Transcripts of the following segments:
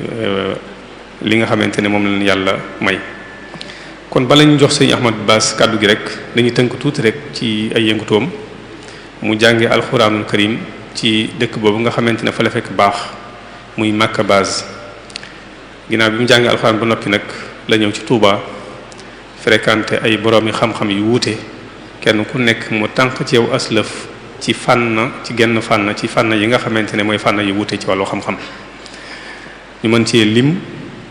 Euh, li nga xamante ne moom lañ yàlla may kon bala ñu jox sëñ Ahmad Bass kàddu gi rek dañuy tënk tuuti rek ci ay yëngutoom mu jànge alxuraanul karim ci dëkk boobu nga xamante ne fa la fekk baax muy Makka Bass ginnaaw bi mu jàngee alxuraan ba noppi nag la ñëw ci Touba fréquenté ay boroomi xam-xam yu wuute kenn ku nekk mu tànk ci yow aslëf ci fànn ci genn fànn ci fànn yi nga xamante ne mooy fànn yu wuute ci wàllu xam-xam ñu mën cee lim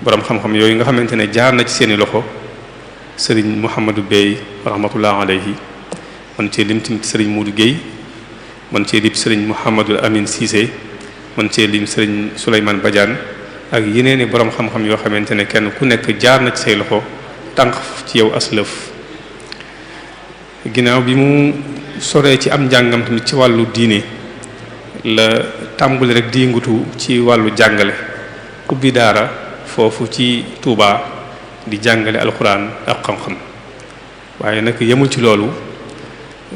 borom xam-xam yooyu nga xamante ne jaar na ci seeni loxo sëriñ Mouhamadou Bey rahmatullah alayhi mën cee lim tamit sëriñ Modou Guèye mën cee lim sëriñ Mouhamadou Amine Cissé mën ci lim sëriñ Souleymane Badiane ak yeneeni i borom xam-xam yoo xamante ne kenn ku nekk jaar na ci say loxo tànq ci yow aslëf ginnaaw bi mu soree ci am njàngam tamit ci wàllu diine la tàmbali rek di yëngatu ci wàllu jàngale. ubbi daara foofu ci Touba di jàngale alxuraan ak xam-xam waaye nag yemul ci loolu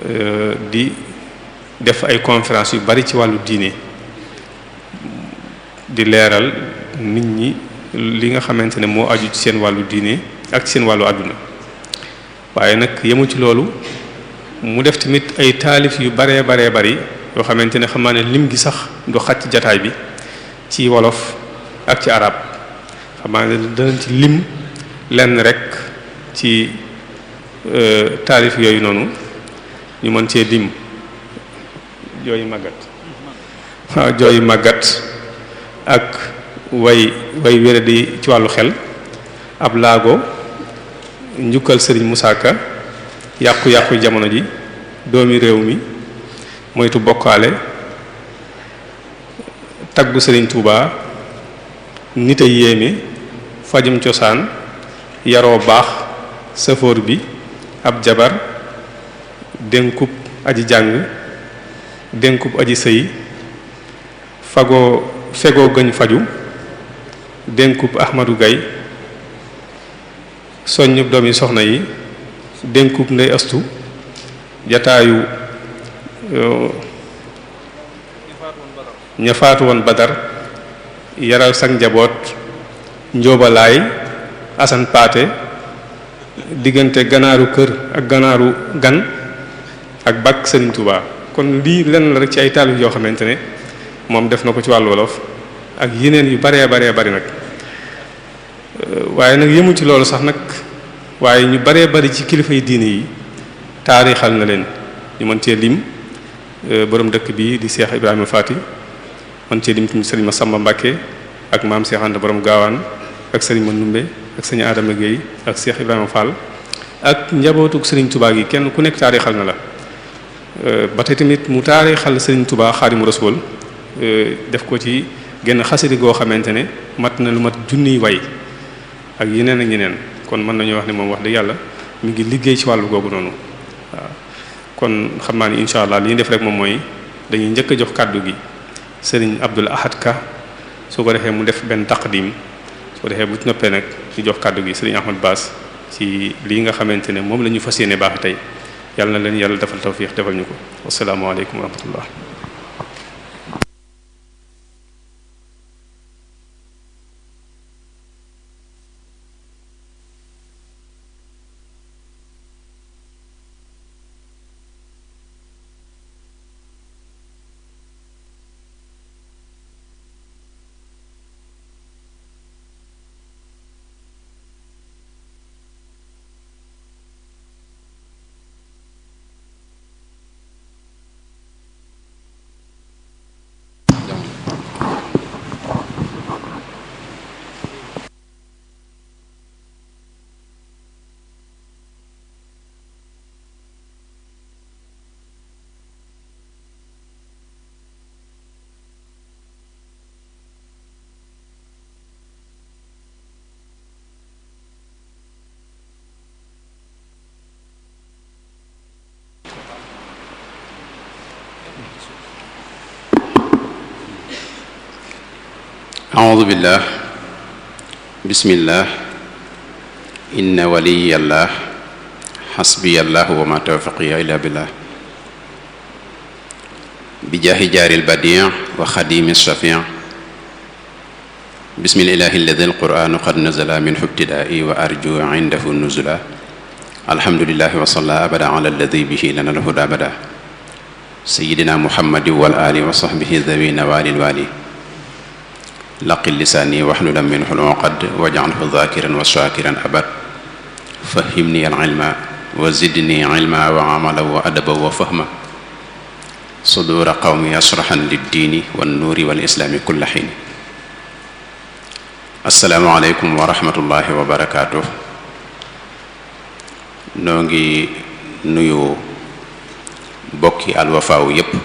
euh, di def ay conférence yu bari ci wàllu diine di leeral nit ñi li nga xamante ne moo aju ci seen wàllu diine ak seen wàllu àdduna waaye nag yemul ci loolu mu def tamit ay taalif yu baree baree bari yoo xamante ne xam naa ne lim gi sax du xàcc jataay bi ci wolof ak ci arab xam naa ne danañ ci lim lenn rek ci euh, taalif yooyu noonu ñu mën cee dim jooyu màggat waaw jooyu màggat ak way way wére di ci wàllu xel ab laago njukkal sëriñ Musaa Ka yàqu-yàqu jamono ji doomi réew mi moytu bokkaale taggu sëriñ Tuubaa nit a yéeme fajum cosaan yaroo baax sëfoor bi ab jabar dénkub aji jàng dénkub aji sëy fagoo fegoo gëñ faju dénkub ahmadu gay doom yi soxna yi dénkub ndey astu jataayu euh, ña faatu woon badar yaral sag njaboot njóobalaay asan paate diggante ganaaru kër ak ganaaru gan ak bàkk sëriñ Touba kon lii lenn la rek ci ay taalif yoo xamante ne moom def na ko ci wàllu wolof ak yeneen yu bare baree bari nag euh, waaye nag yëmu ci loolu sax nag waaye ñu baree bari ci kilifay diini yi taarixal na leen ñu mën cee lim euh, borom dëkk bi di seex Ibrahima Fati man cee lim sëriñ ma Samba Mbacke ak maam Cheikh boroomu gaawaan ak sëriñ ma Numbe ak sëñ Adama Guèye ak Cheikh Ibrahima Fall ak njabootuk sëriñ tubaa gi kenn ku nekk taarixal na la euh, ba tey tamit mu taarixal sëriñ Touba Xaadimu Rasuul euh, def ko ci genn xasari goo xamante ne mat na lu mat junniy way ak yeneen ak yeneen kon mën nañu wax ne moom wax dëgg yàlla mu ngi liggéey ci wàllu googu noonu waaw kon xam naa ni incha allah li ñu def rek moom mooy dañuy njëkk a kàddu gi. sëriñ Abdul Ahad Ka su ko defee mu def benn taqdim su ko defee bu ci noppee nag ñu jox kàddu gi sëriñ Ahmad Baas ci lii nga xamante ne moom la ñu fas yéene baax tey yàlla na leen yàlla defal tawfiix defal ñu ko wasalaamaaleykum wa rahmatullah أعوذ بالله بسم الله إن ولي الله حسبي الله وما توفقي إلا بالله بجاه جار البديع وخديم الشفيع بسم الإله الذي القرآن قد نزل منه ابتدائي وأرجو عنده النزلا الحمد لله وصلى أبدا على الذي به لنا الهدى أبدا سيدنا محمد والآل وصحبه ذوي نوال الوالي laqi lisaani waxlulan minhu al-uqad waj'alhu dhaakiran wa shaakiran abad fahhimni al-ilma wa zidni ilma wa amalan wa adaban wa fahma sudura qawmi yashrahan lid-diini wan-nuuri wal-islaami kulla hiin assalaamu aleykum wa rahmatullahi wa barakaatuh noo ngi nuyu bokki Al Wafa yépp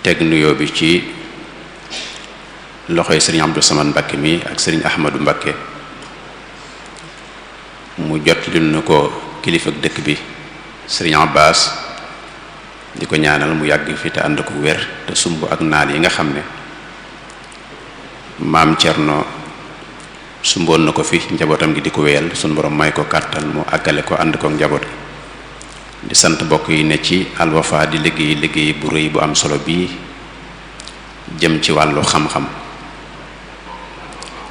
teg nuyoo bi ci loxoy sëriñ Abdou Samane Mbakke mi ak sëriñ Ahmadou Mbakke mu jot lu nu ko kilifa dëkk bi sëriñ Abbas di ko ñaanal mu yàgg fi te ànd ko wér te sumb ak naar yi nga xam ne maam Cerno sumboon na ko fi njabootam gi di ko wéyal sunu borom may ko kàttan mu àggale ko ànd ko njaboot di sant mbokk yi ne ci Al di liggéey liggéey bu rëy bu am solo bii jëm ci wàllu xam-xam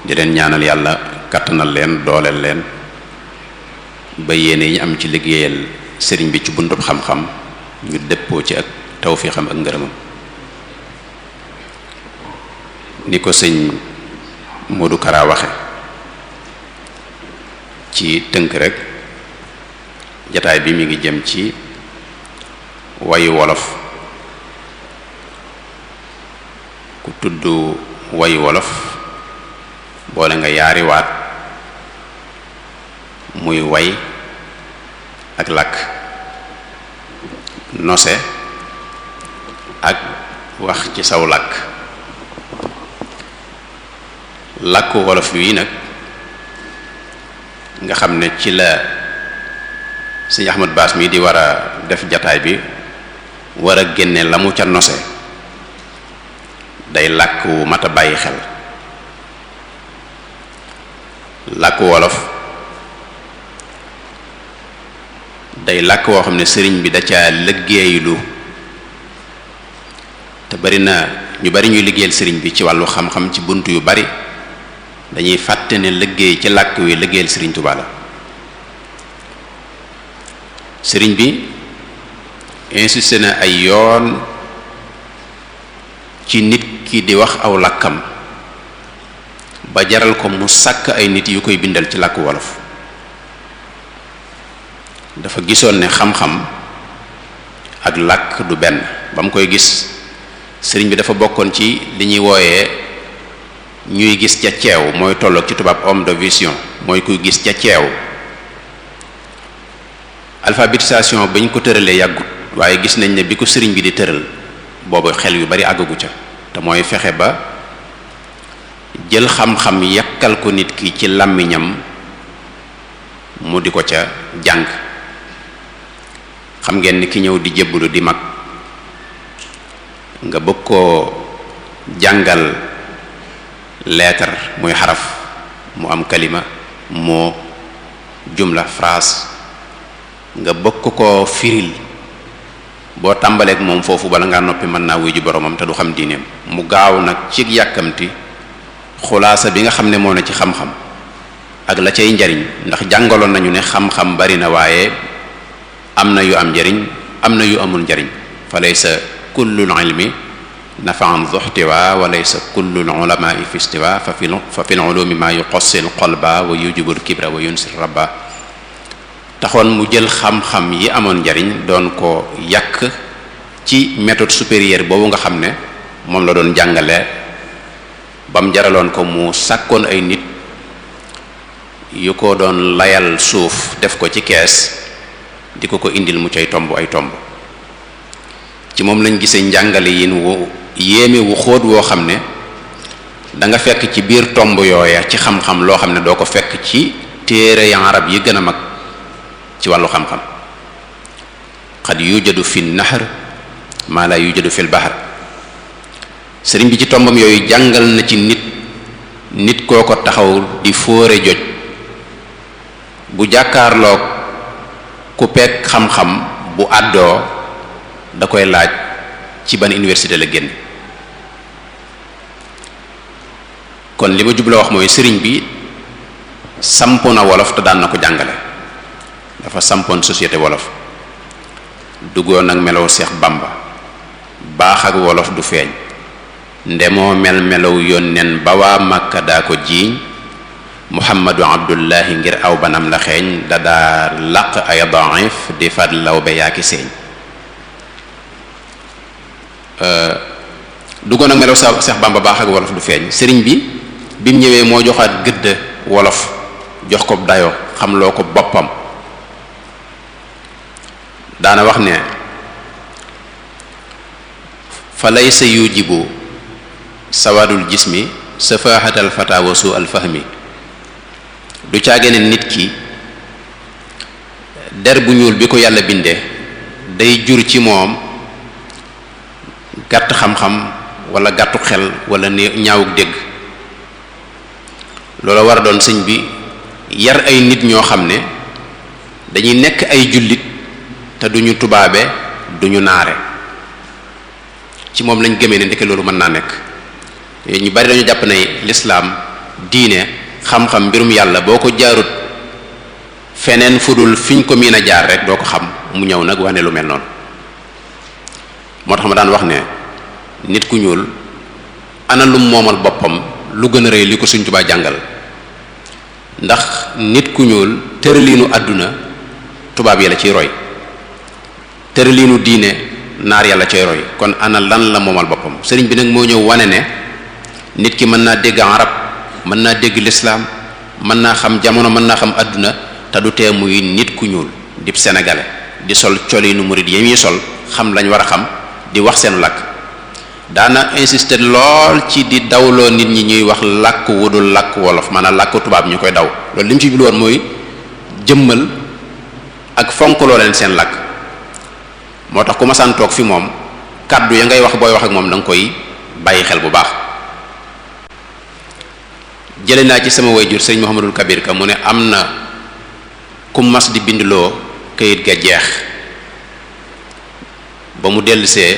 di ñaanal yàlla kattanal leen dooleel leen ba yéene yi ñu am ci liggéeyal sëriñ bi ci buntub xam-xam ñu dëppoo ci ak tawfiixam ak ngërëmam ni ko sëñ Modou Kara waxe ci tënk rekk jataay bi mi ngi jëm ci wayu wolof ku tudd wayu wolof boole nga yaari waat muy way ak làkk nose ak wax ci saw làkk làkku wolof wii nag nga xam ne ci la sëñ Ahmad Baas mi di war a def jataay bi war a génne la mu ca nose day làkk wu mat a bàyyi xel làkk wolof day làkk woo xam ne sëriñ bi da caa liggéeylu te bari na ñu bari ñuy liggéeyal sëriñ bi ci wàllu xam-xam ci bunt yu bari dañuy fàtte ne liggéey ci làkk wi liggéeyal sëriñ Tuubaa sëriñ bi insisté na ay yoon ci nit ki di wax aw làkkam ba jaral ko mu sàkk ay nit yu koy bindal ci làkk wolof dafa gisoon ne xam-xam ak làkk du benn ba mu koy gis sëriñ bi dafa bokkoon ci li ñuy wooyee ñuy gis ca ceew mooy tolloog ci tubaab homme de vision mooy kuy gis ca ceew alphabétisation bañ ko tëralee yàggut waaye gis nañ ne bi ko sëriñ bi di tëral boobu xel yu bari àggagu ca te mooy fexe ba jël xam-xam yàkkal ko nit ki ci làmmiñam mu di ko ca jàng xam ngeen ni ki ñëw di jébbalu di mag nga bëgg koo jàngal leetar muy xaraf mu am kalima moo jumla phrase nga bëgg ko koo firil boo tàmbaleek moom foofu bala ngaa noppi mën naa wuy ji boromam te du xam diineem mu gaaw nag ci yàkkamti xulaasa bi nga xam ne moo ne ci xam-xam ak la cay njariñ ndax jàngaloon nañu ne xam-xam bari na waaye am na yu am njariñ am na yu amul njariñ fa laysa kullul ilmi nafaan zuxtiwa wa laysa kullul ulamaai fi istiwa fa fi fa fi ulumi ma yuqossil qalba wa yujibul kibra wa yunsir rabba taxoon mu jël xam-xam yi amoon njariñ doon ko yàkk ci méthode supérieure boobu nga xam ne moom la doon jàngale ba mu jaraloon ko mu sàkkoon ay nit yu ko doon layal suuf def ko ci kees di ko ko indil mu cay tomb ay tomb ci moom lañ gisee njàngale yin wu yéeme xóot woo xam ne danga fekk ci biir tomb yooya ci xam-xam loo xam ne doo ko fekk ci téere ya arab yi gën a mag ci wàllu xam-xam qad yujadu fi nahr maa la yujadu fi l bahr sëriñ bi ci tombam yooyu jàngal na ci nit nit koo ko taxaw di fóore joj bu jàkkaarloog ku peeg xam-xam bu àddoo da koy laaj ci ban université la génn kon li ma jubla wax mooy sëriñ bi samp na wolof te daan na ko jàngale dafa sampoon société wolof duggoon ak melow Seex Bamba baax ak wolof du feeñ ndemoo mel yoon yónneen ba waa màkka daa ko jiiñ muhammadu abdullahi ngir aw banam la xeeñ dadaa laq ay daif di fat law be yaa ki seeñ euh, duggoon ak melaw sa Seex Bamba baax ak wolof du feeñ sëriñ bi bi ñëwee moo joxaat gëdd wolof jox ko dayo xam loo ko boppam daana wax ne fa laysa yujibu sawaadul jismi safaaxatal fataa wa al fahmi du caagene nit ki der bu ñuul bi ko yàlla bindee day jur ci moom gàtt xam-xam wala gàttu xel wala ñaawuk dégg loola war a doon sëñ bi yar ay nit ñoo xam ne dañuy nekk ay jullit te duñu tubaabe duñu naare ci moom lañ gëmee ne ndeke loolu mën naa nekk ñu bari dañu jàpp ne lislaam diine xam-xam mbirum yàlla boo ko jaarut feneen fudul fiñ ko miin a jaar rek doo ko xam mu ñëw nag wane lu mel noonu moo tax ma daan wax ne nit ku ñuul ana lum moomal boppam lu gën a rëy li ko Sëriñ Tuubaa jàngal ndax nit ku ñuul tëraliinu àdduna tubaab yàlla ciy roy liinu diine naar yàlla ciy roy kon ana lan la moomal boppam sëriñ bi nag moo ñëw wane ne nit ki mën naa dégg arab mën naa dégg lislaam mën naa xam jamono mën naa xam àdduna te du tee muy nit ku ñuul di sénégalais di sol colinu murid yi muy sol xam lañ war a xam di wax seen làkk daana insister lool ci di dawloo nit ñi ñuy wax làkk wudul làkk wolof maanaam làkk tubaab ñu koy daw loolu li ci jublu woon mooy jëmmal ak fonkloo leen seen làkk moo tax ku ma saan fi moom kàddu ya ngay wax booy wax ak moom danga koy bàyyi xel bu baax jële naa ci sama way jur sëñ Mouhamadul Kabir ka mu ne am na ku mas di binduloo kayit ga jeex ba mu dellusee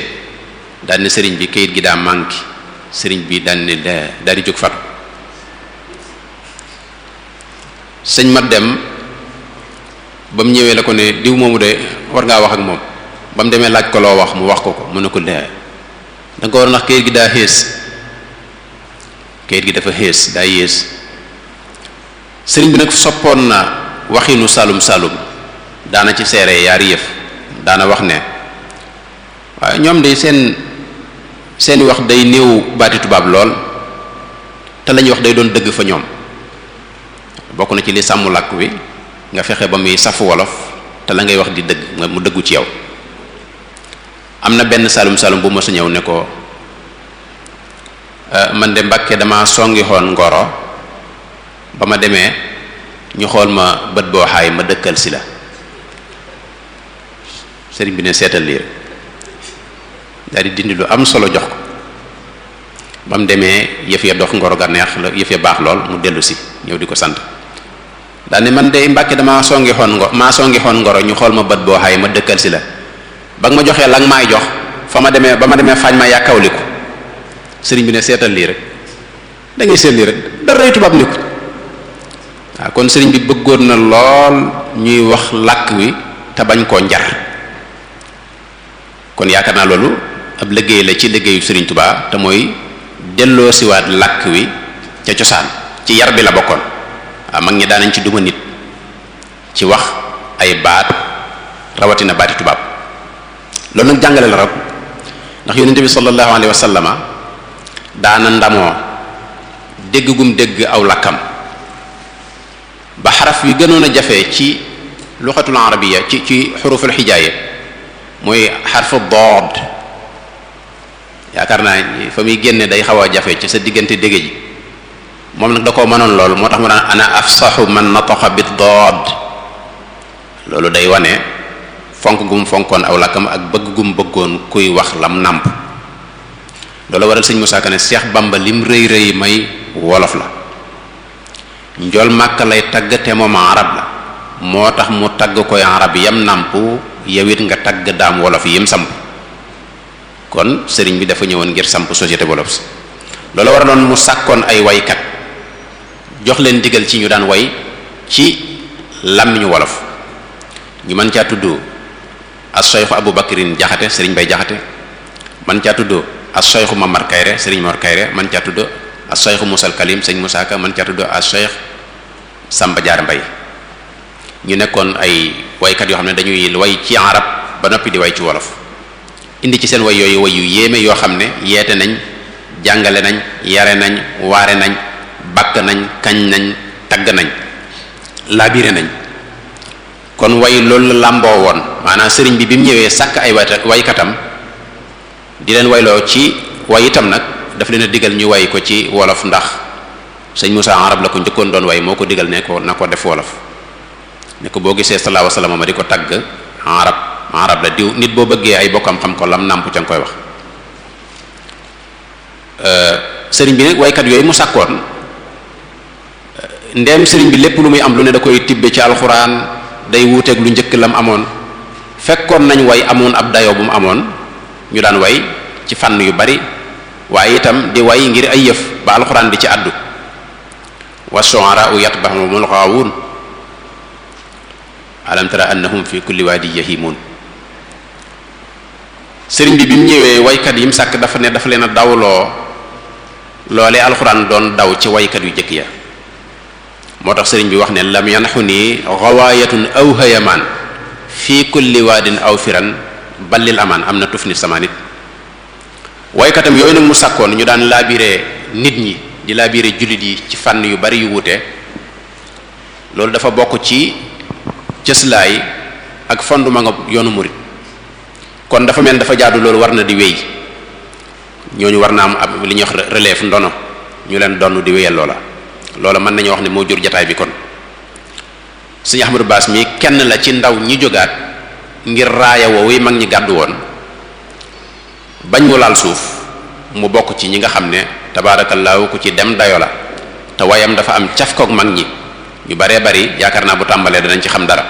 daan ne sëriñ bi kayit gi daa manqué sëriñ bi daan ne daa di jóg fatu sëñ ma dem ba mu ñëwee la ko ne diw moomu de war ngaa wax ak moom ba mu demee laaj koloo wax mu wax ko ko mu ne ko lee ko war a ndax kayit gi daa xees kayit gi dafa xées daa yées sëriñ bi nag soppoon na waxinu salum salum daana ci seere yaari yëf daana wax ne waaye ñoom de seen seeni wax day néew baati tubaab lool te lañuy wax day doon dëgg fa ñoom bokk na ci li sàmm làkk wi nga fexe ba muy safu wolof te la ngay wax di dëgg nga mu dëggu ci yow am na benn saalum salum bu mësa ñëw ne ko Euh, man de mbakke dama songi ngoro ba ma demee ñu xool ma bët boo xaay ma dëkkal si la sëriñ bi ne seetal lii rek dindi lu am solo jox ko ba demee yëf ya ga neex la yëf ya baax lool dellu si ñëw di ko sant daal ne man de Mbàkke dama songi ngo maa songi ngoro ñu xool ma bët boo ma dëkkal si la ba ma joxee la nga maay jox fa ma demee ba ma demee faañ ma yàkkawliku sëriñ bi ne seetal lii rek da ngay seet lii rek daray tubaab ni ko kon sëriñ bi bëggoon na lool ñuy wax làkk wi te bañ koo njar kon yaakaar naa loolu ab liggéey la ci liggéeyu sëriñ Tuubaa te mooy siwaat làkk wi ca cosaan ci yar bi la bokkoon waaw mag ñi daanañ ci duma nit ci wax ay baat rawatina baati tubaab loolu nag jàngale la rab ndax yonente bi sallallahu alayhi wa daana ndamoo dégg gum dégg aw lakkam ba xaraf wi gënoon a jafe ci luxatul arabiya ci ci xuruful xijaaya mooy xarfu dood yaakaar naa fa muy génne day xaw a jafe ci sa diggante dégg ji moom nag da koo mënoon loolu moo tax ma daan ana afsaxu man nataxa bi dood loolu day wane fonk gum fonkoon aw lakkam ak bëgg gum bëggoon kuy wax lam nàmp loolu waral sëñ mu Ka ne Cheikh Bamba lim rëy rëy may wolof la njool màkk lay tagg te moom arab la moo tax mu tagg koy arab yam nàmp yow it nga tagg daam wolof yi yam kon sëriñ bi dafa ñëwoon ngir samp société wolof si loolu waraloon mu sàkkoon ay woykat jox leen digal ci ñu daan woy ci làmmiñu wolof ñu mën caa tudd as-Shaykh Abu Bakrin jaxate sëriñ bay jaxate man caa tudd as cheikh Mamar Kayre sëriñ Mor Kayre man caa tudd as cheikh Moussa Kalim sëriñ Moussa Ka man caa tudd a cheikh Samba jaar Mbay ñu nekkoon ay waykat yoo xam ne dañuy way ci arab ba noppi di way ci wolof indi ci seen way yooyu way yu yéeme yoo xam ne yeete nañ jàngale nañ yare nañ waare nañ bakk nañ kañ nañ tagg nañ labiré nañ kon way loolu la làmboo woon maanaam sëriñ bi bi mu ñëwee sàkk ay waykatam di leen wayloo ci way itam nag daf leen digal ñu way ko ci wolof ndax sëñ Moussa arab la ko njëkkoon doon way moo ko digal ne ko na ko def wolof ne ko boo gisee sallallahu alayhi wasallam ma la diw nit boo bëggee ay bokkam xam ko lam nàmp ca nga koy wax euh, sëriñ bi nag waykat yooyu mu sàkkoon euh, ndeem sëriñ bi lépp lu muy am lu ne da koy tibbe ci alxuraan day wuuteeg lu njëkk lam amoon fekkoon nañ way amoon ab dayo bu mu amoon ñu daan way ci fànn yu bari waaye itam di way ngir ay yëf ba alxuraan di ci àddu wa shu'ara'u yatba'uhumul ghaawun alam tara annahum fi kulli waadi yahimun sëriñ bi bi mu ñëwee waykat yi mu sàkk dafa ne dafa leen a dawloo loolee alxuraan doon daw ci waykat yu jëkk ya moo tax sëriñ bi wax ne lam yanxu nii gawaayatun aw hayamaan fi kulli waadin aw firan ballil amaan am na tuf ni sama nit waykatam yooyu nag mu sakkoon ñu daan laabiree nit ñi di laabiree jullit yi ci fànn yu bari yu wuute loolu dafa bokk ci cëslaay ak fondement nga yoonu murit kon dafa mel dafa jaadu loolu war na di wéy ñooñu war na am ab li ñuy wax relève ndono ñu leen donn di wéyal loola loola mën nañu wax ne moo jur jataay bi kon sëñ Ahmadou Bass mi kenn la ci ndaw ñi jógaat ngir raaya woowu mag ñi gàdd woon bañ mu laal suuf mu bokk ci ñi nga xam ne tabaarakallaahu ko ci dem dayo la te wayam dafa am cafkoog mag ñi ñu bare bari yaakaar naa bu tàmbalee danañ ci xam dara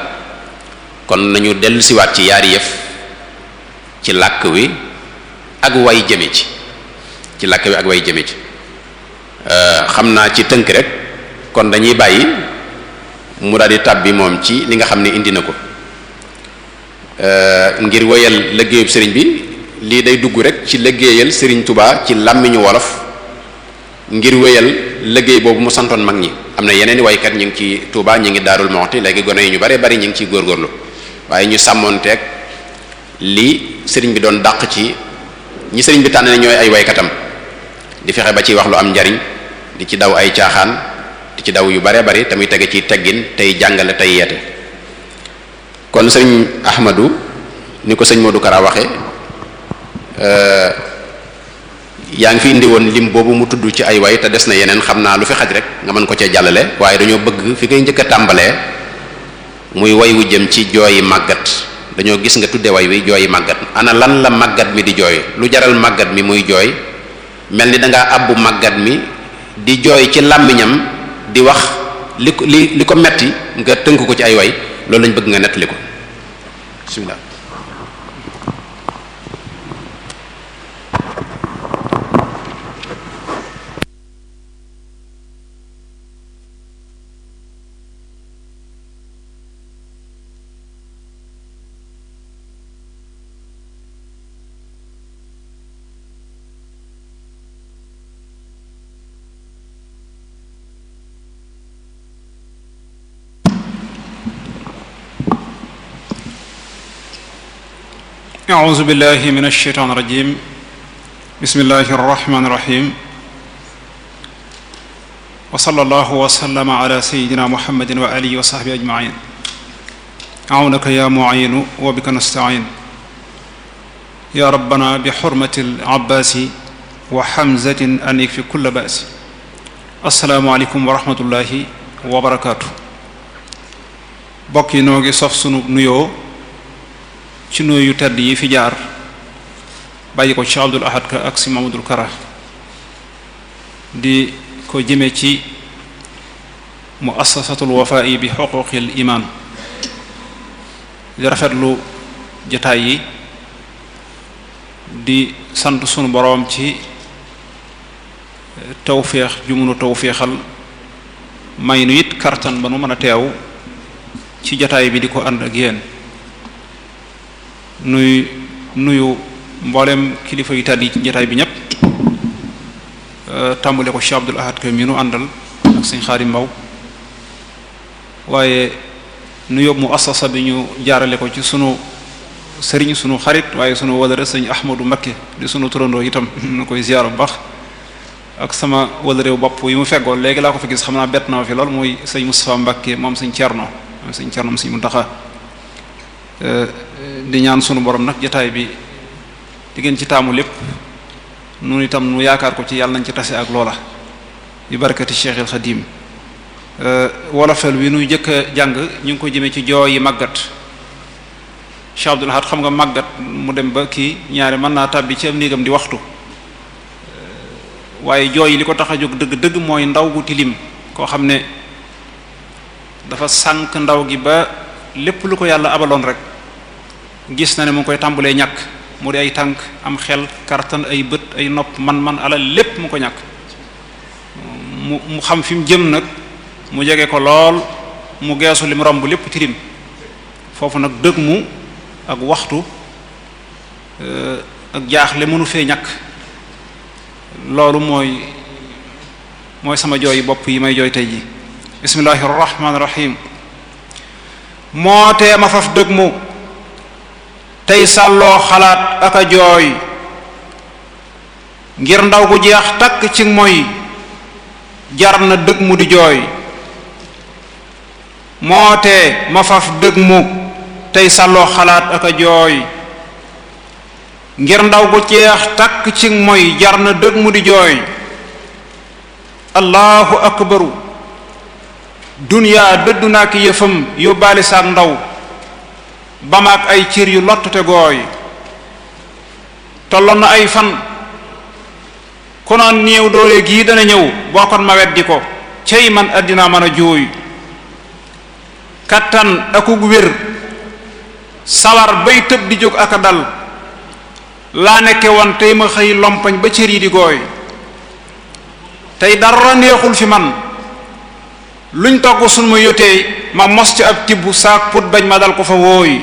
kon nañu dellu siwaat ci yaari yëf ci làkk wi ak way jëme ci ci làkk wi ak way jëme ci euh, xam naa ci tënk rek kon dañuy bàyyi mu daldi tàbbi moom ci li nga xam ne indi na ko Euh, ngir wéyal liggéeyub sëriñ bi lii day dugg rek ci liggéeyal sëriñ tubaa ci làmmiñu wolof ngir wéyal liggéey boobu mu santoon mag ñi am na yeneen i waykat ñu ngi ci tubaa ñu ngi daarul monti léegi gone yi ñu bare bari ñu ngi ciy góorgóorlu waaye ñu sàmmoon sàmmoonteeg lii sëriñ bi doon dàq ci ñi sëriñ bi tànn ne ñooy ay waykatam di fexe ba ci wax lu am njariñ di ci daw ay caaxaan di ci daw yu bare bari tamit muy tege ci teggin tey jàngale tey yeete kon sëñ Ahmadou ni ko sëñ Modou Kara waxe euh, yaa ngi fi indi woon lim boobu mu tudd ci ay way te des na yeneen xam naa lu fi xaj rek nga mën ko cee jàllale waaye dañoo bëgg fi ngay njëkk tàmbalee muy way wu jëm ci jooyi màggat dañoo gis nga tudde way wi jooyi màggat ana lan la màggat mi di jooy lu jaral màggat mi muy jooy mel ni danga ngaa abbu màggat mi di jooy ci làmmiñam di wax li ko li li ko metti nga tënk ko ci ay way loolu lañ bëgg nga nettali ko bisimilah. أعوذ بالله من الشيطان الرجيم بسم الله الرحمن الرحيم وصلى الله وسلم على سيدنا محمد وآله وصحبه أجمعين عونك يا معين وبك نستعين يا ربنا بحرمة العباس وحمزة أن يكفي كل بأس السلام عليكم ورحمة الله وبركاته bokk yi noo ngi sof sunu nuyoo ci nuyu tedd yi fi jaar bàyyi ko Cheikh Abdul Ahad Ka ak si Kara di ko jëme ci muassasatul wafaa'i bi xuquuqil iman di rafetlu jataay yi di sant sunu boroom ci eh, tawféex ju munu tawféexal may nu it kartan ba nu mën a teew ci jataay bi di ko ànd ak yéen nuy nuyu mboolem kilifa yu tàdd yi ci njataay bi ñëpp euh, tàmbale ko Cheikh Abdul Ahad ka mi nu àndal ak sëñ xaari mbaw waaye nu yóbbu mu assasa bi ñu jaarale ko ci sunu sëriñ sunu xarit waaye sunu walëre sëñ Ahmadu Mbakke di sunu turandoo itam nu koy ziyaara bu baax ak sama walërew bopp yi mu feggoo léegi laa ko fa gis xam naa bett na fi lool mooy sëñ Mustafa Mbakke moom sëñ Cerno moom sëñ Cerno moom Eh, di ñaan sunu borom nag jotaay bi di ngeen ci taamu lépp nun itam nu yaakaar ko ci yàlla nañ ci tase ak loola bi barkati Cheikh al Xadim eh, wolofel wi nuy jëkk a jàng ñu ngi ko jëmee ci joo yi màggat Cheikh Abdul Ahad xam nga màggat mu dem ba kii ñaari man naa tàbbi ci am néegam di waxtu eh, waaye joo yi li ko tax a jóg dëgg-dëgg mooy ndaw gu tilim koo xam ne dafa sànq ndaw gi ba lépp lu ko yàlla abaloon rek gis na ne mu ngi koy tàmbulee ñàkk mu di ay tànk am xel kartan ay bët ay nopp man-man alal lépp mu ko ñàkk mu mu xam fi mu jëm nag mu jege ko lool mu geesu li mu romb lépp tirim foofu nag dëgg mu ak waxtu euh, ak jaaxle mënu fee ñàkk loolu mooy mooy sama jooy bopp yi may jooy tey ji bismillahi rahmaani rahim moo tee ma faf dëgg mu tey sàlloo xalaat ak a jooy ngir ndaw gu jeex takk ci moy jar na dëgg mu di jooy moo tee ma faf dëgg mu tey sàlloo xalaat ak a jooy ngir ndaw gu jeex takk ci moy jar na dëgg mu di jooy ak bëru duniyaa dëddu naak yëfam yóbbaale saak ndaw ba ma ak ay cër yu lott te gooy tolloon na ay fan konoon néew doole gii dana ñëw bokkoon ma di ko cey man àddinaa mën a jooy kattan akug wér sawar bay tëb di jóg ak a dal laa nekke woon tey ma xëy lompañ ba cër yi di gooy tey dara neexul fi man luñ togg sunu mu yoteey ma mos ci ab tibb saak put bañ ma dal ko fa wooy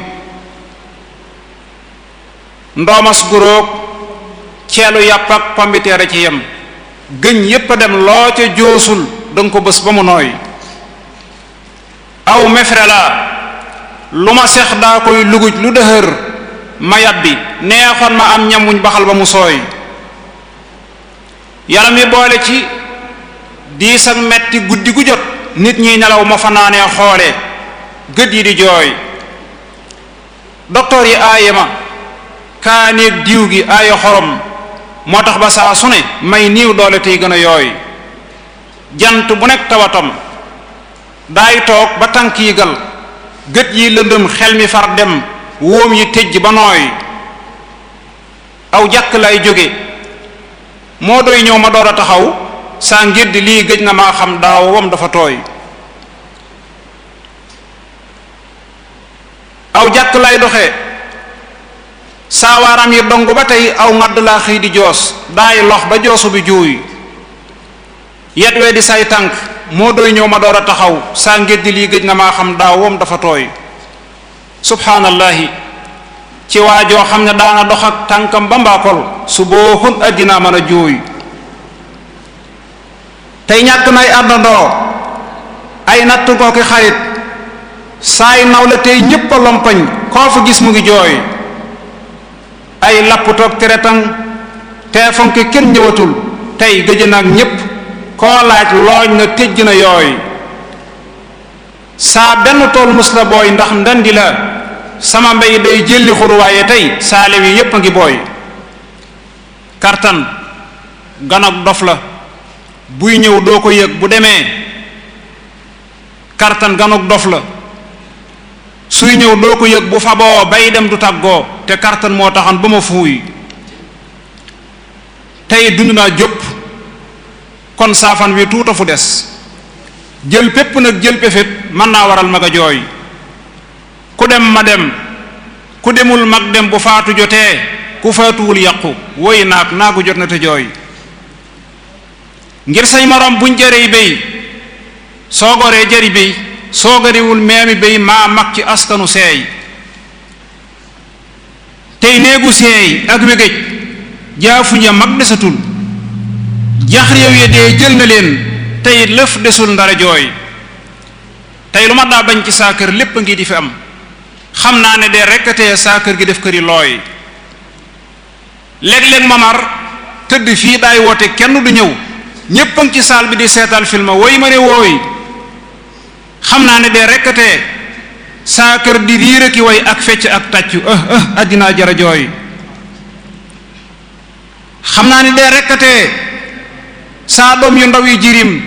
ndoomas guróog ceelu yàpp ak pombiteere ci yem gëñ yépp a dem loo ca joosul danga ko bés ba mu nooy aw mefre laa lu ma seex daa koy luguj lu dëhër ma yàbbi neexoon ma am ñam baxal ba mu sooy yàlla mi boole ci diis ak metti guddi gu jot nit ñi nelaw ma fanaanee xoole gët yi di jooy docteur yi aaye ma kaaneeg diw gi aaye xorom moo tax ba saa su ne may niiw doole tey gën a yooy jant bu nekk tawatam daay toog ba tànk yi gal gët yi lëndëm xel mi far dem wóom yi tëj ba nooy aw jàkk lay jóge moo doy ñëw ma door a taxaw saa ngédd lii gëj na maa xam daawam dafa tooy aw jàkk lay doxe saa waaram yi dong ba tey aw ngadd laa xëy di joos daay lox ba joosu bi juuy yet wee di say tànk moo doy ñëw ma door a taxaw saa ngédd lii gëj na maa xam daawam dafa tooy subhaanallahi ci joo xam ne daana dox ak tànkam ba mbaakol su boo xun addinaa mën a juuy tey ñàkk nay àndandoo ay natt koo ki xarit saay nawle tey ñépp lompañ koo fa gis mu ngi jooy ay lapp toog teretang teefan ki kenn ñëwatul tey gëj na ak ñépp koo laaj looñ na tëj na yooy saa benn tool mus la booy ndax ndandi la sama mbey day jëlli xuru waaye tey saalew yi yépp a ngi booy kartan ganak dof la buy ñëw doo ko yëg bu demee kartan ganu dof la suy ñëw doo ko yëg bu faboo bay dem du tàggoo te kartan moo taxan ba ma fuuy tey dund naa jóp kon saafan wi tuuta fu des jël pépp nag jël pefit mën naa waral mag jooy ku dem ma dem ku demul mag dem bu faatu jotee ku faatuwul yàqu woy naag naagu jot na te jooy ngir say moroom buñ jare béy soo goree jëri béy soo gariwul meemi béy maa mag ci askanu seey tey néegu seey ak wégéj jaafuñ ya mag desatul jax réew ya dee jël na leen tey lëf desul ndara jooy tey lu ma daa bañ ci saa kër lépp a ngi di fi am xam naa ne dee rekk tey saa kër gi def kër looy léeg-léeg ma tëdd fii daay woote kenn du ñëw ñépp a ngi ci saal bi di seetal film woy ma ne wooy xam naa ne dee rekkatee saa kër di riir ki woy ak fecc ak tàccu ah ah xam naa ne dee rekkatee saa doom yu ndaw yi jirim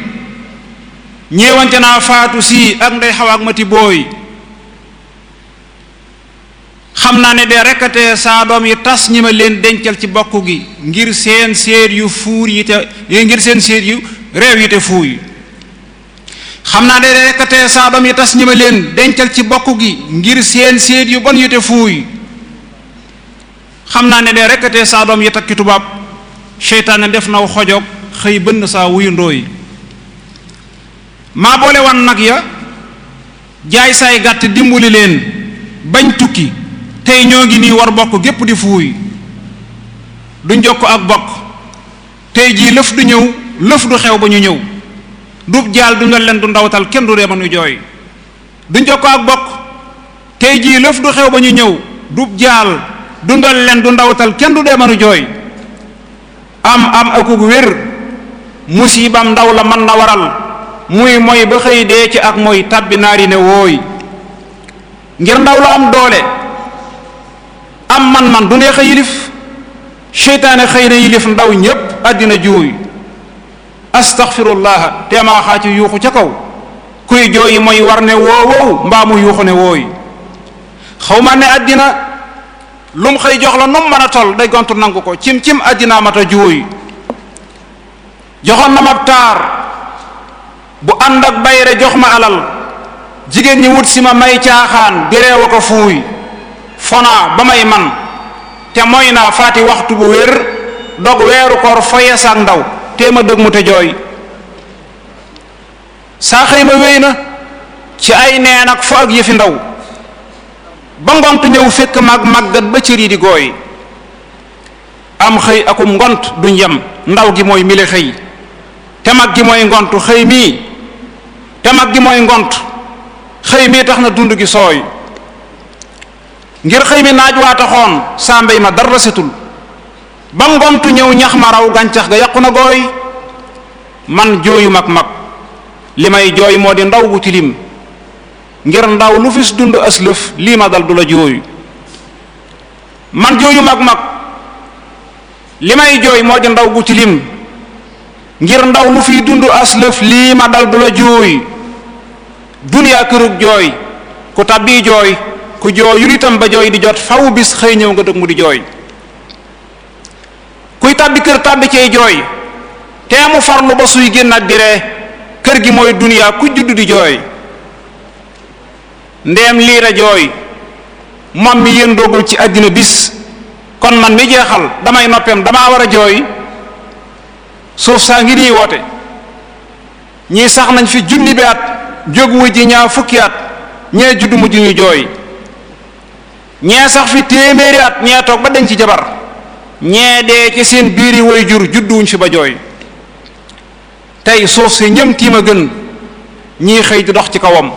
ñeewante naa faatu si ak ndey xaw ak mati booy xam naa ne de rekkatee saa doom yi tas ñi ma leen dencal ci bokk gi ngir seen séer yu fuur yi te eh, ngir seen séer yu réew yi te fuur xam naa de rekkatee saa yi tas ñi leen dencal ci bokk gi ngir seen séer yu bon yi te xam naa ne de rekkatee saa doom yi takki tubaab seytaane def naw xojoog xëy bënn saa wuyu ndooy maa boole wan nag ya jaay saay gàtt dimbali leen bañ tukki tey ñoo ngi nii war bokk gépp di fuuy duñ ko ak bokk tey jii lëf du ñëw lëf du xew ba ñu ñëw du jaal duñ leen du ndawtal kenn du dee ba jooy duñ jokk ak bokk tey jii lëf du xew ba ñu ñëw du jaal dundal leen du ndawtal kenn du dee manu jooy am am ak akuk wér musibam ndaw la mën na waral muy mooy ba xëy dee ci ak mooy tàbbi yi ne wooy ngir ndaw la am doole am man-man du neex a yilif seytaane xëy na yilif ndaw ñépp àddina juuy astaxfirullaha teemaa xaa ci yuuxu ca kaw kuy jooyi mooy war ne woowow mbaa yuuxu ne wooy xaw ma ne àddina lu xëy jox la nu mu a tol day gontu nangu ko cim cim àddinaa mat a juuy joxoon na ma taar bu ànd ak bayre jox ma alal jigéen ñi wut si ma may caaxaan di reew a ko fuuy fonaa ba may man te mooy naa faati waxtu bu wér dog weeru koor foye saak ndaw téema dëgg mu te jooy saa xëy ba wéy na ci ay neen ak fo ak yëfi ndaw ba ngont ñëw fekk mag màggat ba cër yi di gooy am xëy akum ngont duñ yem ndaw gi mooy mile xëy te mag gi mooy ngont xëy mii te mag gi mooy ngont xëy mii tax na dund gi sooy ngir xëy mi naaj waa taxoon saa ma dara setul ba ngomtu ñëw ñax ma raw gàncax ga yàqu na gooy man jooyu mag mag li may jooy moo di ndaw gu tilim ngir ndaw lu fis dund aslëf lii ma dal du la man jooyu mag mag may jooy moo ndaw gu tilim ngir ndaw lu fiy dund aslëf lii ma dal duniyaa kërug jooy ku tàbbi jooy ku jooyul itam ba jooy di jot faw bis xëy ñëw nga dëgg mu di jooy kuy tàbbi kër tàbbi cee jooy tee mu farlu ba suy génnaat di ree kër gi mooy duniyaa ku juddu di jooy ndeem lii la jooy moom mi yéen doogul ci àddina bis kon man mi jeexal damay noppeem damaa war a jooy suuf saa ngi nii woote ñii sax nañ fi junni bi at jóg wu ji ñaar fukki at ñee juddu mujj ñu jooy ñee sax fi téeméeri at ñee toog ba denc ci jabar ñee dee ci seen biir yi way jur judduwuñ fi ba jooy tey suuf si ñëm tiim a gën ñii xëy di dox ci kawam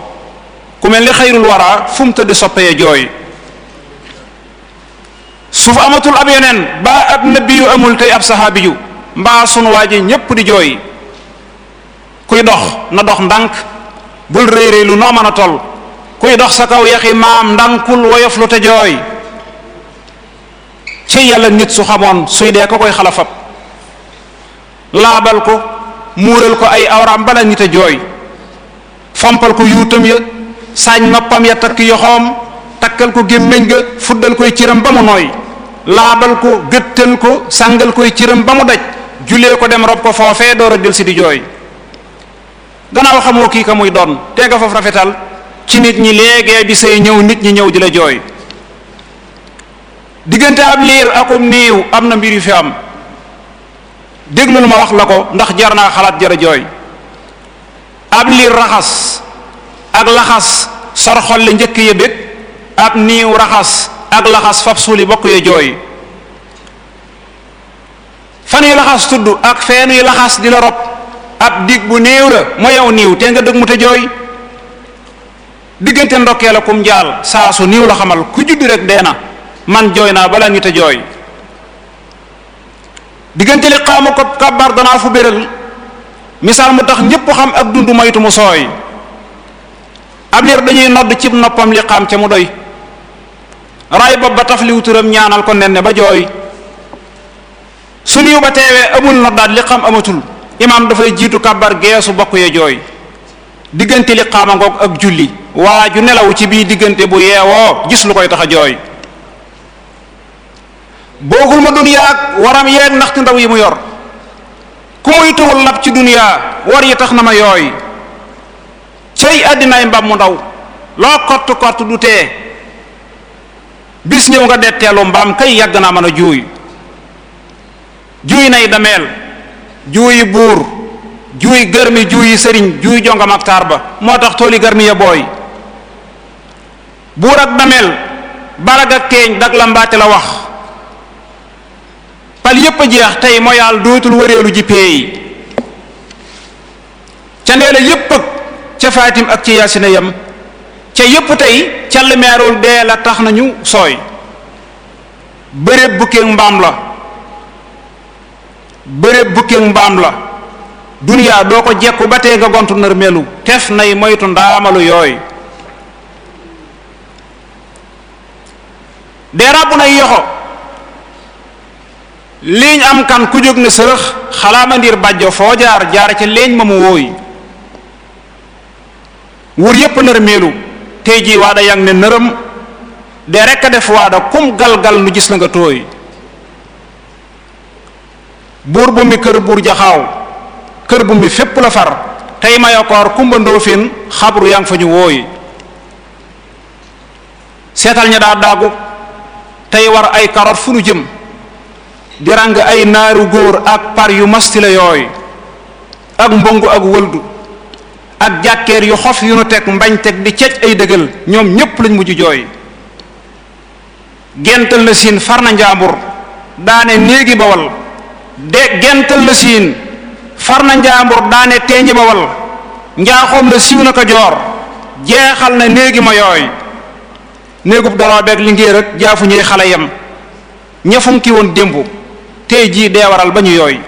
ku mel ni xëyrul wara fu mu tëdd soppee jooy su fa amatul ab yeneen ba ab nabi yu amul tey ab saxaabi yu mbaa sunu waa ji ñépp di jooy kuy dox na dox ndànk bul réy réy lu noo mën a toll kuy dox sa kaw yaxi maam ndànkul woyof lu te jooy ci yàlla nit su xamoon suy dee ko koy xalafab laabal ko muural ko ay awraam bala nit a jooy fompal ko yuutam ya saañ noppam ya takk yoxoom takkal ko gémmiñ ga fuddal koy ciram ba mu nooy laabal ko gëttal ko sàngal koy ciram ba mu daj julee ko dem rob ko foofee door a jël di jooy gannaaw xamoo kii ka muy doon te nga foofu rafetal ci nit ñi léegee bi say ñëw nit ñi ñëw di la jooy diggante ab liir akum niiw am na mbir yu fi am déglu lu ma wax la ko ndax jar naa xalaat jara jooy ab liir raxas ak laxas sor xol li njëkk ya bég ab niiw raxas ak laxas fab suuli bokk ya jooy fan yu laxas tudd ak feenu yu laxas di la rob ab dig bu néew la moo yow niiw te nga dëgg mu te jooy diggante ndokkee la kum njaal saa su niiw la xamal ku juddu rek dee na man jooy naa balaa nit a jooy diggante li xaama ko kabar danaa fu béral misaal mu tax ñépp xam ak dund moytu mu sooy ab dañuy nodd cib noppam li xaam mu doy raay bopp ba taf liw turam ñaanal ko nen ba jooy su niiw ba teewee amul noddaat li xam amatul imaam dafay jiitu kabar geesu bokk ya jooy diggante li xaama ak julli waa ju nelaw ci biir diggante bu yeewoo gis lu koy tax a jooy boogul ma duniya ak waram yeeg ndax ndaw yi mu yor ku muy tuwul lab ci duniya war yi tax na ma yooy cey àddinaay mbam mu ndaw loo kott kott du tee bis ñëw nga detteelu mbaam kay yàgg naa mën a juuy juuy nay dameel juuyi buur juuy garmi juuyi sëriñ juuy jongam ak taar ba moo tax tooli garmi ya booy buur ak dameel barag ak keeñ dag la mbaate la wax pal yépp a jeex tey moo yàlla dootul wëreelu ji peey ca ndeela yépp ak ca faatim ak ci yaasina yam ca yépp tey ca limeerul dee la tax nañu sooy bërëb bukkeek mbaam la bërëb bukkeek mbaam la duniyaa doo ko jekku ba tee nga gontu nar melu tef nay moytu ndaamalu yooyu dee ràbbu nay yoxo liiñ am kan ku jóg ne sërëx xalaama ndiir bàjjo foo jaar jaar ca leeñ ma mu wóoy wur yépp nar tey jii waada yang ne nërëm de rekk a def waada kum galgal nu gis la nga tooy buur bu mi kër buur jaxaaw kër bum bi fépp la far tey mayokoor kumba ndoofin xabru yaa ngi fa ñu wooy seetal ña daa daagu tey war ay karoot fu nu jëm di ràng ay naaru góor ak par yu mastila yooy ak mbongu ak wëldu ak jàkkeer yu xof yu nu teg mbañ teg di ceec ay dëgël ñoom ñépp lañ mujj jooy gental na siin far na njaambur daane néegi bawal de gental na siin far na njaambur daane teeñi ba wal njaaxoom la siiw na ko joor jeexal na néegi ma yooy néegub daloo li ngéer ak jaafu ñuy xale yem ñafum ki woon démb tey jii dee waral ba ñu yooy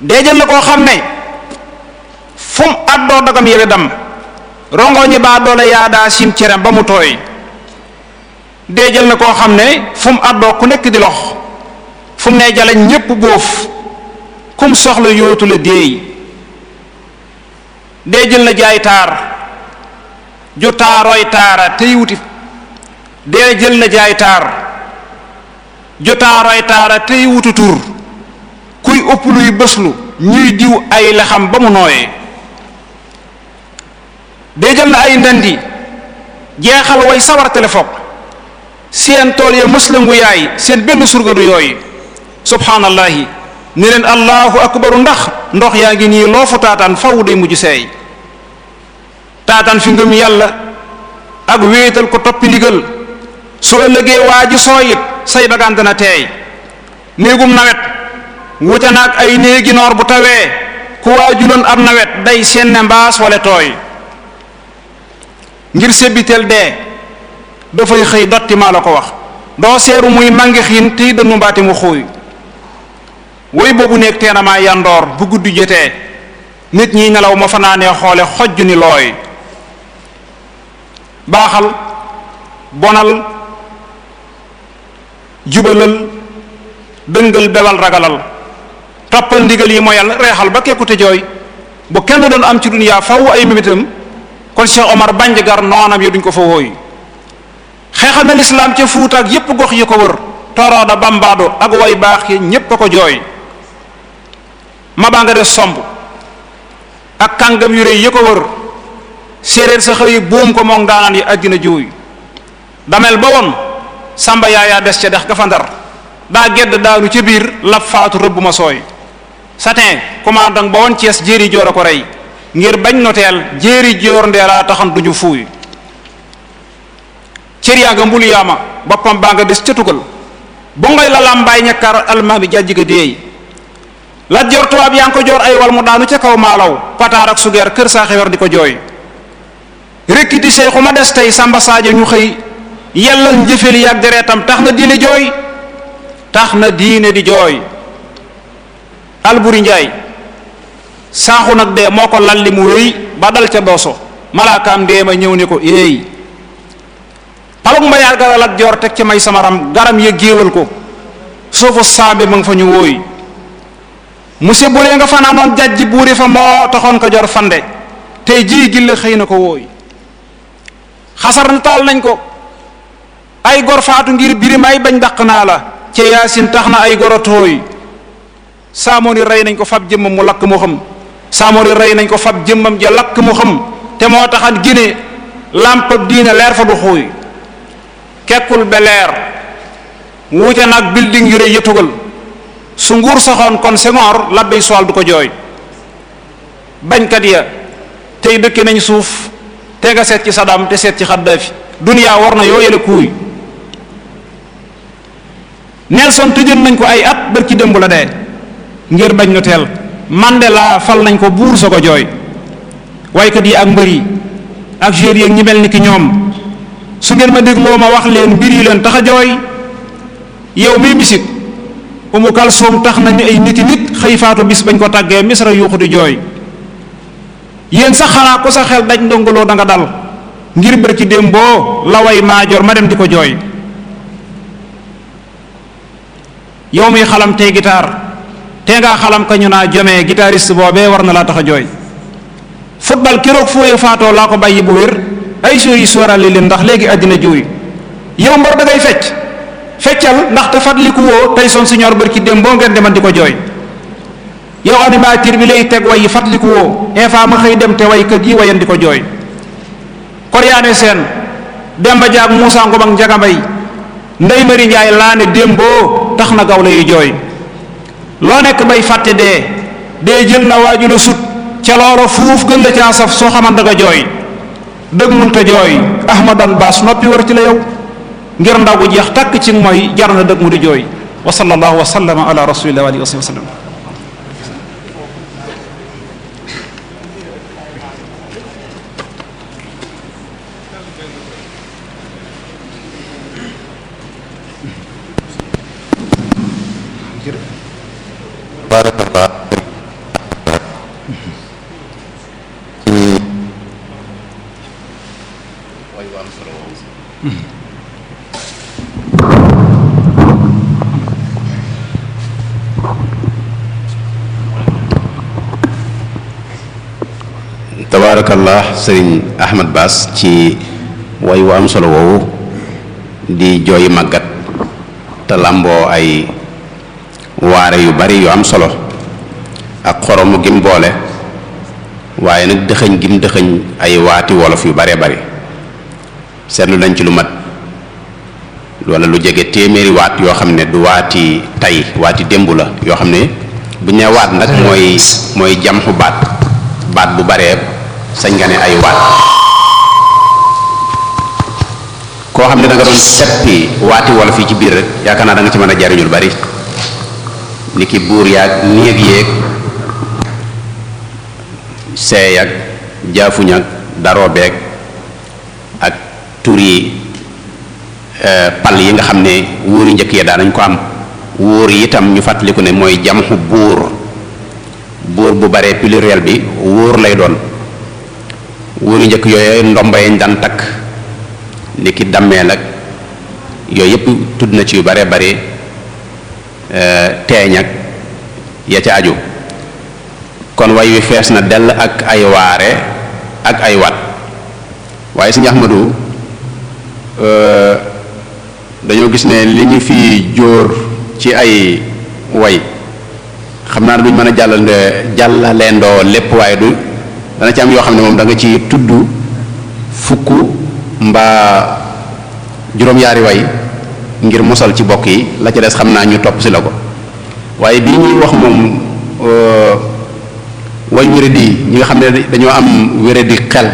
deejal na koo xam ne fum at doo dagam yebe dam rongo ñi baa doole yaadaa ba mu tooy deejal na koo xam ne fum at ku nekk di lox fum ne jaleñ ñépp bóof kum soxla yootu la déey dee jël na jaay taar ju taarooy taara tey wuti dee jël na jaay taar ju taarooy taara tey wuti tur kuy ëpp luy bëslu ñuy diw ay lexam ba mu nooyee dee jël na ay ndandi jeexal way sawar téléphone seen tool ya mës la ngu yaay seen benn surga du yooyu subhaanallahi ne leen allahu akbaru ndax ndox yaa ngi nii loo fu taataan faw day mujj seey taataan fi ngëm yàlla ak wéetal ko toppi ndigal su ëllëgee waa ji sooyit say bagante na teey néegum nawet wute naag ay néegi noor bu tawee ku waajuloon ab nawet day senne mbaas wala tooy ngir sébbiteel dee dafay xëy dotti maa la ko wax doo seeru muy mangi xiin tey dënnu mbaati mu xuuy woy boobu nekk teenamaa yandoor bu guddi jotee nit ñi nelaw ma fanaane xoole xoj ni looy baaxal bonal jubalal dëngal bebal ragalal toppal ndigal yi mooyal reexal ba kekkute jooy bu kenn doon am ci duniyaa faw ay mimitam kon Cheikh Omar Banj gar noonam yi duñ ko fa wooyu xeexal na lislaam ca Fuuta ak yépp gox yi ko wër toroda bambaado ak way baax yi ñépp a ko jooy mabaa nga def somb ak kàngam yu rëy yi ko wër séeréer sa xëy buum ko moom ndaanaan yi àddina jiwuy damel ba woon sàmba yaayaa des ca dex gafandar daa gedd daanu ca biir lab faatu rëbb ma sooy satin commandant ba woon cees jéeri joor a ko rey ngir bañ noteel jéeri joor ndeelaa taxan duñu fuuy cër yaa nga mbulu yaama boppam baa nga des ca tugal bu ngay la làmbaay ñakkaar almaami jàjj ga déey Lat Joor tubaab yaa ay wal mu daanu ca kaw maalaw pataar ak sugeer kër saa xewar di ko jooy rekki di sey xu ma des tey sàmba Sadio ñu xëy yàlla njëfeli yàgg dereetam tax na diine jooy tax na diine di jooy Alburi Njaay saaxu nag dee moo ko li mu wéy ba dal ca dooso malaakaam dee ma ñëw ne ko éey palug mbayaar gara Lat teg ca may samaram garam ya géewal ko suufu saambe ma nga fa ñu wóoy monsieur buur ya nga fanaanoon jàjj buuri fa moo taxoon ko jor fande tey jii gilla xëy na ko wooy xasar na taal nañ ko ay gor faatu ngir birim ay bañ daq naa la ca yaasin tax na ay goro tooy saamoon yi rey nañ ko fab jëmmam mu lakk mu xam yi rey nañ ko fab jëmmam ja lakk mu xam te moo taxan Guinée làmp diine leer fa du xuuy kekkul be leer wuute nag building yu rëy ya su nguur soxoon kon Senghor labbey Joal du ko jooy bañkat ya tey dëkki nañ suuf te nga seet ci Saddam te seet ci Xaddaafi duniyaa war na yoo yële kuuy Nelson tëjën nañ ko ay at bër ci démb la dee ngir bañ nu teel man Mandela fal nañ ko buur sa ko jooy waykat yi ak mbër yi ak joueurs yi ñi mel ni ki ñoom su ngeen ma dégloo ma wax leen biir yi leen tax a jooy yow miy misik umu kalsoom tax nañu ay niti nit xëy faatu bis bañ ko tàggee misra yuuxu di jooy yéen sax xanaa ko sa xel daj ndongoloo da dal ngir bër ci démb boo la way maajoor ma dem di ko jooy yow muy xalam tey gitaar tee ngaa xalam kañu naa jomee guitariste boobee war na laa tax a jooy football keroog fooye faatoo laa ko bàyyi bu wér ay sori sóoraale leen ndax léegi àddina juuy yow mbar da ngay fecc feccal ndax te fàttaliku woo tey son siñor bërki dem boo ngeen deman di ko jooy yow animateur bi lay teg way yi fàttaliku woo efa ma xëy dem te way kër gi wayan di ko jooy koryaane seen demba jaag Moussa Ngom ak njagambay ndey mari njaay laa ne démboo tax na gaw la yu jooy loo nekk bay fàtte dee dee jël na waaju la sut ca loola fuuf gën la caa saf soo xamante nga jooy dëgg mun te jooy ahmadan baas noppi war ci la yow ngir ndaw gu jeex tàkk ci mooy jar na dëgg mu di jooy wa sallallahu wa sallama ala rasulillah wa alihi wa sëriñ Ahmad Baas ci woy wu am solo woowu di jooy màggat te làmboo ay waare yu bari yu am solo ak xoromu gim boole waaye nag dëxëñ gim dëxëñ ay waati wolof yu baree bari seetlu nañ ci lu mat wala lu jege téeméeri waat yoo xam ne du waati tay waati démb la yoo xam ne bu ñu nee waat nag mooy mooy jamxu baat baat bu baree sañ nga ne ay waat koo xam ne da nga doon seppi waati wolof yi ci biir rek yaakaar naa da ci mën a lu bari ni ki buur yaag néeg yéeg seey ak jaafuñ ak daroobeeg ak tur yi e, pal yi nga xam ne wóor yi njëkk ya daanañ ko am wóor yi itam ñu fàttaliku ne mooy jamxu buur buur bu bare pluriel bi wóor lay doon wóoru njëkk yooyu ndomba yañ daan takk ni ki dammeel ak yooyu yëpp tudd na ci yu bare bare eh, teeñ ak ya ca aju kon way wi fees na dell ak ay waare ak ay waat waaye sëñ Ahmadu eh, dañoo gis ne li ñu fi jóor ci ay way xam naa duñ mën a jàllale jàllalee lépp waaye du dana ci am yoo xam ne moom danga nga ci tudd fukk mbaa juróom-yaari way ngir mosal ci bokk yi la ca des xam naa ñu topp si la ko waaye bii ñuy wax moom euh, way wéradi ñu nga xam ne dañoo am wéradi xel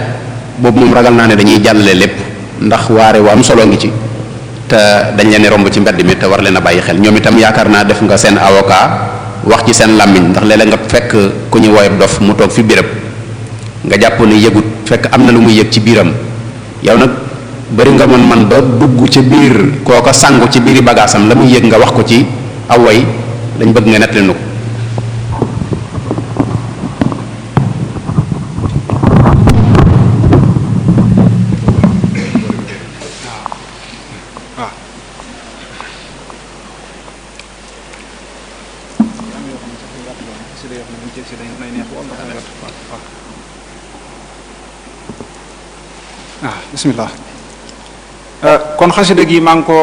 boobu moom ragal naa ne dañuy jàllale lépp ndax waare wa am solo ngi ci te dañ leen romb ci mbedd mi te war leen a bàyyi xel ñoom itam yaakaar naa def nga seen awokaa wax ci seen làmmiñ ndax léeg-léeg nga fekk ku ñu woyof dof mu toog fi béréb nga jàppoon ne yëgut fekk am na lu muy yëg ci biiram yow nag bari nga mën man ba dugg ca biir kooka sangu ci biir bagaasam la mu yëg nga wax ko ci aw way dañ bëgg nga nettali nu ko bismillah euh, kon xasida gi maa ngi ko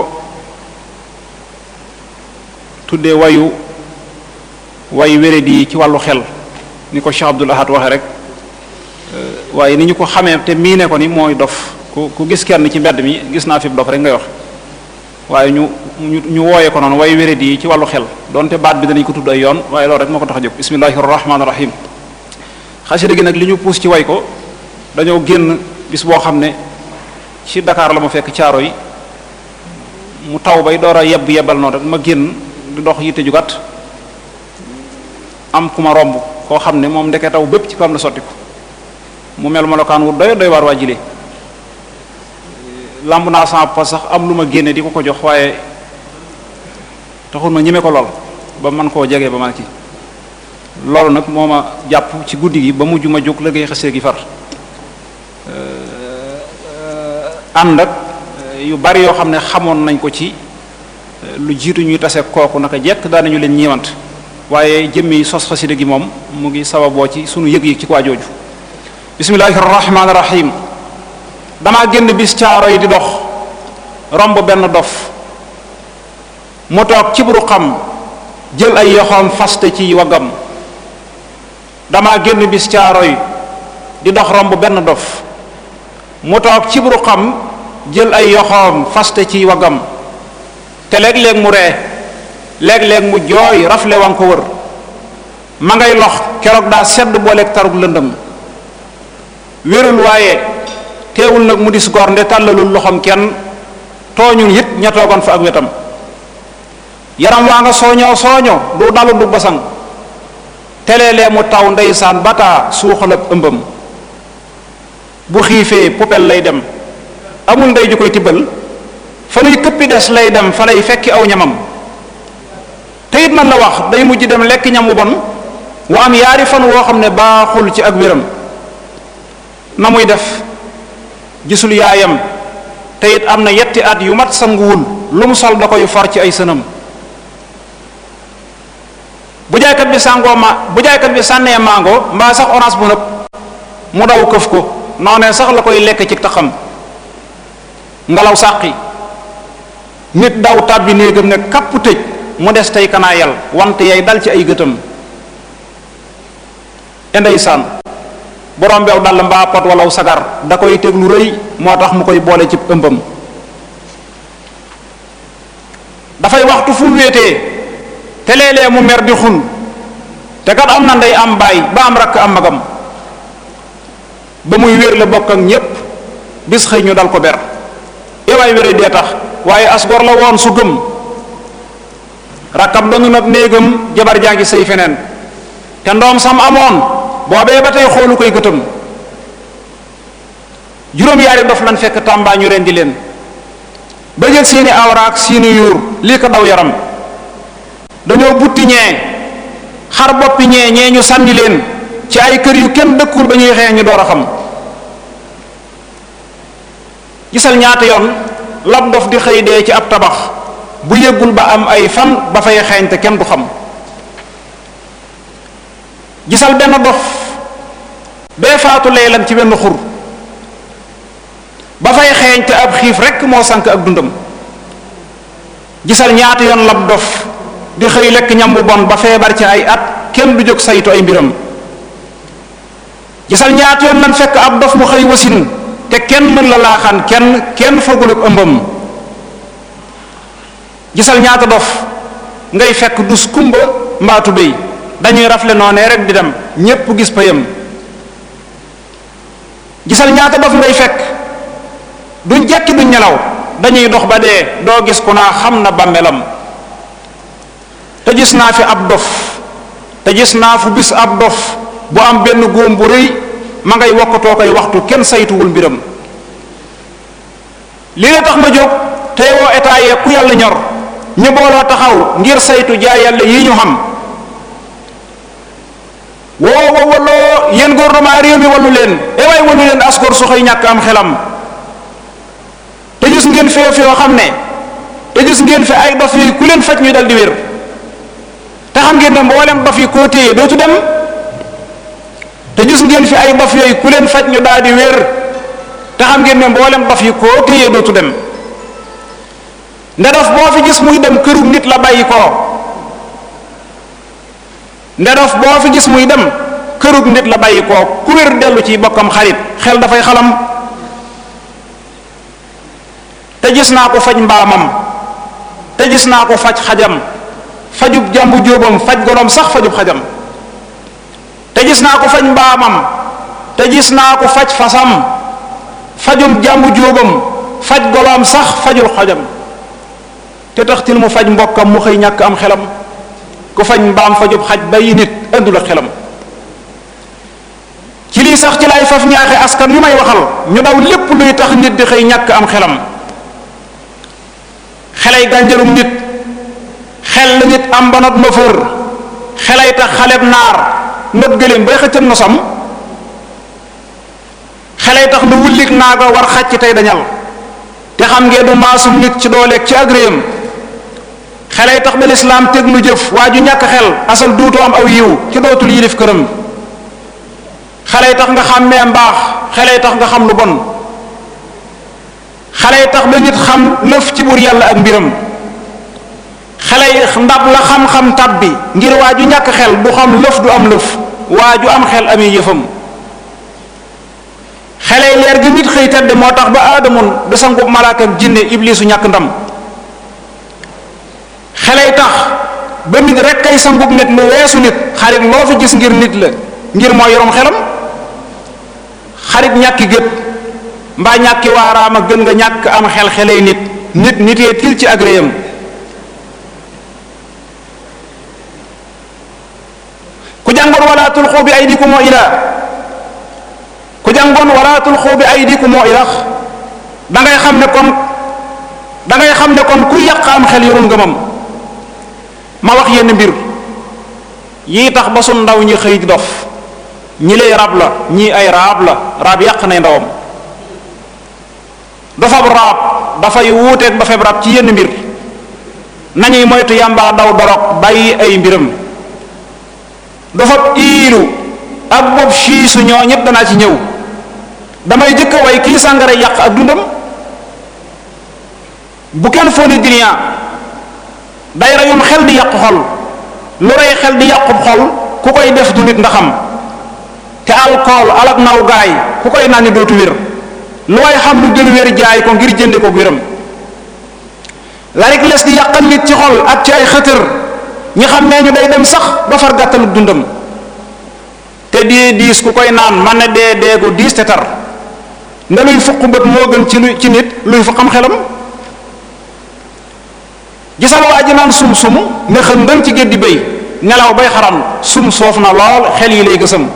tuddee wayu way wéradi yi ci wàllu xel ni ko Cheikh Abdul Ahad waxe rek euh, waaye ni ñu ko xamee te mii ne ko ni mooy dof ku ku gis kenn ci mbedd mi gis naa fi dof rek ngay wax waaye ñu ñu ñu wooyee ko noonu wayu wéradi yi ci wàllu xel donte baat bi danañ ko tudd ay yoon waaye loolu rek moo ko tax a jóg bismillahi rahmaani rahim xasida gi nag li ñu puus ci way ko dañoo génn bis boo xam ne ci Dakar la ma fekk caaro yi mu taw bay door a yebb yebbal noonu ma génn di dox yitte ju gàtt am ku ma romb koo xam ne moom ndeke taw bépp ci kawam la sotti ko mu mel melokaan wu doy doy waar waa jile làmb naa sans pas sax am lu ma génne di ko ko jox waaye taxul ma ñeme ko lool ba man koo jege ba man loolu nag moo ma jàpp ci guddi gi ba mujj ma jóg liggéey xasee gi far ànd euh, yu bari yoo xam ne xamoon nañ ko ci euh, lu jiitu ñuy tase kooku naka jekk daanañu leen ñiiwant waaye jëmmi sos xasida gi moom mu ngi sababoo ci sunu yëg-yëg ci ko jooju bismillahi rahmaani rahim damaa génn bis caaro di dox romb benn dof mu ci buru xam jël ay yoxoom ci waggam damaa bis caaro yi di dox romb benn dof mu toog ci buruxam jël ay yoxoom faste ci waggam te léeg-léeg mu ree léeg-léeg mu jooy rafle wan ko wër ma ngay lox keroog daa sedd booleeg tarug lëndëm wérul waaye teewul nag mu dis gor nde tàllalul loxoom kenn tooñul it ña toogoon fa ak wetam yaram waa nga sooñoo sooño du dalu du basang teleelee mu taw ndeysaan bataa suuxalab ëmbam bu xiifee poubelle lay dem amul ndey ju koy tibbal fa nuy këppi des lay dem fa lay fekki aw ñamam te it man la wax day mujj dem lekk ñam wu bon wu am yaari fan woo xam ne baaxul ci ak wéram na muy def gisul yaayam te it am na yetti at yu mat sanguwul lu mu sol da koy far ci ay sënam bu jaaykat bi sàngoo ma bu jaaykat bi sànnee mango mbaa sax orange bu nëb mu daw këf ko noonee sax la koy lekk ci taxam ngelaw sàqi nit daw tàbbi néegam ne kàpp tëj mu des tey kanaayal wante yay dal ci ay gëtam te ndeysaan borom beew dal mbaa pot walaw sagar da koy teg lu rëy moo tax mu koy boole ci ëmbam dafay waxtu fu wéetee te léeg-léeg mu mer di xun te kat am na ndey am baay ba am rakk am magam ba muy wéer la bokk ak ñépp bis xëy ñu dal ko ber yowaay wére dee tax waaye as la woon su gëm rakkam danu nag néegam jabar jaa ngi sëy feneen te ndoom sam amoon boobee ba tey xoolu koy gëtëm juróom-yaari dof lan fekk tàmbaa ñu rendi leen ba jël seeni awraak seeni yuur lii ko daw yaram dañoo butti ñee xar boppi ñee ñee ñu sànni leen ci ay kër yu kenn dëkkul ba ñuy xeex ñi door a xam gisal ñaata yoon lab dof di xëy dee ci ab tabax bu yëggul ba am ay fan ba fay xeeñ te kenn du xam gisal benn dof bee faatu leelam ci wenn xur ba fay xeeñ ab xiif rekk moo sanq ab dundam gisal ñaata yoon lab dof di xëy lekk ñam bu bon ba feebar ci ay at kenn du jóg saytu ay mbiram gisal ñaata yoon lan fekk ab dof mu xëy wasin te kenn mën la laaxaan kenn kenn foogul ak ëmbam gisal ñaata dof ngay fekk dus kumba mbaatu béy dañuy rafle noonee rek di dem ñépp gis payam gisal ñaata dof ngay fekk du jekki duñ nelaw dañuy dox ba dee doo gis ku naa xam na bàmmeelam te gis naa fi ab dof te gis naa fu bis ab dof bu am benn góom bu rëy ma ngay wokkatoo koy waxtu kenn saytuwul mbiram li la tax ma jóg tey woo état ku yàlla ñor ñu booloo taxaw ngir saytu jaay yàlla yi ñu xam woo woo walloo yéen gouvernement réew mi wallu leen ewaay wallu leen askor su xëy ñàkk am xelam te gis ngeen fi yoo xam ne te gis ngeen fi ay dof yi ku leen faj ñu dal di wér te xam ngeen ne mboolem dof yi koo téye dootu dem te gis ngeen fi ay dof yooyu ku leen faj ñu daal di wér te xam ngeen ne mboolem dof yi koo téye dootu dem nda boo fi gis muy dem këru nit la bàyyi ko nda dof fi gis muy dem këru nit la bàyyi ko ku wér dellu ci bokkam xarit xel dafay xalam te gis naa ko faj mbaamam te gis naa ko faj xajam fajub jàmbu jóobam faj gorom sax fajub xajam te gis naa ko faj mbaamam te gis naa ko faj fasam fajul jàmbu jóobam faj goloom sax fajul xojam te tax til mu faj mbokkam mu xëy ñàkk am xelam ku faj mbaam fajub xaj bayi nit indi la xelam ci lii sax ci lay faf ñaaxe askan yu may waxal ñu daw lépp luy tax nit di xëy ñàkk am xelam xelay gànjarum nit xel la nit am ba ma fër xelay tax xaleb naar ndab gëléem bay xëccam nosam xelay tax nu wullik naaga war xàcc tey dañal te xam ngeen du maasum nit ci dooleeg ci agréyam xelay tax ba lislaam teg nu jëf waa ju ñàkk xel asal duutoo am aw yiw ci dootul yilif këram yi tax nga xàmmee mbaax xelay tax nga xam lu bon xelay tax ba nit xam lëf ci buur yàlla ak mbiram xelay ndab la xam-xam tab bi ngir waa ju ñàkk xel du xam lëf du am lëf waa ju am xel ami yëfam xeley leer gi nit xëy tedd moo tax ba aadamun du sangub malaakam jinne iblisu ñàkk ndam xeley tax ba nit rek kay sangub nit lu weesu nit xarit loo fi gis ngir nit la ngir moo yorom xelam xarit ñàkki gët mbaa ñàkki a gën nga ñàkk am xel xeley nit nit nitee til ci agréyam ku jàngoon wala tulqu ay aydikum ila ku jàngoon wala tulqu bi aydikum ila da ngay xam ne kon dangay xam ne kon kuy yàq am xel yorul ngëmam ma wax yenn mbir yii tax ba sun ndaw ñi xëy dof ñi lay rab la ñii ay raab la raab yàq nay ndawam dofab raab dafay wuuteeg dofab raab ci yenn mbir nañuy moytu yàmbaa daw dorog bàyyi ay mbiram dafa iilu ak bopp siisu ñoo danaa ci ñëw damay jëkk a kii sàngara yàq ak dundam bu kenn foo ni duniyaa day reyum xel di yàqu xol lu rey xel di yàqu xol ku koy def du nit ndaxam te alcool alak naw gaay ku koy naan ni dootu wér lu way xam lu jël wér jaay ko ngir jënde ko wéram la rek les di yàqal nit ci xol ak ci ay xëtër ñi xam ne ñu day dem sax ba far gàttalug dundam te dee diis ku koy naan man na dee dee ko diis te tar nda luy fuq mbët moo gën ci ci nit luy fu xam xelam gisal waa ji naan sum sumu ne xam ngën ci géddi béy nelaw bay xaram sum soof na lool xel yi lay gësam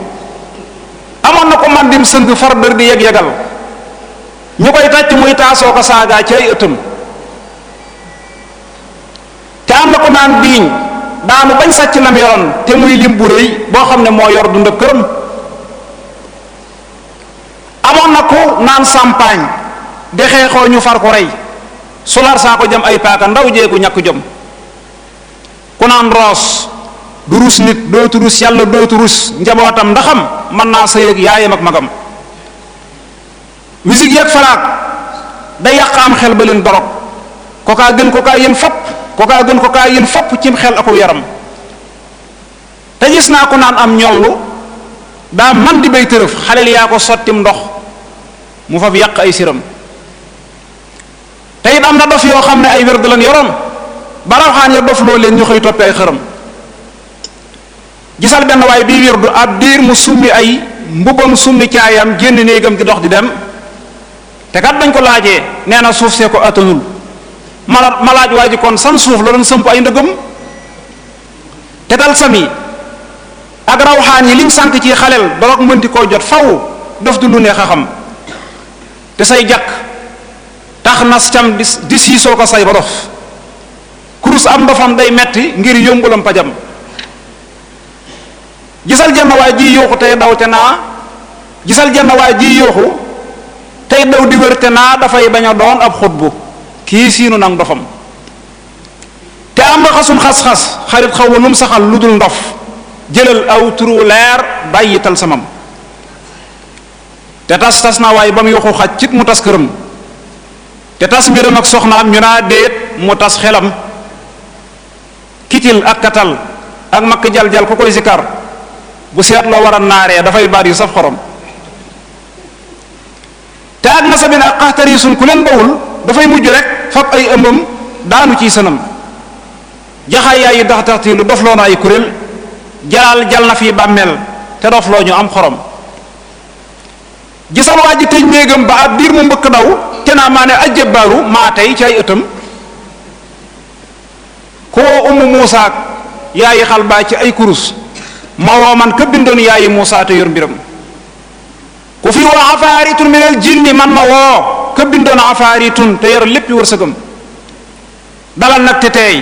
amoon na ko man dim sëng far dër di yeg-yegal ñu koy tàcc muy taasoo ko saagaa ci ay ëttam te am na ko naan biiñ daa mu bañ sàcc lam yoroon te muy lim bu rëy boo xam ne moo yor dundab këram amoon na ko naan sampaañ de xeexoo ñu far ko rey solar saa ko jëm ay paaka ndaw jeeku ñàkk jom ku naan roos du rus nit dootu rus yàlla dootu rus njabootam ndaxam mën naa sëy ak yaayam ak magam musique yeeg falaat day yàq am xel baleen leen dorog kookaa gën kokaa yéen fopp kokaa gën kokaa yéen fopp cim xel aku yaram te gis naa ko naan am ñollu daa man di bay tërëf xalel yaa ko sottim ndox mu fab yàq ay siram tey it am na dof yoo xam ne ay werd lan yoroon baraw xaan ya dof loo leen ñu toppee ay xëram gisal benn waaye bii wirdu ab diir mu summi ay mbubbam summi caayam génn néegam di dox di dem te kat dañ ko laajee nee na suuf see ko attanul mala malaaj waa ji kon sam suuf la doon sëmp ay ndëgëm te dal sami ak rawxaan yi liñ sànk ci xaleel doo ko mënti koo jot faw daf dundu neex a xam te say jàkk tax nas cam di di siisoo ko say ba dof kurus am dofam day metti ngir yombulam pajam gisal jenn waay ji yuuxu tey daw te naa gisal jenn waay ji yuuxu tey daw di wër naa dafay bañ a doon ab xutbu kii siinu nag ndofam te am raxasum xas-xas xarit xaw ma nu mu saxal lu dul ndof jëlal aw turu leer bàyyital samam te tas tas naa waaye ba mu yoxu xaj cit mu tas këram te tas mbiram ak soxnaam ñu naa déet mu tas xelam kitil ak katal ak makk jal ku koy sikar bu seet loo war a naaree dafay baat yu saf xorom te ak na sabin ak xaxtariisun ku leen bawul dafay mujj rek fab ay ëmbam daanu ciy sanam jaxaay yaay yu tax tax lu dof loo na ay kuréel jalaal jal na fi bàmmeel te dof loo ñu am xorom gisal waa ji tëj néegam ba ab diir mu mbëkk daw te naa maa ne ajjabaaru maa tey ci ay ëttam koo umu muusaak yaayi xal ci ay kurus ma woo man ka yaayi muusaa te yor mbiram ku fi waa xafaaritu minal jinni man ma woo ka bindoon afaaritun te yor léppi wërsëgam dalal nag te teey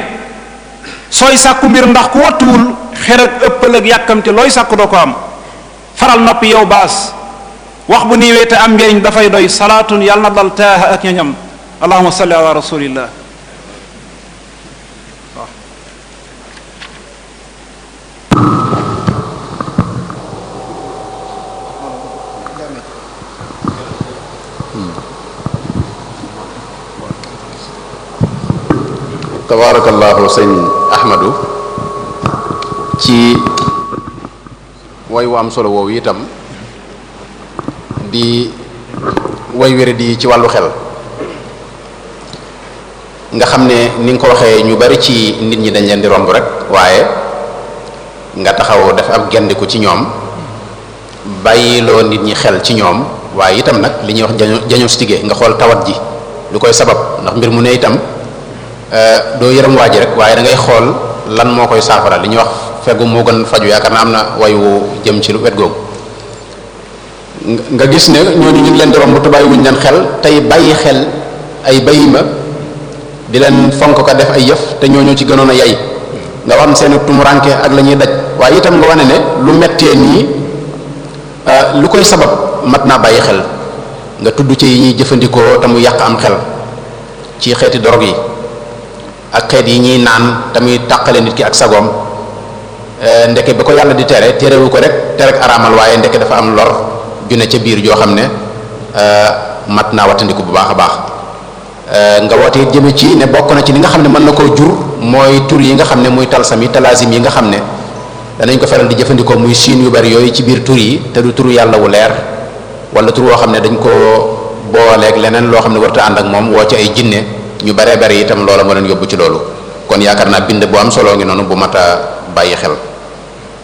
sooy sàkku mbir ndax ku wattuwul xer ak ëppal ak yàkkamte looy sàkku doo ko am faral noppi yow baas wax bu niiwee te am njëriñ dafay doy salaatun yàlla na dal taaha ak ñoñam allahuma salli ala rasulillah tabaarakallaahu sëñ Ahmadou ci woy wu am solo woowu itam di woy wére di ci wàllu xel nga xam ne ni nga ko waxee ñu bari ci nit ñi dañ leen di romb rek waaye nga taxaw def ab gendiku ci ñoom bàyyiloo nit ñi xel ci ñoom waaye itam nag li ñuy wax diagnostiqué nga xool tawat ji lu koy sabab ndax mbir mu ne itam Euh, doo yërëm waa ji rek waaye da ngay xool lan moo koy saafara li ñuy wax fegu moo gën faju yaakaar na am na wayu jëm ci lu wet googu nga gis ne ñoo ñu ngi leen di romb tubaay wuñ leen xel tey bàyyi xel ay bayima di leen fonk ko def ay yëf te ñooñu ci gënoon a yay nga xam seen tumuranke ak lañuy daj waaye itam nga wane ne lu mettee nii euh, lu koy sabab mat naa bàyyi xel nga tudd ci yi ñuy jëfandikoo te mu yàq am xel ci xeeti dorog yi ak xeet yi ñuy naan tamuy tàqale nit ki ak sagoom eh, ndeke ba ko yàlla di tere terewu ko rek tere ak araamal waaye ndeke dafa am lor june ca biir joo xam ne eh, mat naa wattandiku bu baax a baax eh, nga wootee jëme ci ne bokk na ci li nga xam ne mën na koo jur mooy tur yi nga xam ne muy talsam yi talaasim yi nga xam ne danañ ko faral di jëfandikoo muy siin yu bari yooyu ci biir tur yi te du tur yàlla wu leer wala tur woo xam ne dañ ko booleeg leneen loo xam ne warta ànd moom woo ci ay jinne ñu baree bari itam loola moo leen yóbbu ci loolu kon yaakaar naa bind bu am solo ngi noonu bu mat bàyyi xel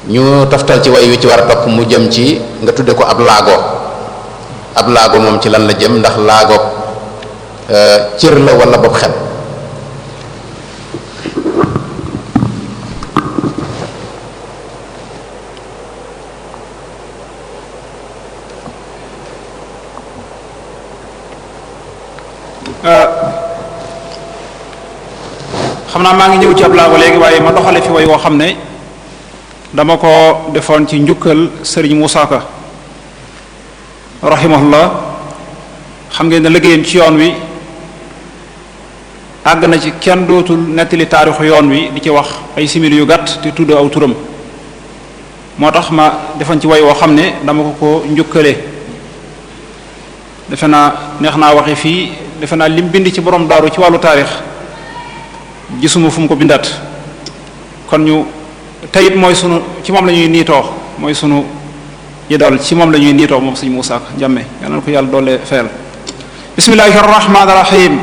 ñu taftal ci way wi ci war a topp mu jëm ci nga tudde ko ab laago ab laago moom ci lan la jëm ndax laago euh, cër la wala bopp xel euh, naa maa ngi ñëw ci ab laago léegi waaye ma doxale fi way woo xam ne dama ko defoon ci njukkal sëriñ Moussa Ka rahimahullah xam ngeen liggéeyam ci yoon wi àgg na ci kenn dootul nettali taarixu yoon wi di ci wax ay simil yu gàtt te tudd aw turam moo tax ma defan ci way woo xam ne dama ko ko njukkale defe naa neex naa waxe fii defe naa lim bind ci borom daaru ci wàllu taarix gisuma fu mu ko bindaat kon ñu teyit mooy sunu ci moom lañuy niitoo mooy sunu yi ci moom la ñuy niitoo moom suñu Muusaa Jàmme yàlla na ko yàlla doole fayal bismillahi rahmaani rahim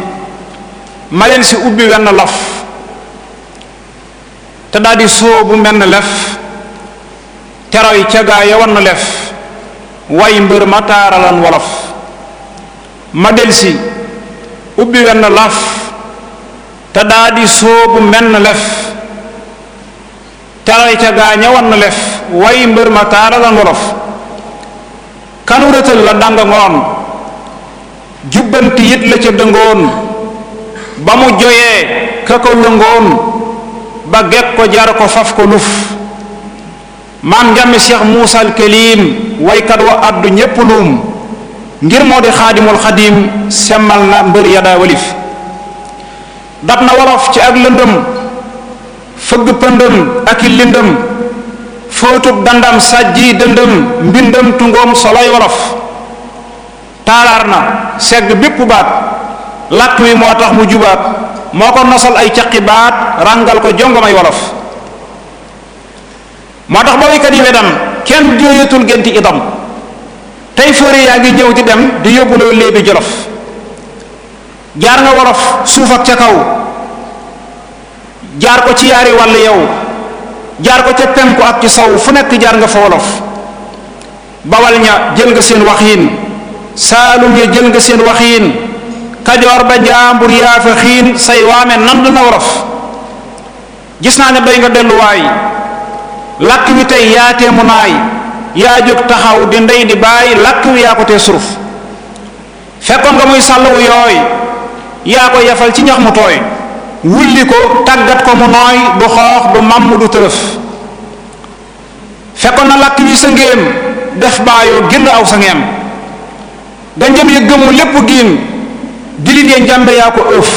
ma leen ubbi wenn laf te daal di sóobu menn lef teroy cagaa ya wann lef way mbër ma taaralan wolof ma del si ubbi wenn laf te daa di soobu menn lef taray ca gaaña wann lef way mbër ma taarala ngolof kanu rëtal la danga ngoon jubbanti la ca dëngoon ba mu joyee ka ko lëngoon ba gekk ko jar ko faf ko luf maam njàmmi cheikh muusal keliim waykat wa addu ñépp luum ngir moo di xaadimul xadim semmal na mbër ya daa dab na wolof ci ak lëndëm fëgg pëndëm ak i lindëm fóotub dandam sàjji dëndëm mbindam tungoom soloy wolof taalaar na segg bépp baat làkk wi moo tax mu jubaat moo ko nosal ay caqi baat ràngal ko jongomay wolof moo tax ba waykat yi wedam kenn jooyatul génti idam tey fóore yaa ngi ñëw di dem di yóbbuloo léebi jolof jaar nga wolof suuf ak ca kaw jaar ko ci yaari wàll yow jaar ko ca penku ak ci saw fu nekk jaar nga fa wolof bawal ña jël nga seen waxiin saalum ya jël nga seen waxiin kajoor ba jaambur yaa fa xiin say waame nand na wolof gis naa ne doy nga delluwaay làkk wi tey yaatee mu naay yaa jóg taxaw di ndey di bàyyi làkk wi yaa ko tee suruf fekkoon nga muy sàll wu yooy yaa ko yafal ci ñax mu tooy wulli ko tàggat ko mu nooy du xoox du mamm du tërëf fekkoon na làkk wi sa def baayoo génn aw sa ngeem danjëm ya gëmmu lépp giin dilit ya njàmbe yaa ko ëf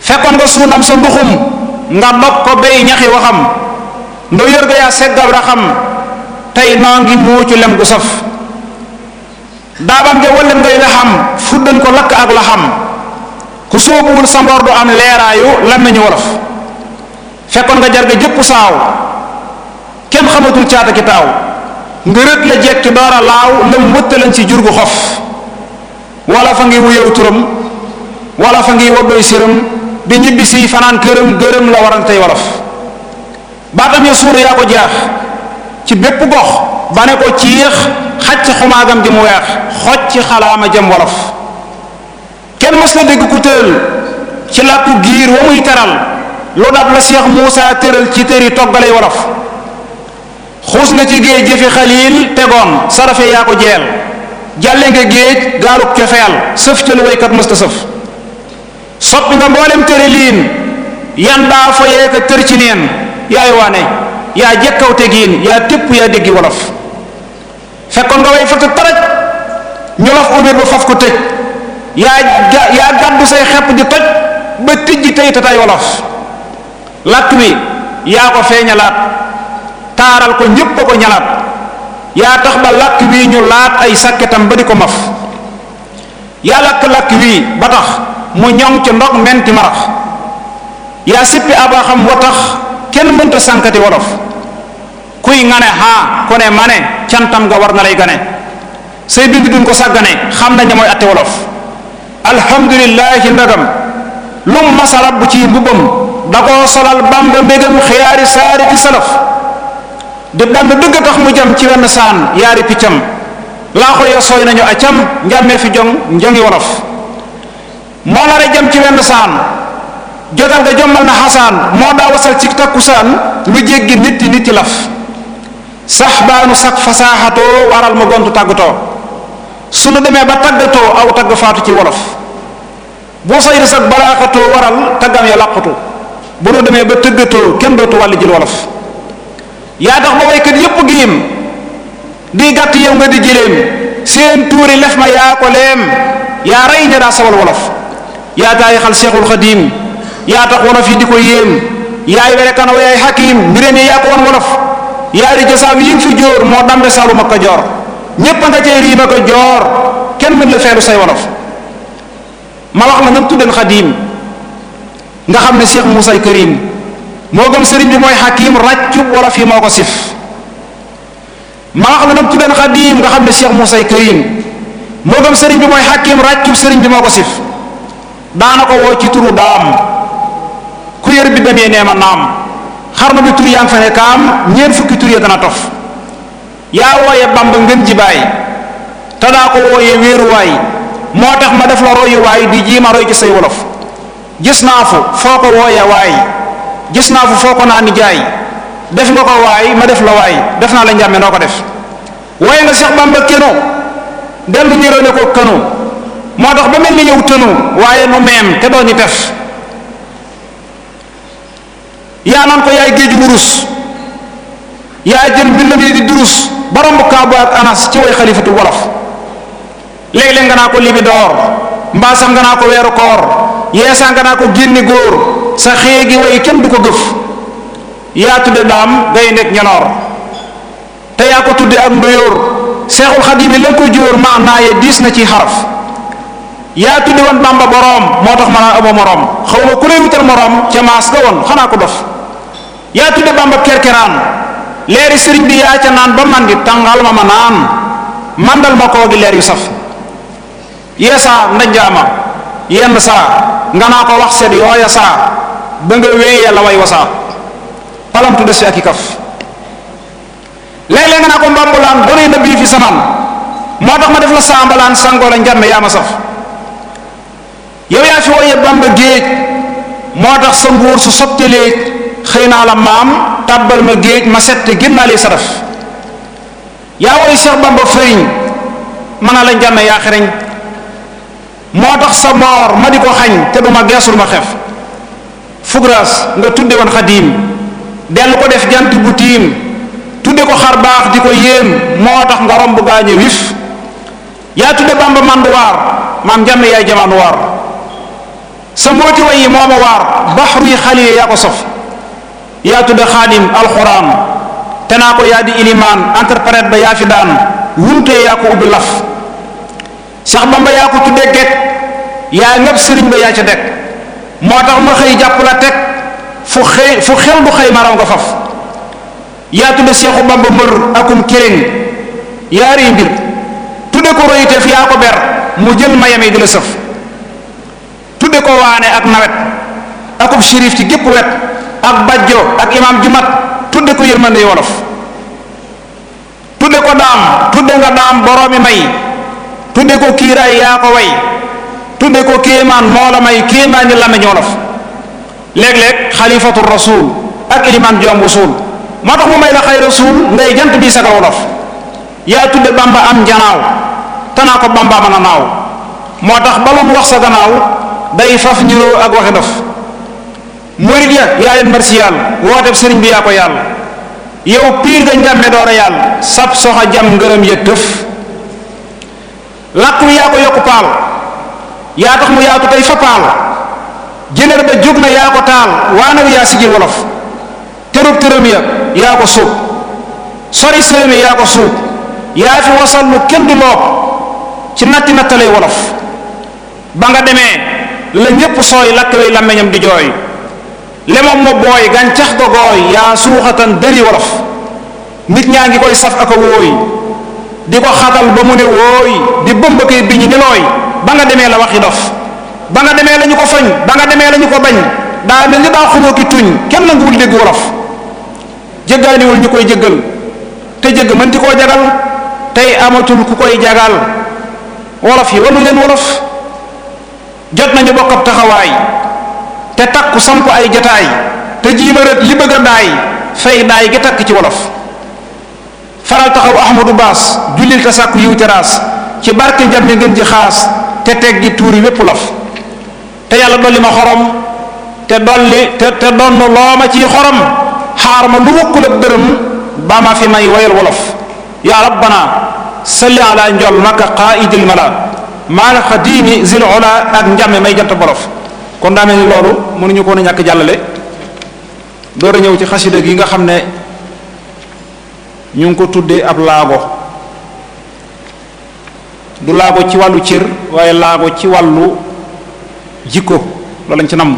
fekkoon nga suunam sa nduxum nga dog ko bay ñaxi waxam nda yër ga yaa seggal raxam tey noo ngi muucu lem gu saf daabam ja wëllëm ngay laxam fuddan ko lakk ak laxam ku soobuwul sa mboor du am leeraayu lan nañu wolof fekkoon nga jar jarga jëpp saaw kenn xamatul caata ki taaw nga la jekki door a laaw ci jur gu xof wala fa ngi wuyew turam wala fa ngi woddoy séram bi ñibbi fanaan këram gërëm la waral tey wolof baatam ya suur yaa ko jaax ci bépp gox ba ne ko ciix xaj ci xumaagam ji mu weex xoj ci xalaama jëm wolof kenn mës dégg ku tëral ci làkku giir wa muy teral lu dab la Cheikh Moussa tëral ci tëri toggalay wolof xuus nga ci géej jëfi xaliil tegoon sarafe yaa ko jeel jàlle nga géej gaaluk cofeel sëf ca lu waykat mës ta sëf soppi nga mboolem tëri liin yan daa fa yeeka tër ci neen yaay waane yaa jëkkaw tegiin yaa tépp yaa déggi wolof fekkoon nga way fëkk taraj ñolof ubir ba faf ko tëj yaa yaa gàddu say xepp di toj ba tijji tey te tay wolof làkk bi yaa ko feeñalaat taaral ko ñépp a ko ñalaat yaa tax ba làkk wi ñu laat ay sàkketam ba di ko maf yaa làkk-làkk wii ba tax mu ñoŋ ci ndog menti marax yaa sippi abaaxam wa tax kenn mënta sànkati wolof kuy nga ne xaa ku ne ma ne cantam nga war na lay gane say bind duñ ko sàggane xam na ne mooy atte wolof alhamdulilahi ndagam lu mu masarab ci mbubbam da koo solal bamba mbégam xiyaari saari ci salaf di bamb dëgg tax mu jëm ci wenn saan yaari piccam laaxu ya sooy nañu acam njàmmee fi jong njongi wolof moo la jëm ci wenn saan jotal nga jommal na xasaan moo daa wasal ci takkusaan lu jéggi nit nit yi laf sax nu sag fasaaxatoo waral ma gontu tàggatoo su nu demee ba tàggatoo aw tagg faatu ci wolof boo saytu sag balaaxatoo waral taggam ya làqutu bu nu demee ba tëggatoo kenn dootu wàll jël wolof yaa tax ba waykat yépp giim di gàtt yow nga di jëleem seen tuuri lef ma yaa ko leem yaa rey ña daa sawal wolof yaa taayixal seexul xadiim yaa tax wolof yi di ko yéem yaay were kanaw yaay yi yaa ko wan wolof yaari jasaab yi fi jóor moo dambe saalum kajoor ñépp a nga cay riib ak kenn mën la feelu say wolof ma wax la nag tuddeen xadiim nga xam ne Cheikh Moussa Karim moo gëm sëriñ bi mooy xakim ràccu wolof yi moo ko sif ma wax la nag tuddeen xadiim nga xam ne Cheikh Moussa Karim moo gëm sëriñ bi mooy xakim ràccu sëriñ bi moo ko sif daana ko woo ci turu daam ku yër bi demee nee ma naam xarnu bi tur yaa ngi fa ne kaam ñeent fukki tur ya dana tof yaa wooye bamba ngën jibaay te daa ko wooye wéeruwaay moo tax ma def la royuwaay di jiima roy ci say wolof gis naa fu foo ko wooye waay gis naa fu foo ko naa nijaay def nga ko waay ma def la waay def naa la njàmme noo ko def wooye nga Cheikh Bamba keno dem di jëróone ko kënu moo tax ba mel ni yow tënu waaye nu meem te doo ñu tef yaa naan ko yaay géeju wurus yaa jël mbindam yi di durus ba romb Kaabu ak Anas ci way xalifatu wolof léeg-léeg nga naa ko libi door nga naa ko weeru koor yeesaa nga naa ko génne góor sa xëye gi way kenn du ko gëf yaa tudde daam ngay nekk ñanoor te yaa ko tudde ak ndoyóor seexul xadim yi la ko jóor maanaa ya diis na ci xaraf yaa tuddi woon bamba boroom moo tax ma naan abo moroom xaw ku lay wutal moroom ca maas ga woon xanaa ko dof yaa tuddi bamba kerkeraan leeri sëriñ bi yaa ca naan ba man di tàngal ma ma naan mandal ma koo gi leer yu saf yeesaa ndajaama yenn saa nga naa ko wax seet yooya saa ba nga wéeya la way wasaa palamtu des fi ak i kaf léeg nga naa ko mbambulaan doonay nëbb yi fi sanaan moo tax ma def la saambalaan sangoo la njamme yaa ma saf yow yaa fi woye bamba géej moo tax sa nguur su sottilee xëy naa la maam tàbbal ma géej ma sette génnaalee saraf yaa woy seex bamba fëriñ mën a la njànn yaa xereñ moo tax sa moor ma di ko xañ te du ma geesul ma xef fugraas nga tudde woon xadiim dellu ko def jant bu tiim tudde ko xar baax di ko yéem moo tax nga romb gaañe wif yaa tudde bamba manduwaar maam njànn yaay jamaanuwaar sa mbooti way yi moo ma waar baxru yi xalil yaa ko sof yaa tudde xaadim alxuraan te naa ko yaa ilimaan interprète ba yaa fi daan wunte yaa ko ubbi laf sax bamba yaa ko tuddee gek yaa ngab sëriñ ba yaa ca dekk moo tax ma xëy jàpp la teg fu xëy fu xel bu xëy ma raw faf yaa tudde seexu bamba mër akum kiriñ yaa rëy mbir tudde ko royiteef yaa ko ber mu jël mayam yi di sëf tudde ko waane ak nawet akub shérif ci gépp wet ak bajjo ak imaam ju tudde ko yërmande wolof tudde ko daam tudde nga daam boroomi may tudde ko kiiraay wolof léeg-léeg xalifatu rasul ak ilimaan ju am moo tax mu may la xay rasul ngay jant bi sagal wolof yaa tudde bamba am njanaaw tanaa ko bamba mën a naaw moo tax ba lu wax gannaaw day faf ñu ak waxe ndof murid ya yaa leen mbar si yàlla wooteeb sëriñ bi yaa ko yàlla yow piir dañ jàmme door a yàlla sab soxa jam ngërëm ya tëf làkk wi yaa ko yokku paal yaa tax mu yaatu tey fa paal jëneer ba jóg na yaa ko taal waana wi yaa sigil wolof tërub tërëm ya yaa ko suub sori sërëm yaa ko suub yaa fi wasal lu kenn du loob ci natti nattalay wolof ba nga demee la ñépp sooy lakk lay làmmiñam di jooy lemam ma booy gàncax ga gooy yaa suuxatan dëri wolof nit ñaa ngi koy saf ak a wóoy di ko xatal ba mu ne wóoy di bëmb koy biñ di looy ba nga demee la waxi dof ba nga demee la ko fañ ba nga demee lañu ko bañ daa mel ni daa xuloo ki tuñ kenn nanguwul dégg wolof jëggaaniwul ñu koy jëggal te jëgg mënti koo jagal tey amatul ku koy jagal wolof yi walu leen wolof jot nañu bokk ab taxawaay te takku samp ay jataay te jiibarat li bëgg a daay fay daay gi takk ci wolof faral taxaw ahmadu baas jullil te sàkku yiw teraas ci barke njambi ngeen ji xaas te teg gi tuuri wépp lof te yàlla dolli ma xorom te dolli te te donn loo ma ciy xorom xaar ma lu wokkul ak dërëm baa ma fi may woyal wolof yaa rabbana salli ala njol makka qaaidil mala maanaam diini zil ola ak njàmme may jant borof kon daa mel ni loolu mënuñu ko woon a ñàkk jàllale door a ñëw ci xasida gi nga xam ne ñu ngi ko tuddee ab laago du laago ci wàllu cër waaye laago ci wàllu jikko loolu lañ ci namm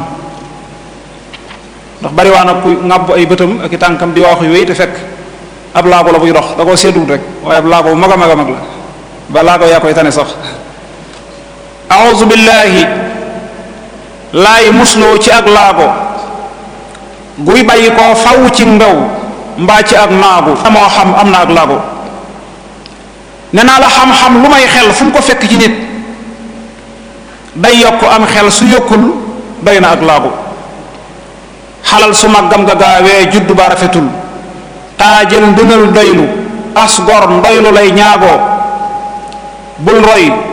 ndax bari waa na ku ŋàbb ay bëtam ak i tànkam di waaxu yooyu te fekk ab laago la buy dox da koo seetul rek waaye ab laago bu mag a mag a mag la ba laago yaa koy tane sax auzu billahi laay musloo ci ak laago guy bàyyi koo faw ci ndaw mbaa ci ak naagu amoo xam am na ak laago ne naa la xam-xam lu may xel fu mu ko fekk ci nit day yokk am xel su yokkul doy na ak laago xalal su màggam nga gaawee juddu ba rafetul taajal ndunal doylu as ndoylu lay ñaagoo bul roy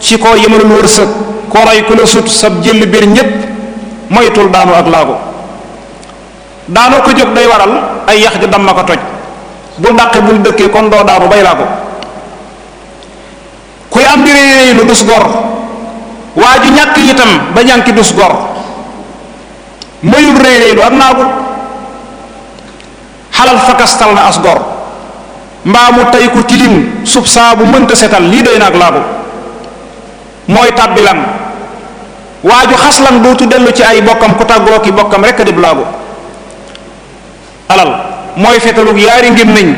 ci koo yemalul wërsëg koo rey ku la sut sab jël biir ñépp moytul daanu ak laago daanoo ko jóg day waral ay yax ju dam ma ko toj bul dàqe bul dëkkee kon doo daanu bay laago kuy am di réy réy dus gor waa ju ñàkk itam ba ñànki dus gor mayul réy réy lu ak naago xalal fakastal na as gor mbaa mu tey ku tilim sub mënta setal lii doy na ak laago mooy tàbbilam waaju xaslan duutu dellu ci ay bokkam ku tàggoo ki bokkam rekk di blaagu alal mooy fetalug yaari ngim nañ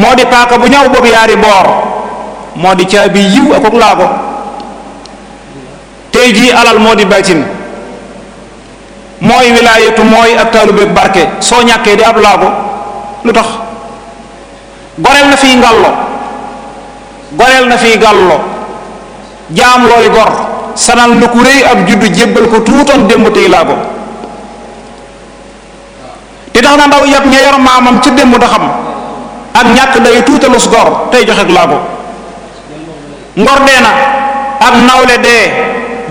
moo di paaka bu ñaw boobu yaari boor moo di caabi yiw akuk laago tey jii alal moo di baytin mooy wilaayatu mooy ak taalube barke soo ñàkkee di ab laago lu tax goreel na fiy ngàllo goreel na fiy ngàllo jaam looy gor sanal lu ku rëy ab juddu jébbal ko tuutoon démb tey laa ko te tax na ndaw yëpp ña yor maamam ca démb da ak ñàkk day tuutalus gor tey joxe laa ko ngor dee na ak nawle dee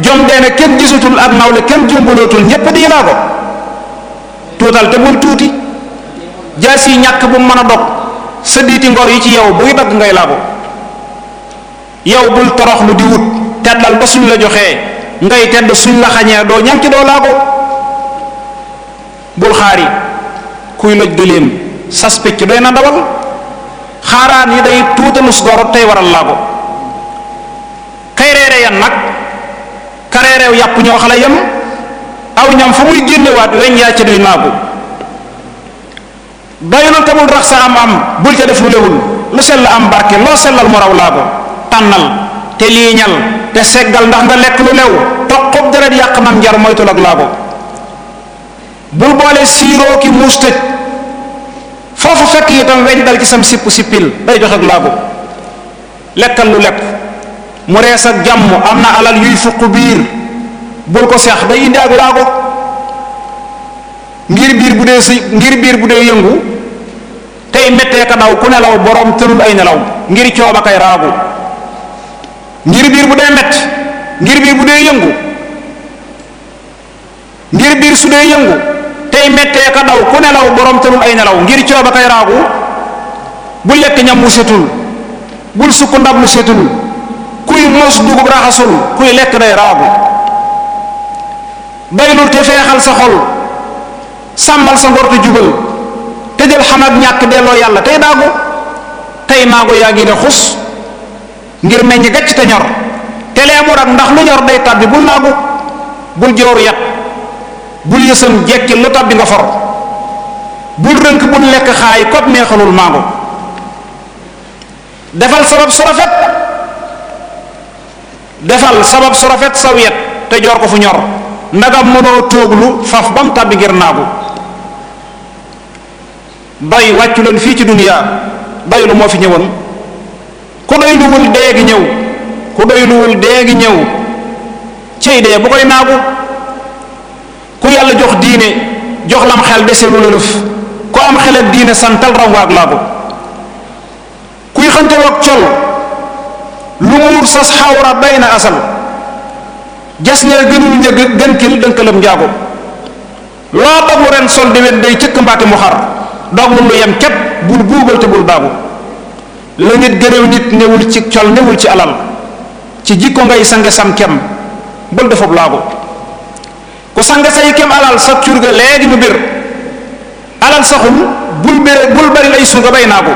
jom dee na kenn gisatul ak nawle kenn jumbalootul ñépp di laa ko tuutal te bul tuuti jaas yi ñàkk bu mën a dog sa diiti ngor yi ci yow buy dagg ngay laa ko yow bul torox toroxlu di wut teddal ba suñ la joxee ngay tedd suñ la xañee doo ñànki doo laa ko bul xaari kuy loj gëléem sas picc doy na ndawal xaaraan yi day tuutalus goro tey waral laa ko kay reere yan nag ka reereew yàpp ñoo xale yem aw ñam fa muy génnewaat weñ yaa ca duy naagu doylu te bul rax sa am am bul ca def lu lu sell am barke loo sellal mu raw laa ko tànnal te liiñal te seggal ndax nga lekk lu lew toqub deret yàq mam njar moytul ak laago bul boole siiroo ki muus tëj foofu fekk itam weñ dal ci sam sipp sippil day jox ak laago lekkal lu lekk mu rees ak jàmm am na alal yuy fuq biir bul ko seex day indi ak laago ngir biir bu dee si ngir biir bu dee yëngu tey méttee ka daw ku nelaw borom tërul ay nelaw ngir cooba kay raagu ngir biir bu dee mbett ngir biir bu dee yëngu ngir biir su dee yëngu tey mbettee ka daw ku nelaw borom tënul ay nelaw ngir cooba kay raagu bu lekk ñam mu setul bul sukk ndab mu setul kuy mos dugub raxasul kuy lekk day raagu baylul te feexal sa xol sàmmal sa ngor te jubal te jël xam ak ñàkk delloo yàlla tey daagu tey maago yaa ngi ne xus ngir meññ gàcc te ñor te lee mu rak ndax lu ñor day tàbbi bul naagu bul jooru yat bul yësam jekki lu tàbbi nga for bul rënk bul lekk xaay kot neexalul màngo defal sabab su rafet defal sabab su rafet saw yet te joor ko fu ñor ndagam mënoo tooglu faf bam tàbbi ngir naagu bay wàccu leen fii ci duniyaa bay lu moo fi ñëwoon ku doy luwul dee gi ñëw ku doy luwul dee gi ñëw cey dee bu koy naagu ku yàlla jox diine jox lam xel dese lu lëlëf ku am xelat diine santal raw waag laagu kuy xante wag col lu muur sas xawra day na asal jas ne gënul njëg gënkil dënkalam njaago loo doglu ren sol di day cëkk mbaati mu xar doglu lu yem képp bul buubal te daagu la nit gëréew nit newul ci col newul ci alal ci jikko ngay sange sam kem bul defab laago ku sange say kem alal sa curga léegi mu bir alal saxul bay naa ko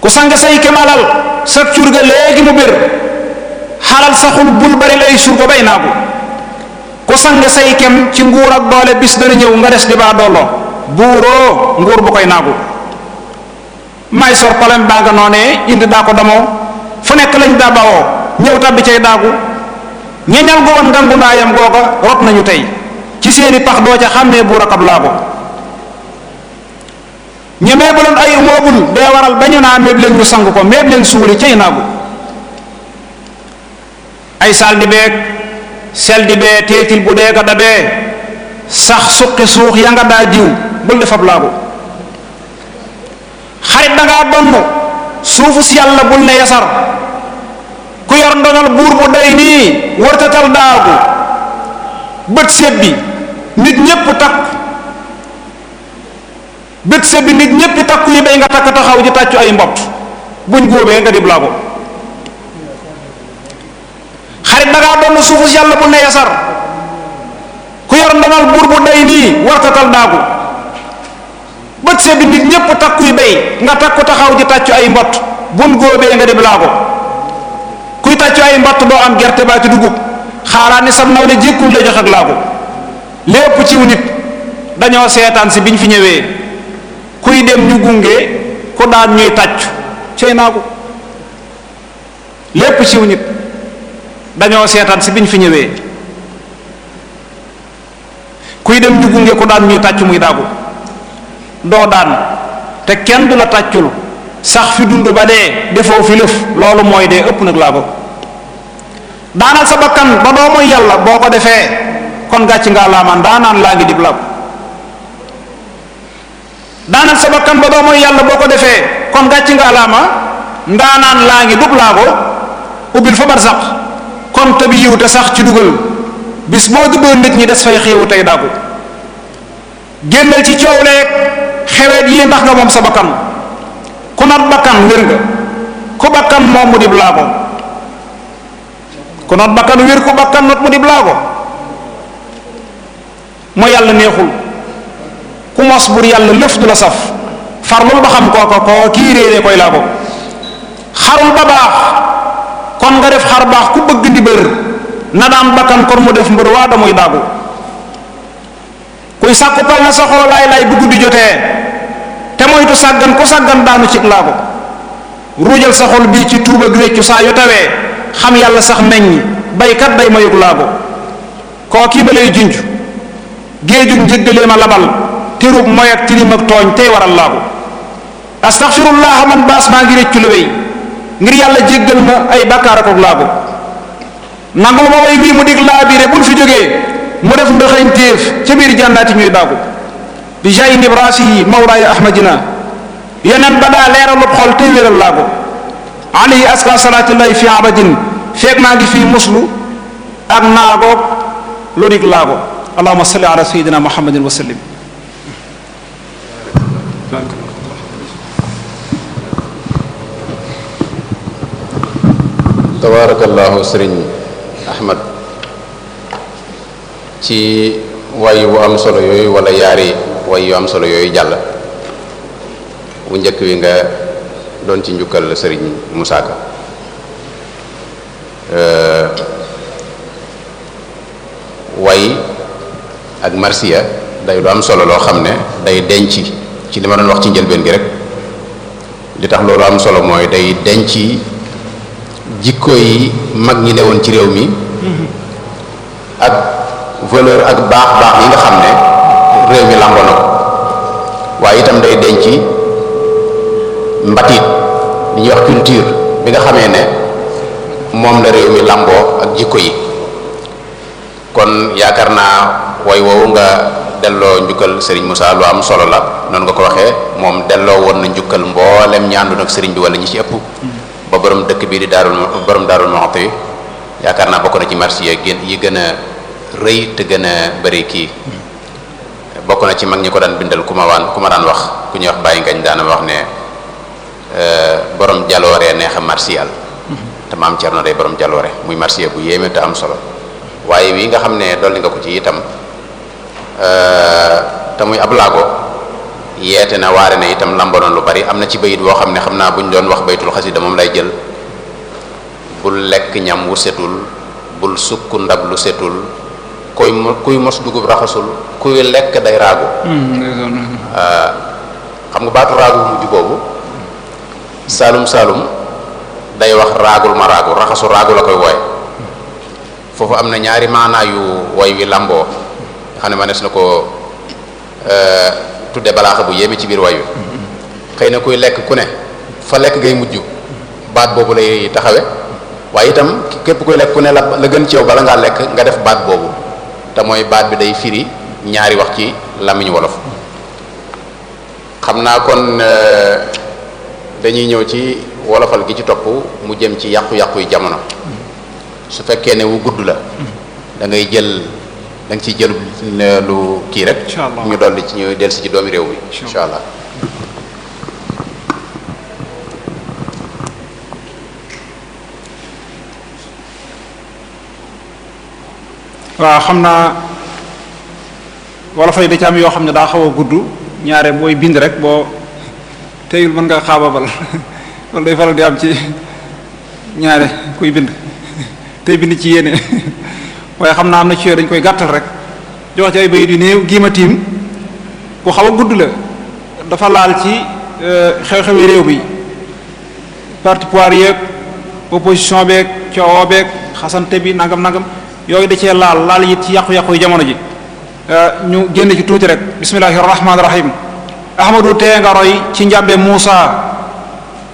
ku say kem alal sa curga léegi mu bir xalal saxul bul bari lay sunga bay naa ko ku sange say kem ci nguur ak doole bis dana ñëw nga des di baa dolloo buuroo nguur bu koy naagu may sor palen baa nga noonee indi daa ko damoo fu nekk lañ daa bawoo ñëw tabbi cay daagu ñeñal gu ngangu ndaayam googa rot nañu tey ci seeni pax doo ca xàmmee buur akab laago ñemee bu leen ay moobul dee waral dañu naa méeb leen ñu sang ko méeb leen suuli cay naagu ay sal di beeg sel di bee téetil bu dee ga dabee sax suqi suux ya nga daa jiw bul defab laago xarit da ngaa donn suufu si yàlla bul ne yasar ku yor ndonal buur bu day nii wërtatal daagu bët set bi nit ñépp takk bët set bi nit ñépp takk yi bay nga takk taxaw ji tàccu ay mbott buñ góobee nga dib laago xarit da ngaa donn yàlla bul ne yasar ku yor ndonal buur bu day nii wërtatal daagu bët see bi nit ñëpp takkuy bay nga takku taxaw di tàccu ay mbott bun góobee nga dem laago kuy tàccu ay mbott doo am gerte baa ci dugub xaaraa ni sam naw ne jékkul la jox ak laago lépp ciw nit dañoo seetaan si biñ fi ñëwee kuy dem ñu gunge ku daan ñuy tàccu cey naagu lépp ciw nit dañoo seetaan si biñ fi ñëwee kuy dem ñu gunge ku daan ñuy tàccu muy daagu doo daan te kenn du la tàccul sax fi dund ba dee defoo fi loolu mooy dee ëpp nag laa ko daanal sa bakkan ba doo mooy yàlla boo ko defee kon gàcc ngaa daanaan laa ngi dib laa ko yàlla boo ko defee kon gàcc ngaa ndaanaan laa ngi dub laa ko ubbil fa barsax kon te bi yiw te sax ci dugal bis boo dugal nit ñi des fay xéewu tey daagu génnal ci coow leeg xewet yi ndax nga moom sa bakkan ku not bakkan wér nga ku bakkan moom mu dib laago ku not bakkan wér ku bakkan not mu dib laago moo yàlla neexul ku mos bur yàlla lëf du la saf farlul ba xam kooko koo kii réeree koy laago xarul ba baax kon nga def xar baax ku bëgg di bër na daan bakkan kon mu def mbër waa damuy daagu kuy sàkku pal na saxoo laay laay bu guddi jotee te moytu sàggan ku sàggan daanu cig laago ruujal sa xol bii ci tuub ak réccu saa yu tawee xam yàlla sax meññ baykat day mayug laago koo kii ba lay junj géejug njëggalee ma labal terub moy ak tilim ak tooñ tey waral laago astaxfirullaha man baas maa ngi réccu lu ngir yàlla jéggal ma ay bàkkaar ak laago nangul ma way bii mu dig laa biire buñ fi jógee mu def ndëxañtéef ca biir jàndaati bi jayi ndib raasihi mawlaaya ahmadina yeneen ba daa leeralub xol tey wéral laagu alayhi fi muslu ak naagoog lu nig laago allahuma ahmad ci way wu am solo yooyu walla yaari way yu am solo yooyu jàll bu njëkk wi nga doon ci njukkal sëriñ Moussa Ka euh, way ak marsiya day lu am solo loo xam ne day denc ci li ma doon wax ci njëlbeen gi rek li tax loolu am solo mooy day denc jikko yi mag ñi woon ci réew mi mm-hmm. valeur ak baax baax yi nga xam ne réew mi làmboo na ko waaye itam day denc mbatit li ñuy wax culture bi nga xamee ne moom la réew mi làmboo ak jikko yi kon yaakaar naa way woowu nga delloo njukkal sëriñ Moussa lu am solo la noonu nga ko waxee moom delloo woon na njukkal mboolem ñaandu nag sëriñ bi wala ñi ci ëpp ba borom dëkk bii di daarul borom daarul Muxti yaakaar naa bokk na ci marché yi gën yi gën a rëy te gën a bari kii bokk na ci mag ñi ko daan bindal ku ma waan ku ma daan wax ku ñuy wax bàyyi daan a wax ne euh, borom jalooree neex a martial te maam Cerno day borom jaloore muy martial bu yéeme te am solo waaye wi nga xam ne dolli nga ko ci itam euh, te muy ab laago yeete na waare na itam lambanoon lu bari am na ci bayit woo xam ne xam naa bu ñu doon wax baytul xasida moom lay jël bul lekk ñam wu setul bul sukk ndab lu setul kuy kuy mos dugub raxasul kuy lekk day raagu. Hmm, hmm. ah, xam nga baatu raagu mujj boobu saalum saalum day wax raagul ma raagu raxasu raagu la koy woy foofu am na ñaari maanaa yu woy wi lamboo xam ne manees na ko eh, tudde balaaxa bu yéeme ci biir woy wi xëy na kuy lekk ku ne fa lekk ngay mujj baat boobu lay taxawe waaye itam képp kuy lekk ku ne la la gën ci yow bala ngaa lekk nga def baat boobu te mooy baat bi day firi ñaari wax ci làmmiñ wolof xam naa kon euh, dañuy ñëw ci wolofal gi ci topp mu jëm ci yàqu-yàqu yu jamono su fekkee ne wu gudd la dangay jël da nga ciy jël euh, lu kii rek ñu dolli ci ñu dellu si ci doomi réew mi incha allah waa xam naa wala fay da ci am yoo xam ne daa xaw a gudd ñaare booy bind rek boo teyul mën nga xaababal wala day faral di am ci ñaare kuy bind tey bind ci yéene waaye xam naa am na ci yooyu dañ koy gàttal rek jox ci ay bayit yu néew giima bu xaw a gudd la dafa laal ci euh, xew-xewi réew bi parti pouvoir yeeg opposition beeg coowoo beeg xasante bi nangam nangam yooyu da cee laal laal yit ci yàqu-yàqu jamono ji euh, ñu génn ci tuuti rek bismillahi rahmaani rahim ahmadu tee nga roy ci njàmbe muusa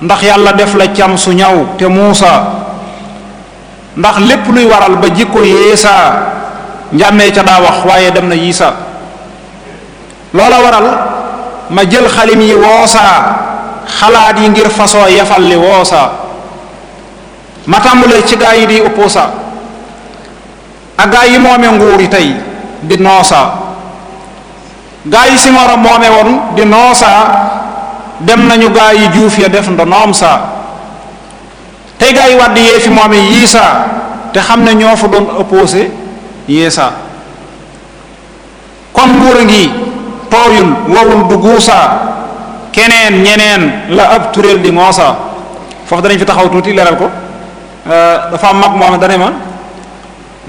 ndax yàlla def la cam su ñaw te muusa ndax lépp luy waral ba jikko yeesaa njàmmee ca daa wax waaye dem na yiisa loola waral ma jël xalim yi woosaa xalaat yi ngir façon yafal li woosaa ma tàmbulee ci gaa yi di uppuusa ak gaa yi moome nguur yi tey di noosa gaa yi si moro woon di noosa dem nañu gaa yi juuf ya def ndo noom sa tey gaa yi wàdd yee fi moome yii sa te xam ne ñoo fa doon opposé yee sa kon nguur a ngi tooyul wowul du guusa keneen ñeneen la ab turéel di moosa foofu danañ fi taxaw tuuti leeral ko euh, dafa am mag moo xam ma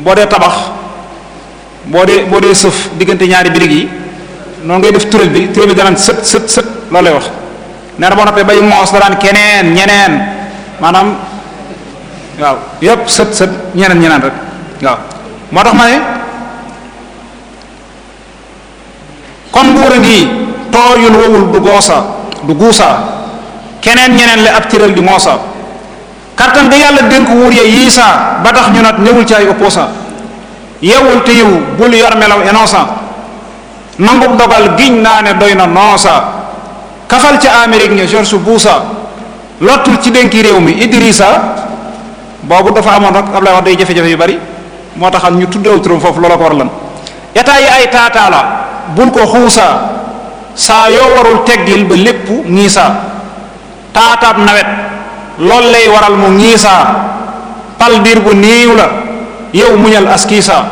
boo dee tabax boo dee boo dee sëf diggante ñaari birig yi noonu ngay def tural bi tural bi danaan sët sët sët loolu lay wax nee na boo noppee bay moos ñeneen maanaam waaw yëpp ñeneen ñeneen rek ma ne kon buur a du goosa guusaa keneen ñeneen la ab tiral di moosa kattan da yàlla dénk wuur ya yii saa ba tax ñu nag ñëwul ci ay opposant yewul te yiw bul yor melaw innocent nangub dogal giñ naa ne doy na noosa kafal ci Amérique ña George Bush lottul ci dénki réew mi Idrissa boobu dafa amoon rek Ablaye wax day jafe-jafe yu bari moo taxam ñu tuddeew turam foofu loola ko war lan état yi ay taataala bul ko xuusa saa yoo warul teggil ba lépp ñii taataab nawet lool lay waral mu ngiisaa pal diir bu niiw la yow muñal askiisaa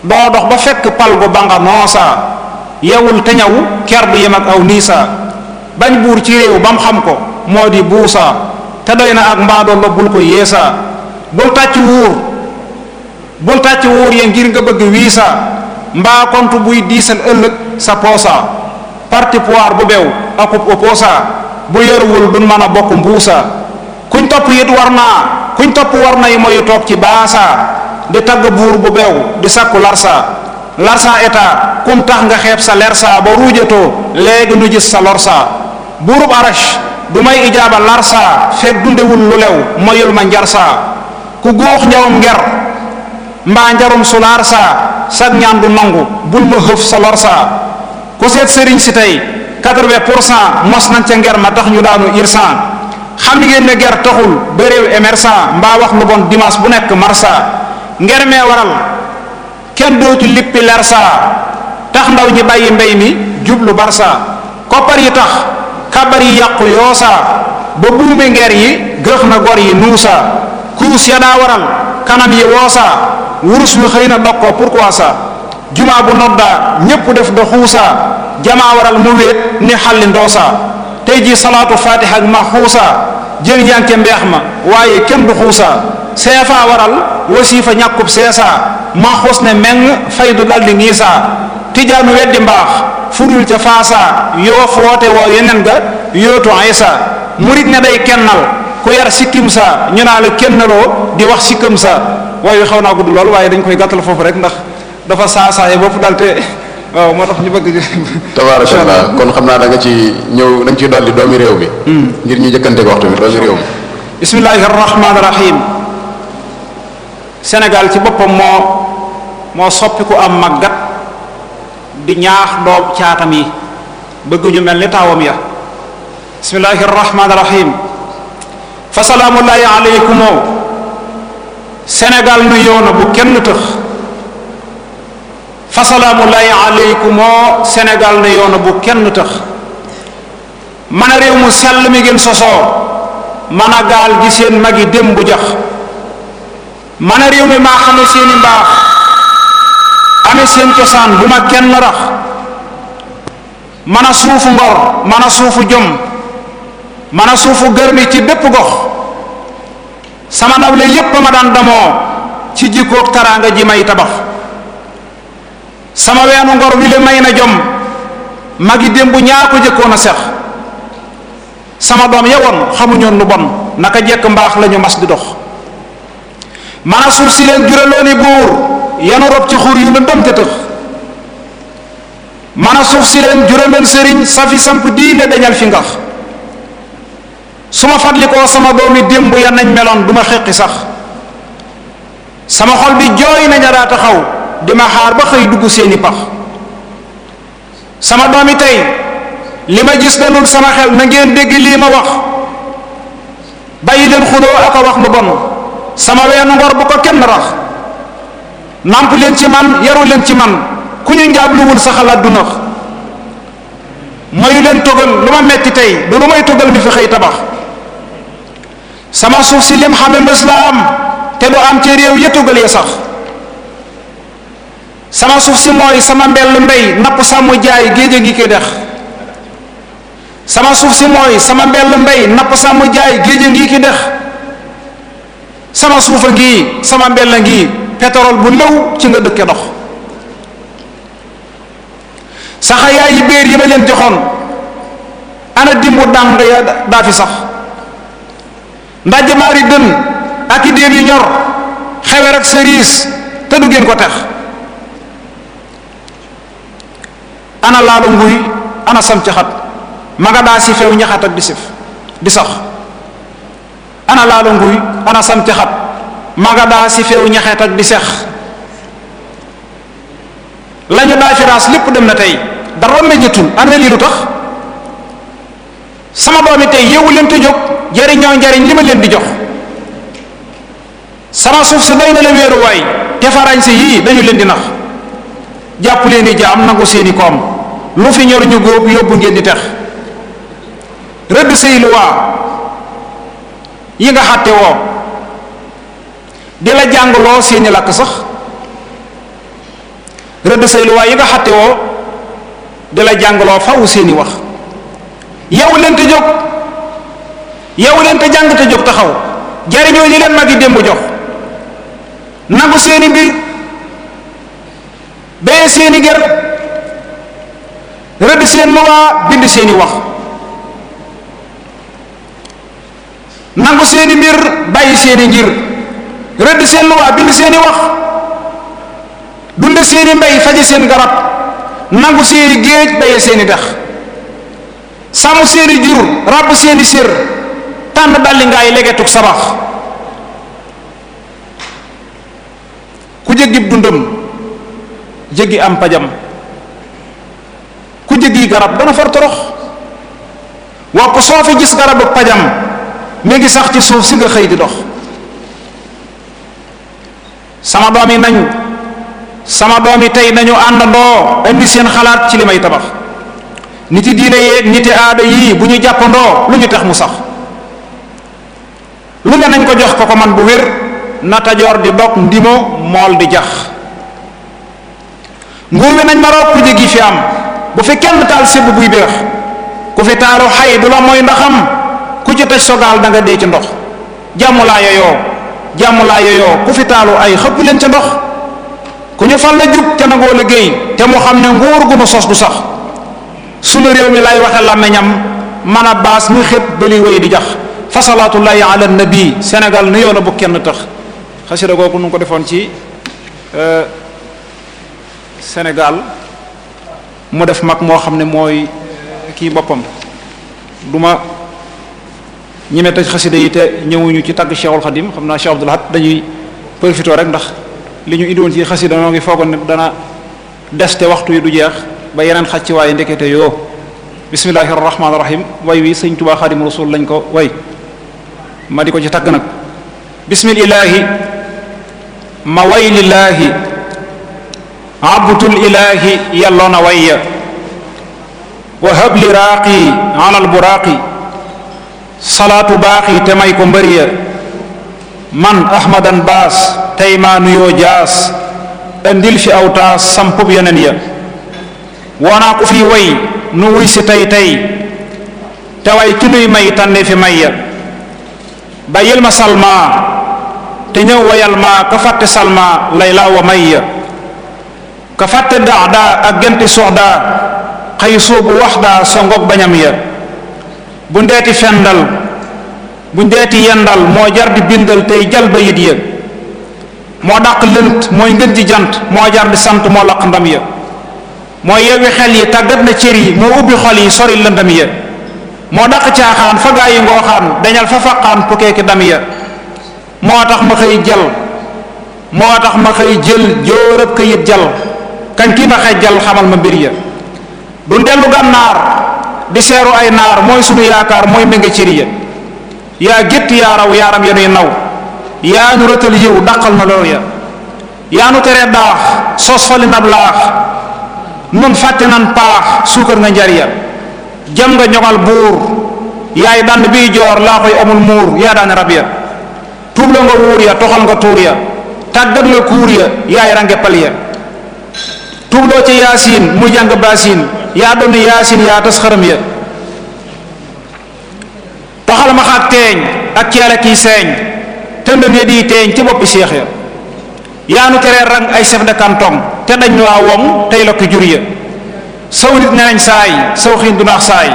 doo dox ba fekk pal gu ba nga noosaa yawul te ñaw ker du aw niisaa bañ buur ci réew ba mu xam ko moo di buusaa te doy na ak mbaadoo la bul ko yeesaa bul tàcc wuur bul tàcc wuur ya ngir nga bëgg wiisaa mbaa kont buy diisal ëllëg sa poosaa parti pouvoir bu bew akub opposaa bu yorwul duñ mën a bokk mbuusaa kuñ topp yit war naa kuñ topp war na yi toog ci baasa di tagg buur bu beew di sakku larsa larsa état kum tax nga xeeb sa lersa ba ruujatoo léegi nu gis sa lorsa buurub arash du may ijaaba larsa fekk dundewul lu lew moyul ma njarsa ku góox njawam nger mbaa njarum su larsa sag ñaan du nangu bul ma xëf sa lorsa ku seet sëriñ si tey 80 pour cent mos nañ ca nger ma tax ñu daanu irsan xam ngeen ne ger taxul ba réew émersa mbaa wax nga bon dimanche bu nekk marsa nger mee waral kenn dootu lippi lersa tax ndaw ñi bàyyi mbey mi jublu barsa koppar yi tax kabar yi yàqu yoosa ba buumi nger yi gëx na gor yi nuusa kuus ya daa waral kanam yi woosa wurus wi xëy na dog ko pourquoi ça jumaa bu nodda ñépp def da jamaa waral mu wéet ni xalli ndoosa tey jii salaatu fatiha ak ma xuusaa jën jaan ca mbeex ma waaye kenn du xuusaa seefaa waral wasiifa ñàkkub seesaa ma ne meng faydu dal di ngiisaa tijaanu weddi mbaax furul ca faasaa yoo foote woo yeneen ga yootu aysaa murit ne day kennal ku yar sikkim saa ñu naa la kennaloo di wax sikkam saa waaye xaw naa gudd lool waaye dañ koy gàttal foofu rek ndax dafa saa saaye bopp dal te waaw moo tax ñu bëgg. tabaarakallah kon xam naa danga ci ñëw da nga ciy doomi réew bi hmm. ngir ñu jëkkante ko waxtu mi. bismillahi rahmaani rahim Sénégal ci boppam moo moo soppiku am màggat di ñaax doom caatam yi bëgg mel ni taawam ya bismillahi rahmaani rahim fa salaamullahi aleykum Sénégal nu bu kenn tëx. fa salaamu lay ne yoona bu kenn tax man a réew mu sell mi ngeen sosoo man a gaal gi seen mag yi dem bu jax man a réew mi maa xame seeni mbaax amee seen cosaan bu ma kenn rax man a suufu ngor man a suufu jom man a suufu gërmi ci bépp gox sama nawle yépp ma daan damoo ci jikkook taraanga ji may tabax sama weenu ngor wi de may na jom magi démb ñaar ko jëkkoon a sex sama doom ya woon xamuñoon lu bon naka jekk mbaax lañu mas di dox mana suuf si leen juralooni buur yanu rob ci xur yu lëndëm te tëx mana suuf si leen juraloon sëriñ safi samp diine dañal fi ngax su ma fàttalikoo sama doomi démb ya nañ meloon du ma xeqi sax sama xol bi jooy naña daa taxaw di ma xaar ba xëy dugg seeni pax sama doomi tey li ma gis dalul sama xel na ngeen dégg lii ma wax bàyyi leen xuloo ak a wax mu bon sama weenu ngor bu ko kenn rax nàmp leen ci man yaru leen ci man ku ñu njaabluwul sa xalaat du nax mayu leen togal lu ma metti tey du lu may togal mi fi xëy tabax sama suuf si lim xame mës la am te du am ci réew ya togal ya sax sama suuf si mooy sama mbell mbey napp sàmm jaay géej ngi koy dex sama suuf si mooy sama mbell mbéy napp sàmm jaay géej a ngi ki dex sama suufa ngi sama a ngi pétrole bu ndaw ci nga dëkke dox saxa yaay yi béer yi ma leen joxoon ana dimbu dàng ya daa fi sax ndajj maari dën ak i déen yu ñor xewer ak cerise te du ngeen ko tex ana laaba nguy ana sam caxat ma nga daa si feew ñaxat ak di sif di sax ana laaba nguy ana sam caxat ma nga feew ñaxat ak di sex lañu daa lépp dem na tey dara meññatul ana lii lu tax sama tey yeewu leen te jóg jëriñoo njariñ leen di jox sama suuf si doy na wéeruwaay te farañse yii dañu leen di nax jàpp leen ni jaam nangu seeni koom lu fi ñor ñu góob yóbbu ngeen di tax rëdd say luwaa yi nga xàtte woo di la jàngloo seeni làkk sax rëdd say luwaa yi nga xàtte woo di la jàngloo faw seeni wax yow leen te jóg yow leen te jàng te jóg taxaw jariñoo li leen mag yi démb jox nangu seeni mbir bee seeni ger rëdd seen luwaa bind seeni wax nangu seeni mbir bàyyi seeni ngir rëdd seen luwaa bind seeni wax dunde seeni mbay faje seen garab nangu seeni géej baye seeni dex sàmm seeni jur ràbb seeni sér tànn dalli ngaay legetug sabax ku jéggi dundam jéggi am pajam ku jëggi garab dana far torox waa soo fi gis garabu pajam mi ngi sax ci suuf si nga xëy di dox sama doom yi nañu sama doom yi tey nañu àndandoo indi seen xalaat ci li may tabax nit yi diine yeeg nit aada yii bu ñu jàppandoo lu ñu tax mu sax lu ne nañ ko jox ko ko man bu wér na tajoor di dog ndimo mool di jax nguur wi nañ ma roog ku jéggi fi am bu fi kenn taal sibb buy beex wax ku fi taalu xay du la mooy ndaxam ku ci tëj sogaal da nga dee ci ndox jàmm laa yoyoo jàmmu laa yoyoo ku fi taalu ay xëpp leen ci ndox ku ñu fal la jub te nangoo liggéey te mu xam ne nguur gu nu sos du sax sunu réew mi lay waxe làmmiñam man a baas ñu xëpp ba liy wéy di jax fa salaatullahi ala nabi Sénégal nu yoon a bu kenn tax xasida googu nu ko defoon ci euh, Sénégal mu def mag moo xam ne mooy kii boppam du ma ñemee taj xasida yi te ñëwuñu ci tagg Cheikhul Khadim xam naa Cheikh Abdoul Ahad dañuy profité rek ndax li ñu indiwoon ci xasida noo ngi foogoon ne dana des te waxtu yi du jeex ba yeneen xaj ci waaye ndekete yoo bismillahi rahmaani rahim way wi sëñ Tuubaa Xaadimu Rasuul lañ ko way ma di ko ci tagg nag bismillahi ma way lillahi abdul ilaahi yalloona wayya wa habli raaqi alal buraaqi salaatu baaxi te may ko mbër man ahmadan baas tey maa nuyoo jaas indil aw taas sampub yeneen ya woonaa ko fii way nu wuy si tey te way ki nuy may tànne fi may ya bàyyil ma salmaa te ñëw wayal ma ka fàtte salmaa lay laa wa ka fàtte daax daa ak genti suux daa xëy soobu wax daa songoog bañam ya bu ndeeti fendal bu ndeeti yendal moo jar di bindal tey jal ba yit ya moo dàq lënt mooy ngën ji jant moo jar di sant moo laq ndam ya moo yewwi xel yi tàggat na cër yi moo ubbi xol yi sori lëndam ya moo dàq caaxaan fa gaa ngooxaan dañal fa faqaan pukeeki dam ya moo tax ma xëy jal moo tax ma xëy jël jóorab këyit jal kañ kii ba xejjal xamal ma mbir ya du dellu gànnaar di seeru ay naar mooy sunu yaakaar mooy ménga cër ya yaa gétt yaa raw yaaram yenuy naw yaa nu rëtal yiw dàqal na loolu ya yaa nu teree daax sos fali ndab laax nun fàtte nan paax suukar nga njar ya jam nga ñoŋal buur yaay dànn bii laa koy amul muur yaa daan rab ya tuub nga wuur ya toxal nga tuur ya tàggat nga kuur ya yaay range ya tuubdoo ci yaasin muy jàng baasin yaa doon yaasin yaa tas xaram ya taxal ma xaat teeñ ak ceele kiy seeñ tëndam ya di teeñ ci boppi seex ya yaa nu teree rang ay chef de canton te dañ nu laa tey lokki jur ya saw nit ne nañ saay saw xiin du naax saay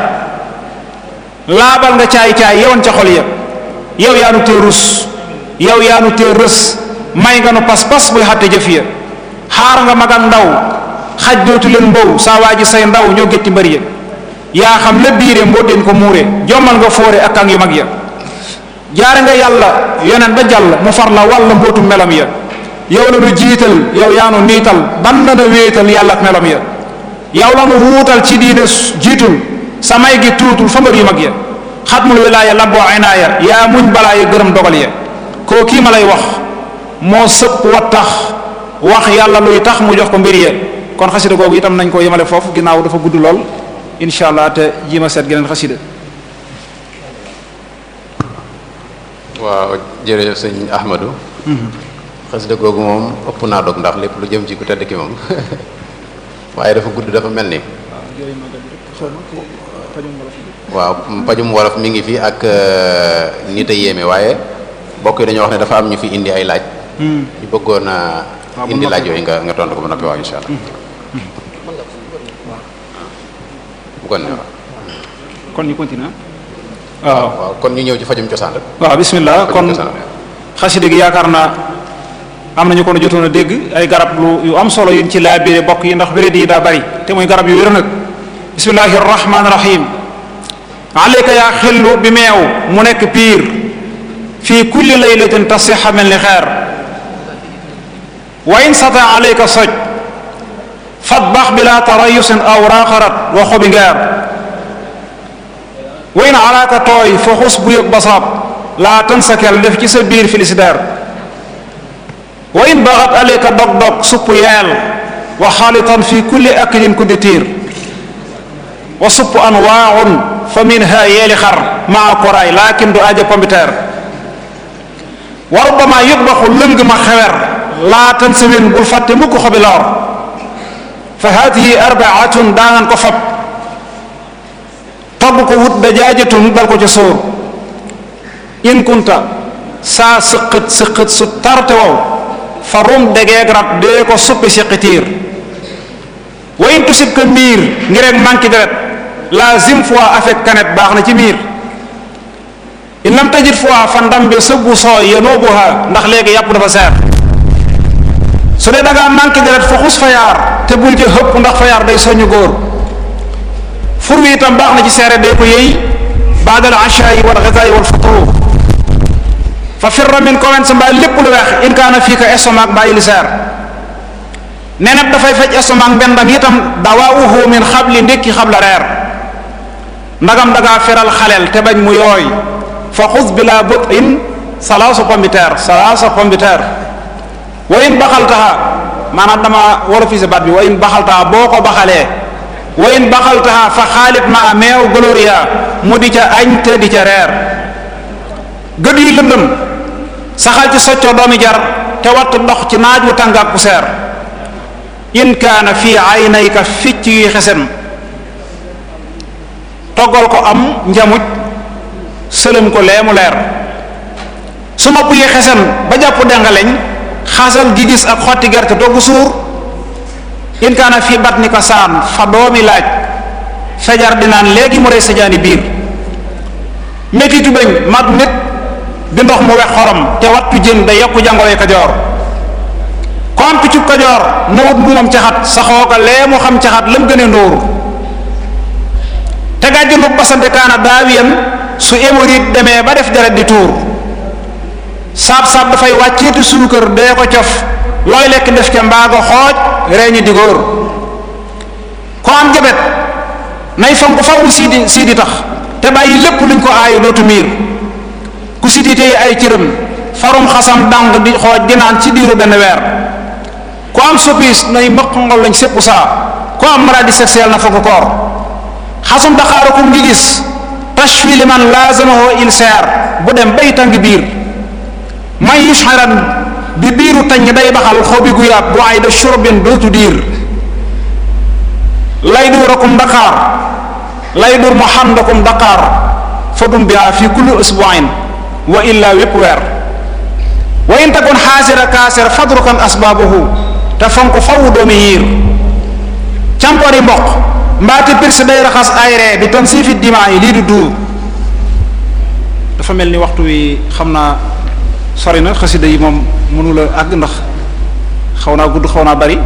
laabal nga caay caay yowoon ca xol ya yow yaa nu tee rus yow yaa nu tee rës may nga nu pas pas buy xàtte jëf ya xaar nga mag ndaw xaj dootu leen mbow saa say ndaw ñoo gétti mbëri ya yaa xam la biire mboo den ko muure jommal nga foore ak kang yu mag ya jaare nga yàlla yoneen ba jàll mu far la walla mbootu melam ya yow la nu jiital yow yaanu niital ban na na yow la nu ci diine jiitul samay gi tuutul fa mbër yu mag ya xatmul wilaaya labboo aynaaya yaa muñ balaa ya gërëm dogal ya koo kii ma lay wax moo sëpp wa tax wax yàlla luy tax mu jox ko mbir ya kon xasida googu itam nañ ko yemale foofu ginnaaw dafa gudd lool incha allah te jii ma seet geneen xasida waaw jërëjëf sëñ Ahmadou mhm. xasida googu moom ëpp naa dog ndax lépp lu jëm ci ku tedd ki moom waaye dafa gudd dafa mel ni waaw pajum wolof mi ngi fi ak euh, nit a yéeme waaye bokk yi wax ne dafa am ñu fi indi ay laaj hmm. ñu bëggoon euh, a indi laaj yooyu nga nga tontu ko ba noppi waaw insha bu ko kon ñu continuer ah. waaw kon ñu ñëw ci fajum cosaan rek. waaw bismillah kon xasida gi yaakaar naa am nañu kon jotoon a dégg ay garab lu yu am solo yuñ ci laa bokk yi ndax wéré yi daa bari te muy garab yu wér nag bismillahi rahmaani rahim aleyka yaa xellu bi meew mu nekk piir fii kulli laylatin tasixa mel ni xeer wa in sata aleyka soj فاطبخ بلا تريس أو راخرت وخبجار وين علاقة طوي فخص بيك بصاب لا تنسى كالدف كيس بير في الإسدار وإن بغت عليك ضقضق صب يال وخالطا في كل أكل كدتير وصب أنواع فمنها يال خر مع قراي لكن دو أجا كمبيتر وربما يطبخ اللنج مخير لا تنسى من بلفت مكو خبلار fa haatihi arbaatun daangan ko fab togg ko wut dajaajatun dal ko ca sóor in kunta saa sëqët sëqët su tarte wow fa rum degeeg rab dee ko suppi si wa in tusib ka miir ngir ak deret lazim fois avec canette baax na ci biir in lam tajid fois fa ndam bi sëggu sooy yanoobuha ndax léegi yàpp dafa seer su dee da ngaa manqué deret fa xus fa yaar te bul ci xëpp ndax fa yaar day soñu góor fur wi itam baax na ci seere dee ko yëy baadal ashaayi wal ghazaayi wal futuur fa firra min kowen sa mbaa lépp lu weex in kaana fii ka estomac mbaa ulcère neneb dafay faj estomac mbendam itam dawaawuhu min xabli ndékki xabla reer ndagam dangaa feral xaleel te bañ mu yooy fa xus bi la but in salaasa pombiteer salaasa pombiteer wa in baxaltaha maanaam dama war baat bi wa in baxaltaha boo ko baxalee wa in baxaltaha fa xaalit ma meew gloria mu di ca añ te di ca reer gëd yi lëndëm saxal ci soccoo doomi jar te wattu ndox ci naaj wu tàng ak ku seer in kaana fii aynayka ficc yuy xesem toggal ko am njamuj sëlëm ko leemu leer su ma yi xesem ba jàpp dengaleñ xasal gi gis ak xotti gerte dogg suur in kaana fii bat ni ko saan fa doomi laaj fejar di naan léegi mu rey sa jaani biir mettitu bëñ mag nit di ndox mu wex xorom te wattu jën day yokku jàngoroy kajoor ku am piccub kajoor na wut mbuumam caxat saxoo ko mu xam caxat lam gën a ndóor te gàjju ndug basante kaana daawiyam su émoride demee ba def deret di tuur saab-saab dafay wàcceeti sunu kër dee ko cof looy lekk def ca mbaago xooj reeñu di góor ko am jabet nay fonk faw siidi siidi tax te bàyyi lépp luñ ko aayu dootu miir ku siidi ay cëram farum xasam dàng di xooj di naan ci diiru benn weer ku am sopiis nay mbëq ngol lañ sépp saa ku am maladie sexuelle na fokk koor xasum daxaaru kum ngi gis tashwi liman laazamahu il seer bu dem bay tàng biir may yusharan bi biiru tañ day baxal xobi guyaab bu ay da shurbin dootu diir lay duurakum daqaar lay duur muhamdakum daqaar fadum biha fi kulli usbu'in wa illaa wépp weer wa in takun xaasira kaasir fadrukan asbaabuhu te fonk fawu doomi yiir campari mboq mbaati pirsi day raxas ayree bi tam siifi lii du duur dafa mel ni waxtu wi xam naa sori na xasida yi moom mënula àgg ndax xaw naa gudd xaw naa bari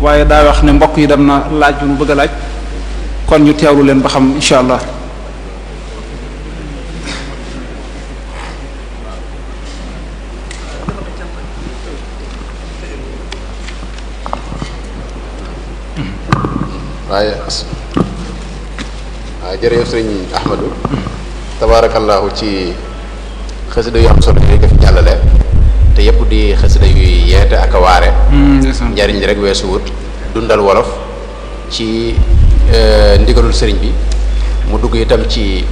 waaye daa wax ne mbokk yi dem na laaj bu mu bëgg laaj kon ñu teewlu leen ba xam insha allah waaye waaye jërëjëf ci xasida yu am solo yooyu nga fi jàllale yëpp di xasida yuy yeete ak a waare hmm, njariñ li rek weesu wut dundal wolof ci euh, ndigalul sëriñ bi mu dugg itam ci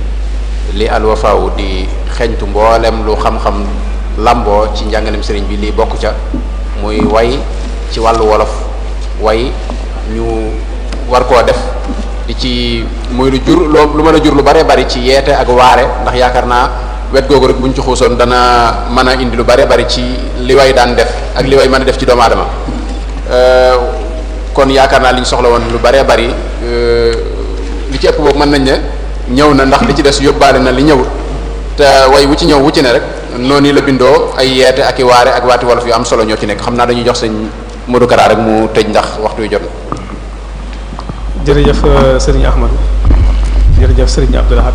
li alwafaaw di xeñtu mboolem lu xam-xam lamboo ci njàngalem sëriñ bi lii bokk ca muy way ci wàllu wolof way ñu war koo def di ci muy lu jur loo lu mën a jur lu bare bari ci yeete ak waare ndax yaakaar naa wet googu rek bu ñu ci xuusoon dana mën a indi lu bare bari ci li way daan def ak li way mën a def ci doomu aadama euh, kon yaakaar naa li ñu soxla woon lu bare bari euh, li ci ëpp boobu mën nañ ne ñëw na ndax li ci des yóbbaale na li ñëwut te way wu ci ñëw wu ci ne rek noonu la bindoo ay yeete ak i waare ak waati wolof yu am solo ñoo ci nekk xam naa dañuy jox sëñ Modou Kara rek mu tëj ndax waxtu wi jot na. jërëjëf euh, sëriñ Ahmad jërëjëf sëriñ Abdou Lahad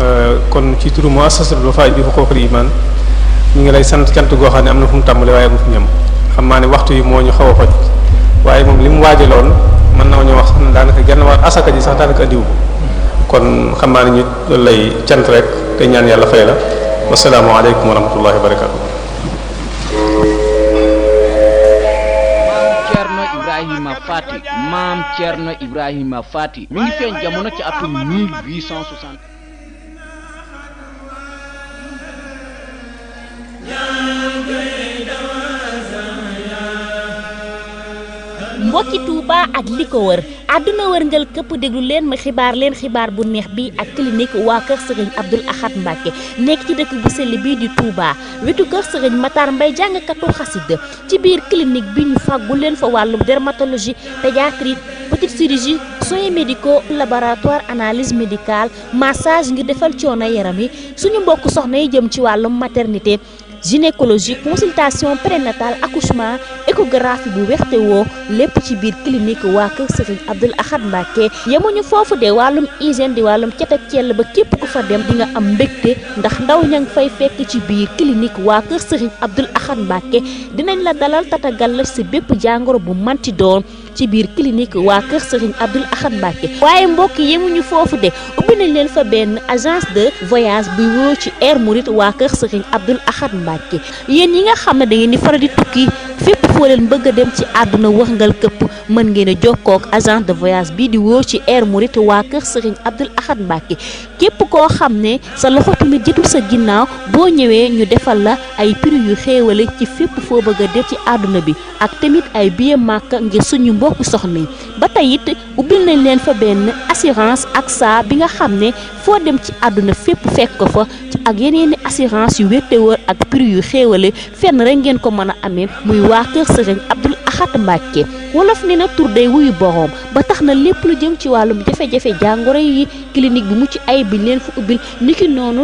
euh, kon ci turu muassasatul faa bi huquqil iman ñu ngi lay sant cant goo xam am na fu mu tàmbalee waaye mu fi ñam xam naa ne waxtu yi moo ñu xaw a xoj waaye moom li mu waajaloon mën na ñu wax xam daanaka genn waa asaka ji sax daanaka andiwu kon xam naa ne ñu lay cant rek te ñaan yàlla fay la wasalaamualeykum wa rahmatullahi wa barakatu Fati maam Thierno Ibrahima Fati mi ngi feeñ jamono ci atum 1860. mbokki Touba ak li ko wër àdduna wërngal këpp déglu leen ma xibaar leen xibaar bu neex bi ak clinique waa kër sëriñ Abdoul Ahad Mbacke nekk ci dëkk bu sell bii di Touba wetu kër sëriñ Matar Mbay jàngkatu xasida ci biir clinique bi ñu fàggu leen fa wàllum dermatologie pédiatrie petite chirurgie soins médicaux laboratoire analyse médicale massage ngir defal coono yaram yi suñu mbokk soxna yi jëm ci wàllum maternité gynécologie consultation prénatale accouchement échographie bu wexte woo lépp ci biir clinique waa kër Serigne Abdoul Ahad Mbacké yemuñu foofu de wàllum hygiène di wàllum cet ak cell ba képp ku fa dem dinga am mbégte ndax ndaw ña ngi fay fekk ci biir clinique waa kër Serigne Abdoul Ahad Mbacké dinañ la dalal tatagal la si bépp jàngoro bu manti doon ci biir clinique waa Kër Serigne Abdoul Ahad Mbacke waaye mbokk yemuñu foofu de ubbi nañ leen fa benn agence de voyage bi wóor ci air Mouride waa Kër Serigne Abdoul Ahad Mbacke yéen yi nga xam ne da ngeen di faral di tukki fépp foo leen dem ci àdduna waxngal këpp mën ngeen a jokkoo ak de voyage bii di wóor ci air Mouride waa Kër Serigne Abdoul Ahad képp koo xam ne sa loxo tamit jotul sa ginnaaw boo ñëwee ñu defal la ay prix yu xéewale ci fépp foo bëgg dem ci àdduna bi ak tamit ay billet màkk ngir suñu mbokk soxna yi ba tey it ubbil nañ leen fa benn assurance ak saa bi nga xam ne foo dem ci àdduna fépp fekk ko fa ak yeneen i yu wétte wër ak prix yu xéewale fenn rek ngeen ko mën a amee muy waa kër sëriñ Abdul Ahad Mbàkke wolof ne na tur day wuyu boroom ba tax na lépp lu jëm ci wàllum jafe-jafe jàngoro yi clinique bi mucc ay bi leen fa ubbil niki noonu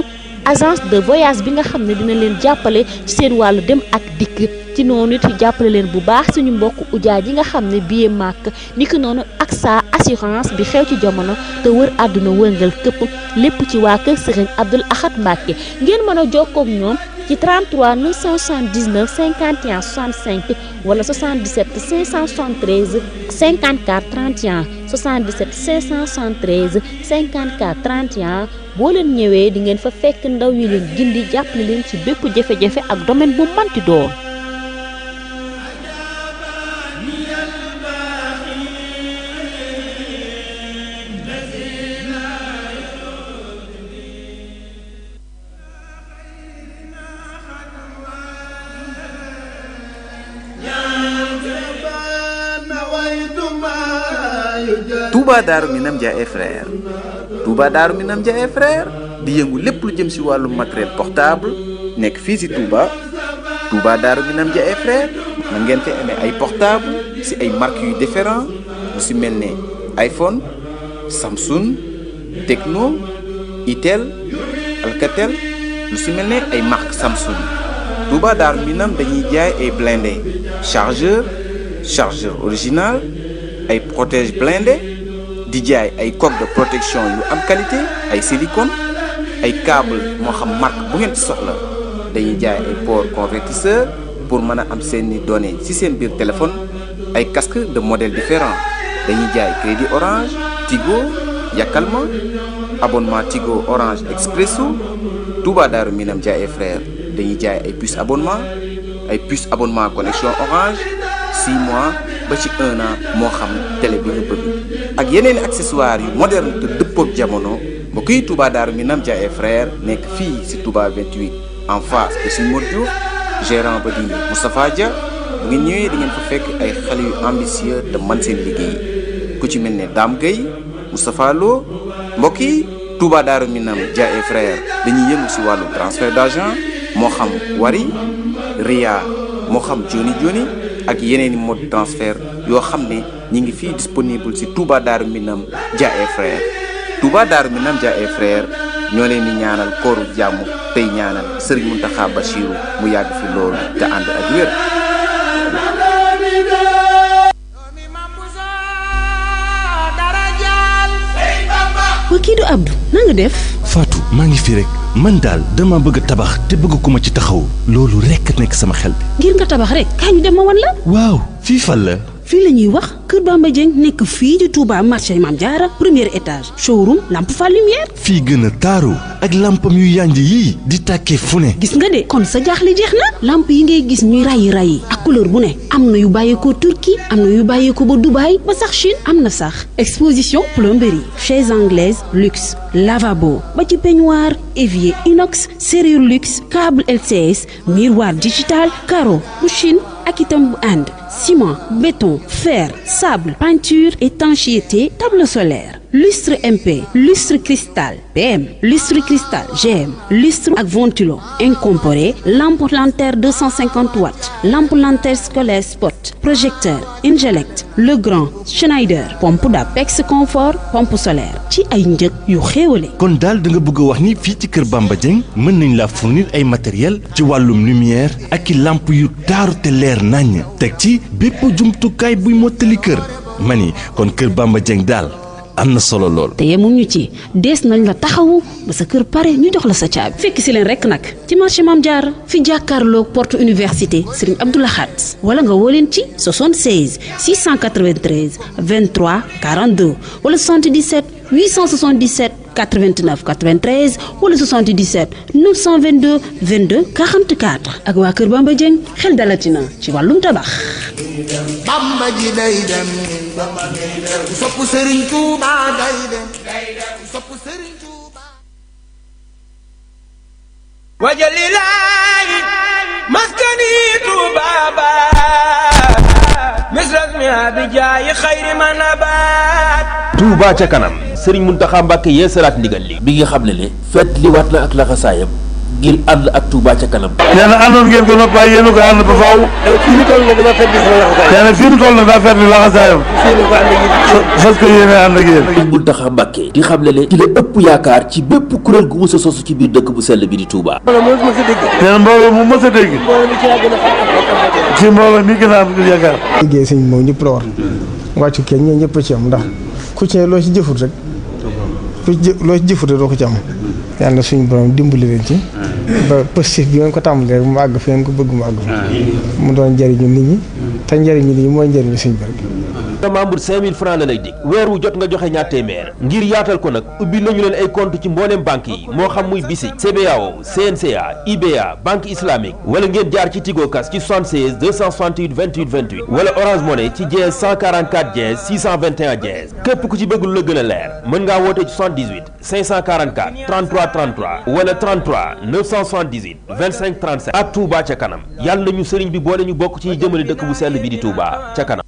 agence de voyage bi nga xam ne dina leen jàppale ci seen wàllu dem ak dikk ci noonu it jàppale leen bu baax suñu mbokk ujaa ji nga xam ne billet màkk niki noonu ak sa assurance bi xew ci jamono te wër àdduna wërngal këpp lépp ci waa kër Serigne Abdoul Ahad Mbacké ngeen mën a jokkoo ak ñoom ci 33 979 51 wala 77 573 54 31 77 573 54 boo leen ñëwee di ngeen fa fekk ndaw yi leen gindi jàppale leen ci bépp jafe-jafe ak domaine bu manti doon Touba Daaru Minam Dia et frères Touba Daaru Minam di yëngu lépp lu jëm ci wàllu matériel portable nekk fii si Touba Touba Daaru Minam Dia et frères mën ngeen fi amee ay portable si ay marques yu différent lu si mel ne iPhone Samsung Tecno Itel Alcatel lu si mel ne ay marque Samsung Touba Daaru Minam dañuy jaay ay blindé chargeur chargeur original ay protège blindé di jaay ay coque de protection yu am qualité ay silicone ay câble moo xam marque bu ngeen soxla dañuy jaay ay port convertisseur pour mën a am seeni données ci seen biir téléphone ay casque de modèles différents dañuy jaay crédit orange Tigo Yakalma abonnement Tigo orange expresso Touba Daaru Minam Jaay et frère dañuy jaay ay puce abonnement ay puce abonnement connexion orange 6 mois ba ci 1 an moo xam télé bi nga bëgg ak yeneen accessoires yu moderne te dëppook jamono mbokk yi Touba Darou Minam Dia et frère nekk fii si Touba 28 en face de suñu Modou Diouf gérant ba di Moustapha Dia bu ngeen ñëwee di fa fekk ay xale yu ambitieux te man seen liggéey ku ci mel ne Dame Gueye Moustapha Lo mbokk yi Touba Darou Minam Dia et frère dañuy yëngu si wàllu transfert d'argent moo xam Wari Ria moo xam Joni Joni ak yeneen i mode yoo xam ne. ñi ngi fi disponible ci Touba Darou Minam Dia et Frères Touba Darou Minam Dia et ñoo leen di ñaanal kooru jàmm tey ñaanal Serigne Mountakha Bachirou mu yàgg fi loolu te ànd ak wér. waa kii du def. Fatou maa ngi fi rek man daal dama bëgg tabax te bëgg ku ma ci taxaw loolu rek nekk sama xel bi. ngir nga tabax rek kaay ñu dem ma wan la. waaw fii fan la. fii la ñuy wax Kër Bamba nekk fii ci Touba marché Mame Diarra première étage showroom lampe fa lumière. fii gën a taaru ak lampam yu yànj yii di tàkkee fu ne. gis nga de kon sa jaaxle jeex na lamp yi ngay gis ñuy rayi rayi ak couleur bu ne am na yu bàyyeekoo Turquie am na yu bàyyeekoo ba Dubaï ba sax Chine am na sax exposition plomberie chaise anglaise luxe lavabo ba ci peignoir évier inox serrure luxe câble LCS miroir digital carreau bu Chine ak itam bu Inde. ciment béton fer sable peinture étanchéité table solaire lustre MP lustre cristal PM lustre cristal GM lustre ak ventilo incorporé lampe lanterne 250 watts lampe lanterne scolaire spot projecteur Ingelect Legrand Schneider pompe d'Apex confort pomp solaire ci ay njëg yu xéewale kon daal da nga bëgg wax ni fii ci kër Bamba Dieng mën nañ la fournir ay matériel ci wàllum lumière ak i lamp yu taaru te leer nañ bépp jumtukaay buy mottali kër ni kon kër Bamba Dieng daal am na solo lool. te yemum ñu ci des nañ la taxawu ba sa kër pare ñu jox la sa caabi. fekk si leen rek nag ci marché Mame jaar fi jàkkaarloog porte université Serigne Abdou Lahad wala nga woo leen ci 76 693 23 42 wala 77 877. 89 93 wala 77 922 22 44 ak waa Kër Bamba Dieng xel dalatina ci wàllum tabax. Bamba ji day dem sopp Serigne Touba day dem Touba ca kanam sëriñ Muntaxa Mbàkke yee salaat ndigal li bi nga xam ne ne feet liwaat na ak laxasaayam ngir ànd ak Touba ca kanam. nee àndoon ngeen ko nag waaye yéen a koy ànd ba faaw. fii ñu toll nag daa fekk sama laxasaayam. na fii ñu toll nag daa fekk laxasaayam. fas ko yéene ànd ak yéen. Sëriñ Muntaxa Mbàkke di xam ne ne ci la ëpp yaakaar ci bépp kuréel gu mës a sosu ci biir dëkk bu sell bi di Touba. nee na mbooloo mu mës a dégg. ci mbooloo mi gën a am yaakaar. liggéey sëñ moom ñëpp la war wàccu kenn ñoo ñëpp ci am ndax ku ci loo ci jëfut loo ci yàlla na suñu borom dimbali leen ci. Hmm. ba positif bi ngeen ko tàmbalee rek mu àgg fi ngeen ko bëgg mu àgg. Hmm. mu doon njëriñu nit ñi. te njëriñu nit ñi mooy njëriñu suñu borom. te membre 5000 francs la lay dig weer wu jot nga joxe ñaar téeméer ngir yaatal ko nag ubbi nañu leen ay compte ci mbooleem banque yi moo xam muy BICIC CBAO CNCA IBA banque islamique wala ngeen jaar ci Tigo Cash ci 76 268 28 28 wala Orange Money ci dièse 144 dièse 621 dièse képp ku ci bëgg lu la gën a leer mën ngaa woote ci 78 544 wala ak Touba ca kanam yàlla nañu sëriñ bi boole ñu bokk ci jëmale dëkk bu sell bi di Touba ca kanam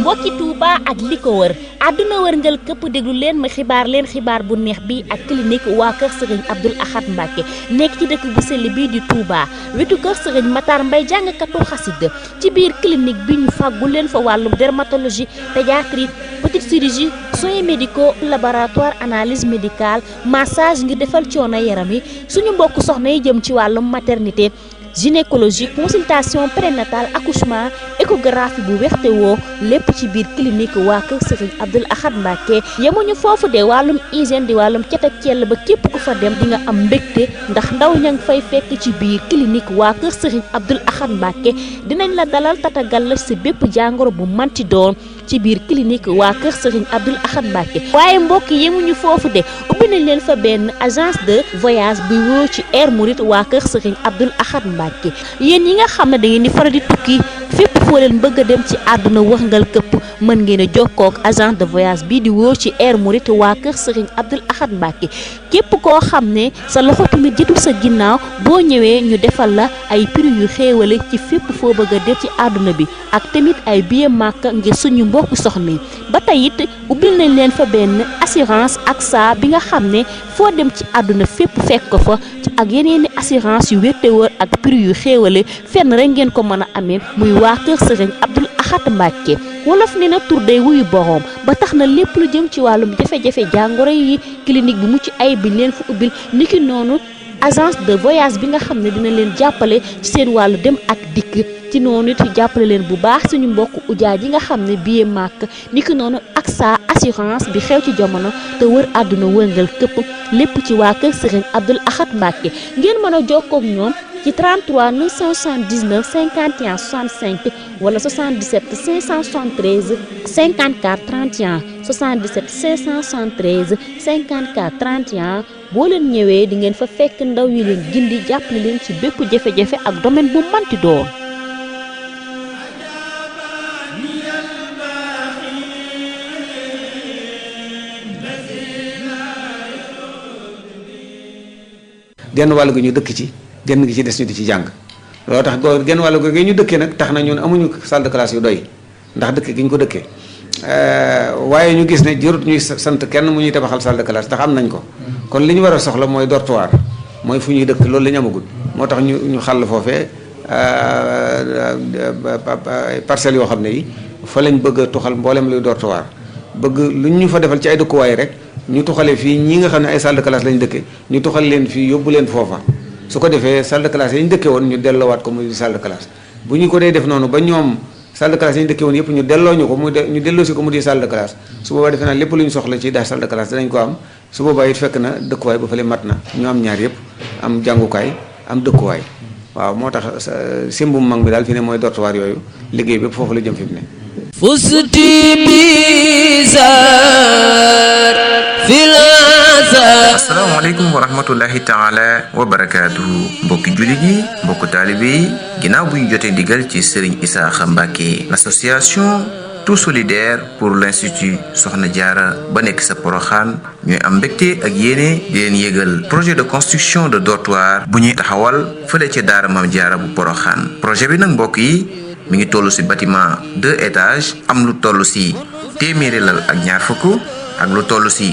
mbokki Touba ak li ko wër àdduna wërngal këpp déglu leen ma xibaar leen xibaar bu neex bi ak clinique waa kër sëriñ Abdoul Ahad Mbacke nekk ci dëkk bu sell bii di Touba wetu kër sëriñ Matar Mbay jàngkatu xasida ci biir clinique bi ñu fàggu leen fa wàllum dermatologie pédiatrie petite chirurgie soins médicaux laboratoire analyse médicale massage ngir defal coono yaram yi suñu mbokk soxna yi jëm ci wàllum maternité gynécologie consultation prénatale accouchement échographie bu weex te woo lépp ci biir clinique waa kër Serigne Abdoul Ahad Mbacké yemuñu foofu de wàllum hygiène di wàllum cet ak cell ba képp ku fa dem dinga am mbégte ndax ndaw ña nga fay fekk ci biir clinique waa kër Serigne abdul Ahad Mbacké dinañ la dalal tatagal si bépp jàngoro bu manti doon ci biir clinique waa kër Serigne Abdoul Ahad Mbacké waaye mbokk yemuñu foofu de ubbi nañ leen fa benn agence de voyage bu wóor ci Air Mouride waa kër Serigne Abdoul Ahad Mbacké yéen yi nga xam ne da ngeen di faral di tukki fépp foo leen bëgg a dem ci àdduna wërngal këpp mën ngeen jokkook agent de voyage bii di wóor ci Air Mouride waa kër Serigne Abdoul Ahad Mbacké képp koo xam ne sa loxo tamit jotul sa ginnaaw boo ñëwee ñu defal la ay prix yu xéewale ci fépp foo bëgg dem ci àdduna bi ak tamit ay billet Makka ngir suñu mbokk soxna yi ba tey it ubbil nañ leen fa benn assurance ak saa bi nga xam ne foo dem ci àdduna fépp fekk ko fa ak yeneen i assurance yu wérte wër ak prix yu xéewale fenn rek ngeen ko mën a amee muy waa kër Sëriñ Abdul Ahad Mbàkke wolof ne na tur day wuyu boroom ba tax na lépp lu jëm ci wàllum jafe-jafe jàngoro yi clinique bi mucc ay biñ leen fa ubbil niki noonu agence de voyage bi nga xam ne dina leen jàppale ci seen wàllu dem ak dikk ci noonu it jàppale leen bu baax suñu mbokk ujaa yi nga xam ne billet màkk ni ki noonu ak sa assurance bi xew ci jamono te wër àdduna wërngal këpp lépp ci waa kër Serigne Abdoul Ahad Mbacke ngeen mën a jokkoog ñoom ci 33 979 51 65 wala 77 573 54 31 77 573 54 boo leen ñëwee di ngeen fa fekk ndaw yi leen jàpp jàppale leen ci bépp jafe-jafe ak domaine bu manti doon. genn wàll gi ñu dëkk ci genn gi ci des ñu di ci jàng loo tax genn wàll gi ñu dëkkee nag tax na ñun amuñu salle de classe yu doy ndax dëkk gi ñu ko dëkkee. Euh, waaye ñu gis ne jërut ñuy sant kenn mu ñuy tabaxal salle de classe am nañ ko kon li ñu war a soxla mooy dortoir mooy fu ñuy dëkk loolu la ñu amagul moo tax ñu ñu xàll foofee euh, euh, parcelles yoo xam ne yi fa lañ bëgg a tuxal mboolem luy dortoir bëgg lu ñu fa defal ci ay dëkkuwaay rek ñu tuxale fii ñi nga xam ne ay salle de classe dëkke ñu tuxal leen fii yóbbu leen foofa su ko defee salle de classe yi dëkke woon ñu dellowaat ko muy salle de bu ñu ko dee def salle de classe yi ñu dëkkee woon yëpp ñu delloo ñu ko mu de ñu delloo si ko mu di salle de classe su boobaa defe naa lépp lu ñu soxla ci daa salle de classe ko am su boobaa it fekk na dëkkuwaay ba fële mat na ñu am ñaar yëpp am jàngukaay am dëkkuwaay waaw moo tax simbum mag bi daal fi ne mooy dortoir yooyu liggéey bépp foofu la jëm fi mu ne fusti bi asalaamaaleykum wa rahmatullahi taala wa barakaatuhu mbokki jullit yi mbokk taalibe yi ginnaaw bu ñu jotee digal ci sëriñ Isaaxa Mbàkke l'association tout solidaire pour l'institut Soxna Jaara ba nekk sa Poroxaan ñooy am mbégte ak yéene di leen yëgal projet de construction de dortoir bu ñuy taxawal fële ca daara Maam Jaara bu Poroxaan projet bi nag mbokk yi mi ngi toll ci bâtiment deux étages am lu toll ci téeméeri lal ak ñaar fukk ak lu toll ci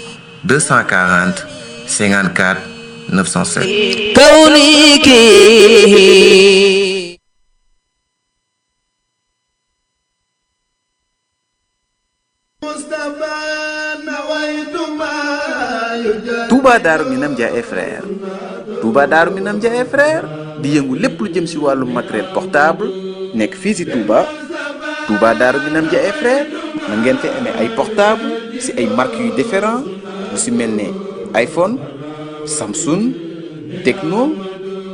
240 54 907 كونيكي Touba Darou Minam Dia et frère Touba Darou Minam Dia et frère di yëngu lépp lu jëm ci wàllu matériel portable nekk fii ci Touba Touba Darou Minam Dia et frère na ngeen fi amee ay portable ci ay marques yu différents lu si mel ni iPhone Samsung Tecno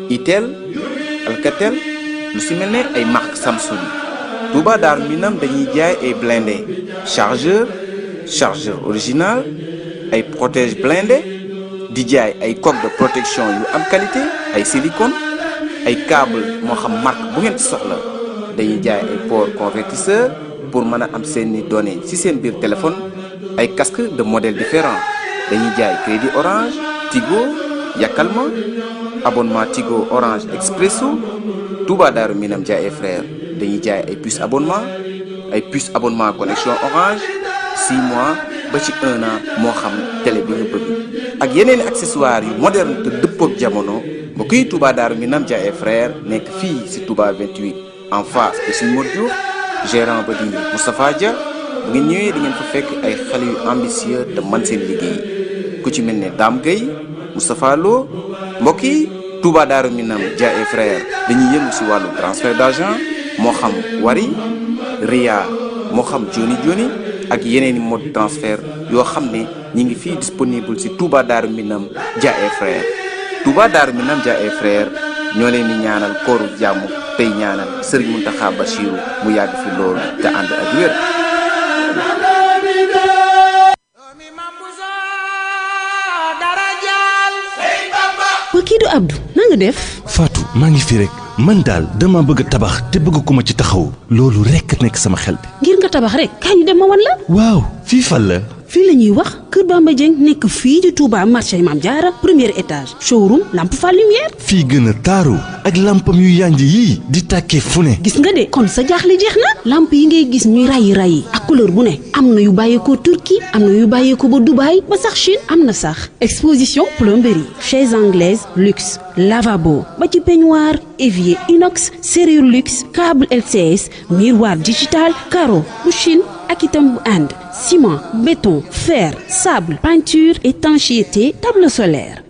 Itel Alcatel lu si mel ne ay marque Samsung Touba Darou Minam dañuy jaay ay blindé chargeur chargeur original ay protège blindé di jaay ay coque de protection yu am qualité ay silicone ay câble moo xam marque bu ngeen soxla dañuy jaay ay port convertisseur pour mën a am seeni données ci seen biir téléphone ay casque de modèles différents dañuy jaay crédit orange Tigo Yakalma abonnement Tigo orange expresso Touba Daaru Minam Jaay et frère dañuy jaay ay puces abonnement ay puces abonnement connexion orange 6 mois ba ci 1 an moo xam tele bi nga bëgg ak yeneen accessoires yu moderne te dëppook jamono mbokk yi Touba Daaru Minam Jaay et frère nekk fii si Touba 28 en face de suñu Modou gérant ba di Moustapha Dia bu ngeen ñëwee di ngeen fa fekk ay xale yu ambitieux te man seen liggéey ku ci mel ne Dame Gueye Moustapha Lo mbokk yi Touba Darou Minam Dia et frère dañuy yëngu si wàllu transfert d'argent moo xam Wari Ria moo xam Joni Joni ak yeneen i mode yoo xam ne ñi ngi fi disponible si Touba Darou Minam Dia et frère Touba mi nam Dia et frère ñoo leen di ñaanal kooru jàmm tey ñaanal Serigne Mountakha Bachirou mu yàgg fi loolu te ànd ak waa kii du def. Fatou maa ngi fi rek man daal dama bëgg a tabax te bëgg ku ma ci taxaw loolu rek nekk sama xel bi. ngir nga tabax rek kaay dem ma wan la. waaw fii fan la. fii la ñuy wax Kër Bamba nekk fii ci Touba marché Mame Diarra première étage showroom lampe fa lumière. fii gën a taaru ak lampam yu yànj yii di tàkkee fu ne. gis nga de kon sa jaaxle jeex na lamp yi ngay gis ñuy rayi rayi ak couleur bu ne am na yu bàyyeekoo Turquie am na yu bàyyeekoo ba Dubaï ba sax Chine am na sax exposition plomberie chaise anglaise luxe lavabo ba ci peignoir évier inox serrure luxe câble LCS miroir digital carreau bu ak itam bu Inde. ciment béton fer sable peinture étanchéité table solaire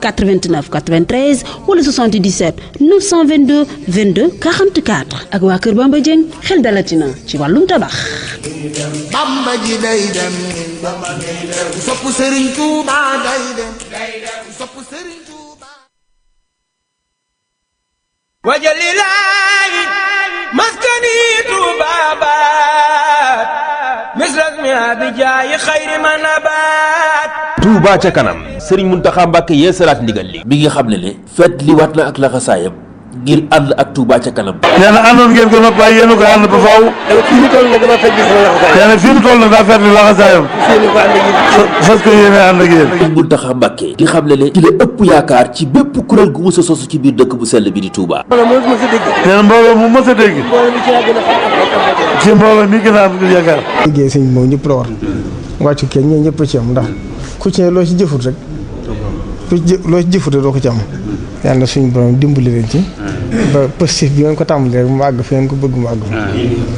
89 93 ci wàllum tabax. maskani Touba baat misras abijaayi xayri ma nabaat. Touba ca kanam sëriñ Muntaxa Mbàkke yee salaat ndigal li mi ngi xam ne ni feet li waat na ak laxasaayam ngir ànd ak Touba ca kanam nee na àndoon ngeen ko nag waaye yéen a ko ànd ba faaw mu toll nag daa fekk ak xam ne ne ci bépp kuréel gu mës ci biir dëkk bu sell bi di Touba nee mu mës a dégg ci mbooloo mi gën a am yaakaar liggéey sëñ ñëpp ci am ndax ku ci loo ci jëfut rek ku ci loo ci jëfut doo ko ci am yàlla na suñu borom dimbali leen ci ba positif bi ngeen ko tàmbali rek mu àgg fi ngeen ko bëgg mu àgg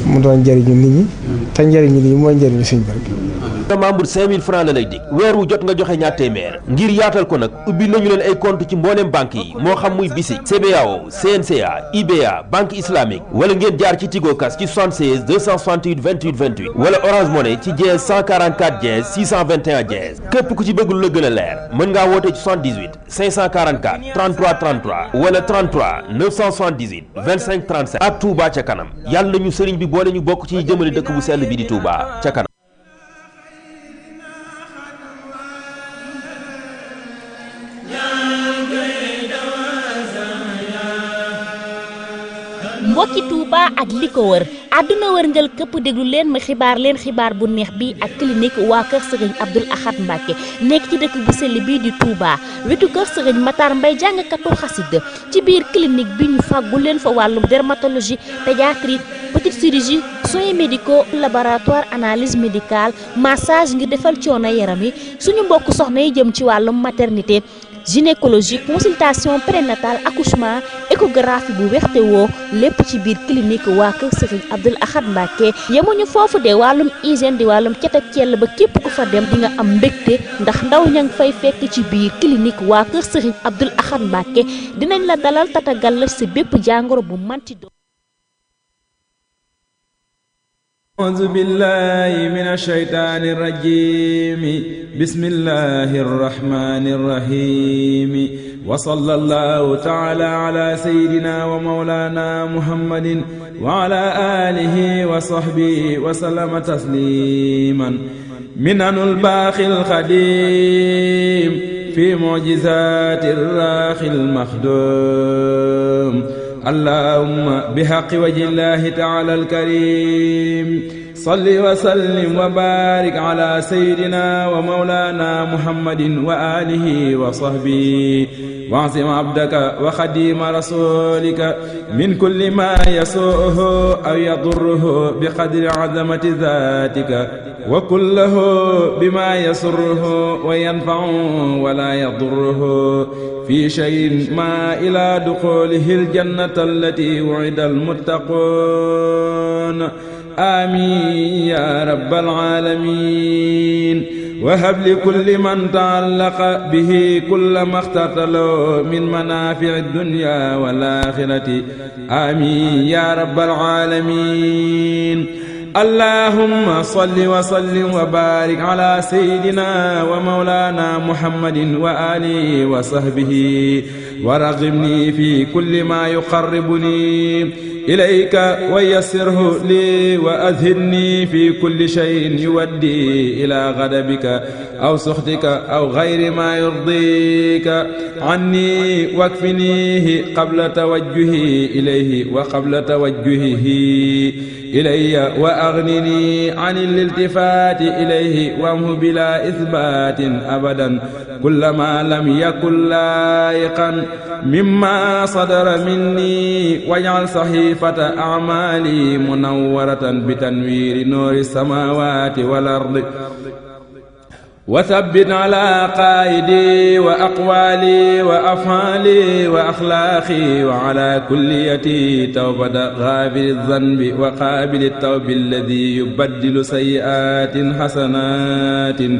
mu doon njëriñu nit ñi te njëriñu nit ñi mooy njëriñu suñu borom te membre 5000 francs la lay dig weer wu jot nga joxe ñaar téeméer ngir yaatal ko nag ubbi nañu leen ay compte ci mbooleem banque yi moo xam muy BICIC CBAO CNCA IBA banque islamique wala ngeen jaar ci Tigo Cash ci 76 268 28 28 wala Orange Money ci dièse 144 dièse 621 dièse képp ku ci bëgg lu la gën a leer mën ngaa woote ci 78 544 33 ak Touba ca kanam yàlla nañu sëriñ bi boole ñu bokk ci jëmale dëkk bu sell bi di Touba ca kanam mbokki Touba ak li ko wër àdduna wërngal këpp déglu leen ma xibaar leen xibaar bu neex bi ak clinique waa kër sëriñ Abdoul Ahad Mbacke nekk ci dëkk bu sell bii di Touba wetu kër sëriñ Matar Mbay jàngkatu xasida ci biir clinique bi ñu fàggu leen fa wàllum dermatologie pédiatrie petite chirurgie soins médicaux laboratoire analyse médicale massage ngir defal coono yaram yi suñu mbokk soxna yi jëm ci wàllum maternité gynécologie consultation prénatale accouchement échographie bu wexte woo lépp ci biir clinique waa kër Serigne Abdoul Ahad Mbacké yemuñu foofu de wàllum hygiène di wàllum cet ak cell ba képp ku fa dem dinga am mbégte ndax ndaw ña ngi fay fekk ci biir clinique waa kër Serigne Abdoul Ahad Mbacké dinañ la dalal tatagal si bépp jàngoro bu manti doon أعوذ بالله من الشيطان الرجيم بسم الله الرحمن الرحيم وصلى الله تعالى على سيدنا ومولانا محمد وعلى آله وصحبه وسلم تسليما منن الباخي الخديم في معجزات الراخي المخدوم allahumma bi haqqi wajhi llahi ta'ala al-karim salli wa sallim wa baarik ala sayyidina wa mawlaana muhammadin wa alihi wa sahbihi waasim abdaka wa xadiima rasulika min kulli ma yasuuhu aw yadurruhu bi qadri azamati zaatika wa kullahu bima yasurruhu wa yanfa'uhu wa laa yadurruhu fi shay'in ma ilaa duxuulihi aljannata allati wu'ida almuttaquun آمين يا رب العالمين وهب لكل من تعلق به كل ما اخترت له من منافع الدنيا والآخرة آمين يا رب العالمين اللهم صل وسلم وبارك على سيدنا ومولانا محمد وآله وصحبه ورغمني في كل ما يقربني ilayka wa yassirhu lii wa adhirni fi kulli shay'in yuwaddi ila ghadabika aw suxtika aw ghayri ma yurdika anni wakfinihi qabla tawajjuhi ilayhi wa qabla tawajjuhihi ilayya wa aghnini an al-iltifati ilayhi wamhu bila ithbatin abadan kullama lam yakun layiqan mimma sadara minni waj'al sahih latiifata amaali munawwaratan bi tanwiiri nuuri samaawaati wal ardi wa sabbit alaa qaayidi wa aqwaali wa afaali wa axlaaqi wa alaa kulliyati tawbata xaafiri zanbi wa qaabili tawbi alladi yubaddilu sayyi'aatin xasanaatin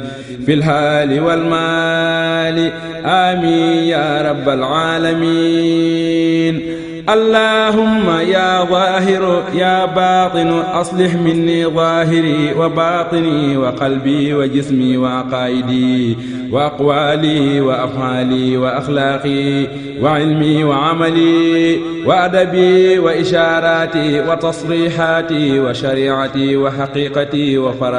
fil haali wal maali aamiin yaa rabbal aalamiin اللهم يا ظاهر يا باطن أصلح مني ظاهري وباطني وقلبي وجسمي وعقائدي وأقوالي وأفعالي وأخلاقي وعلمي وعملي وأدبي وإشاراتي وتصريحاتي وشريعتي وحقيقتي وفرائضي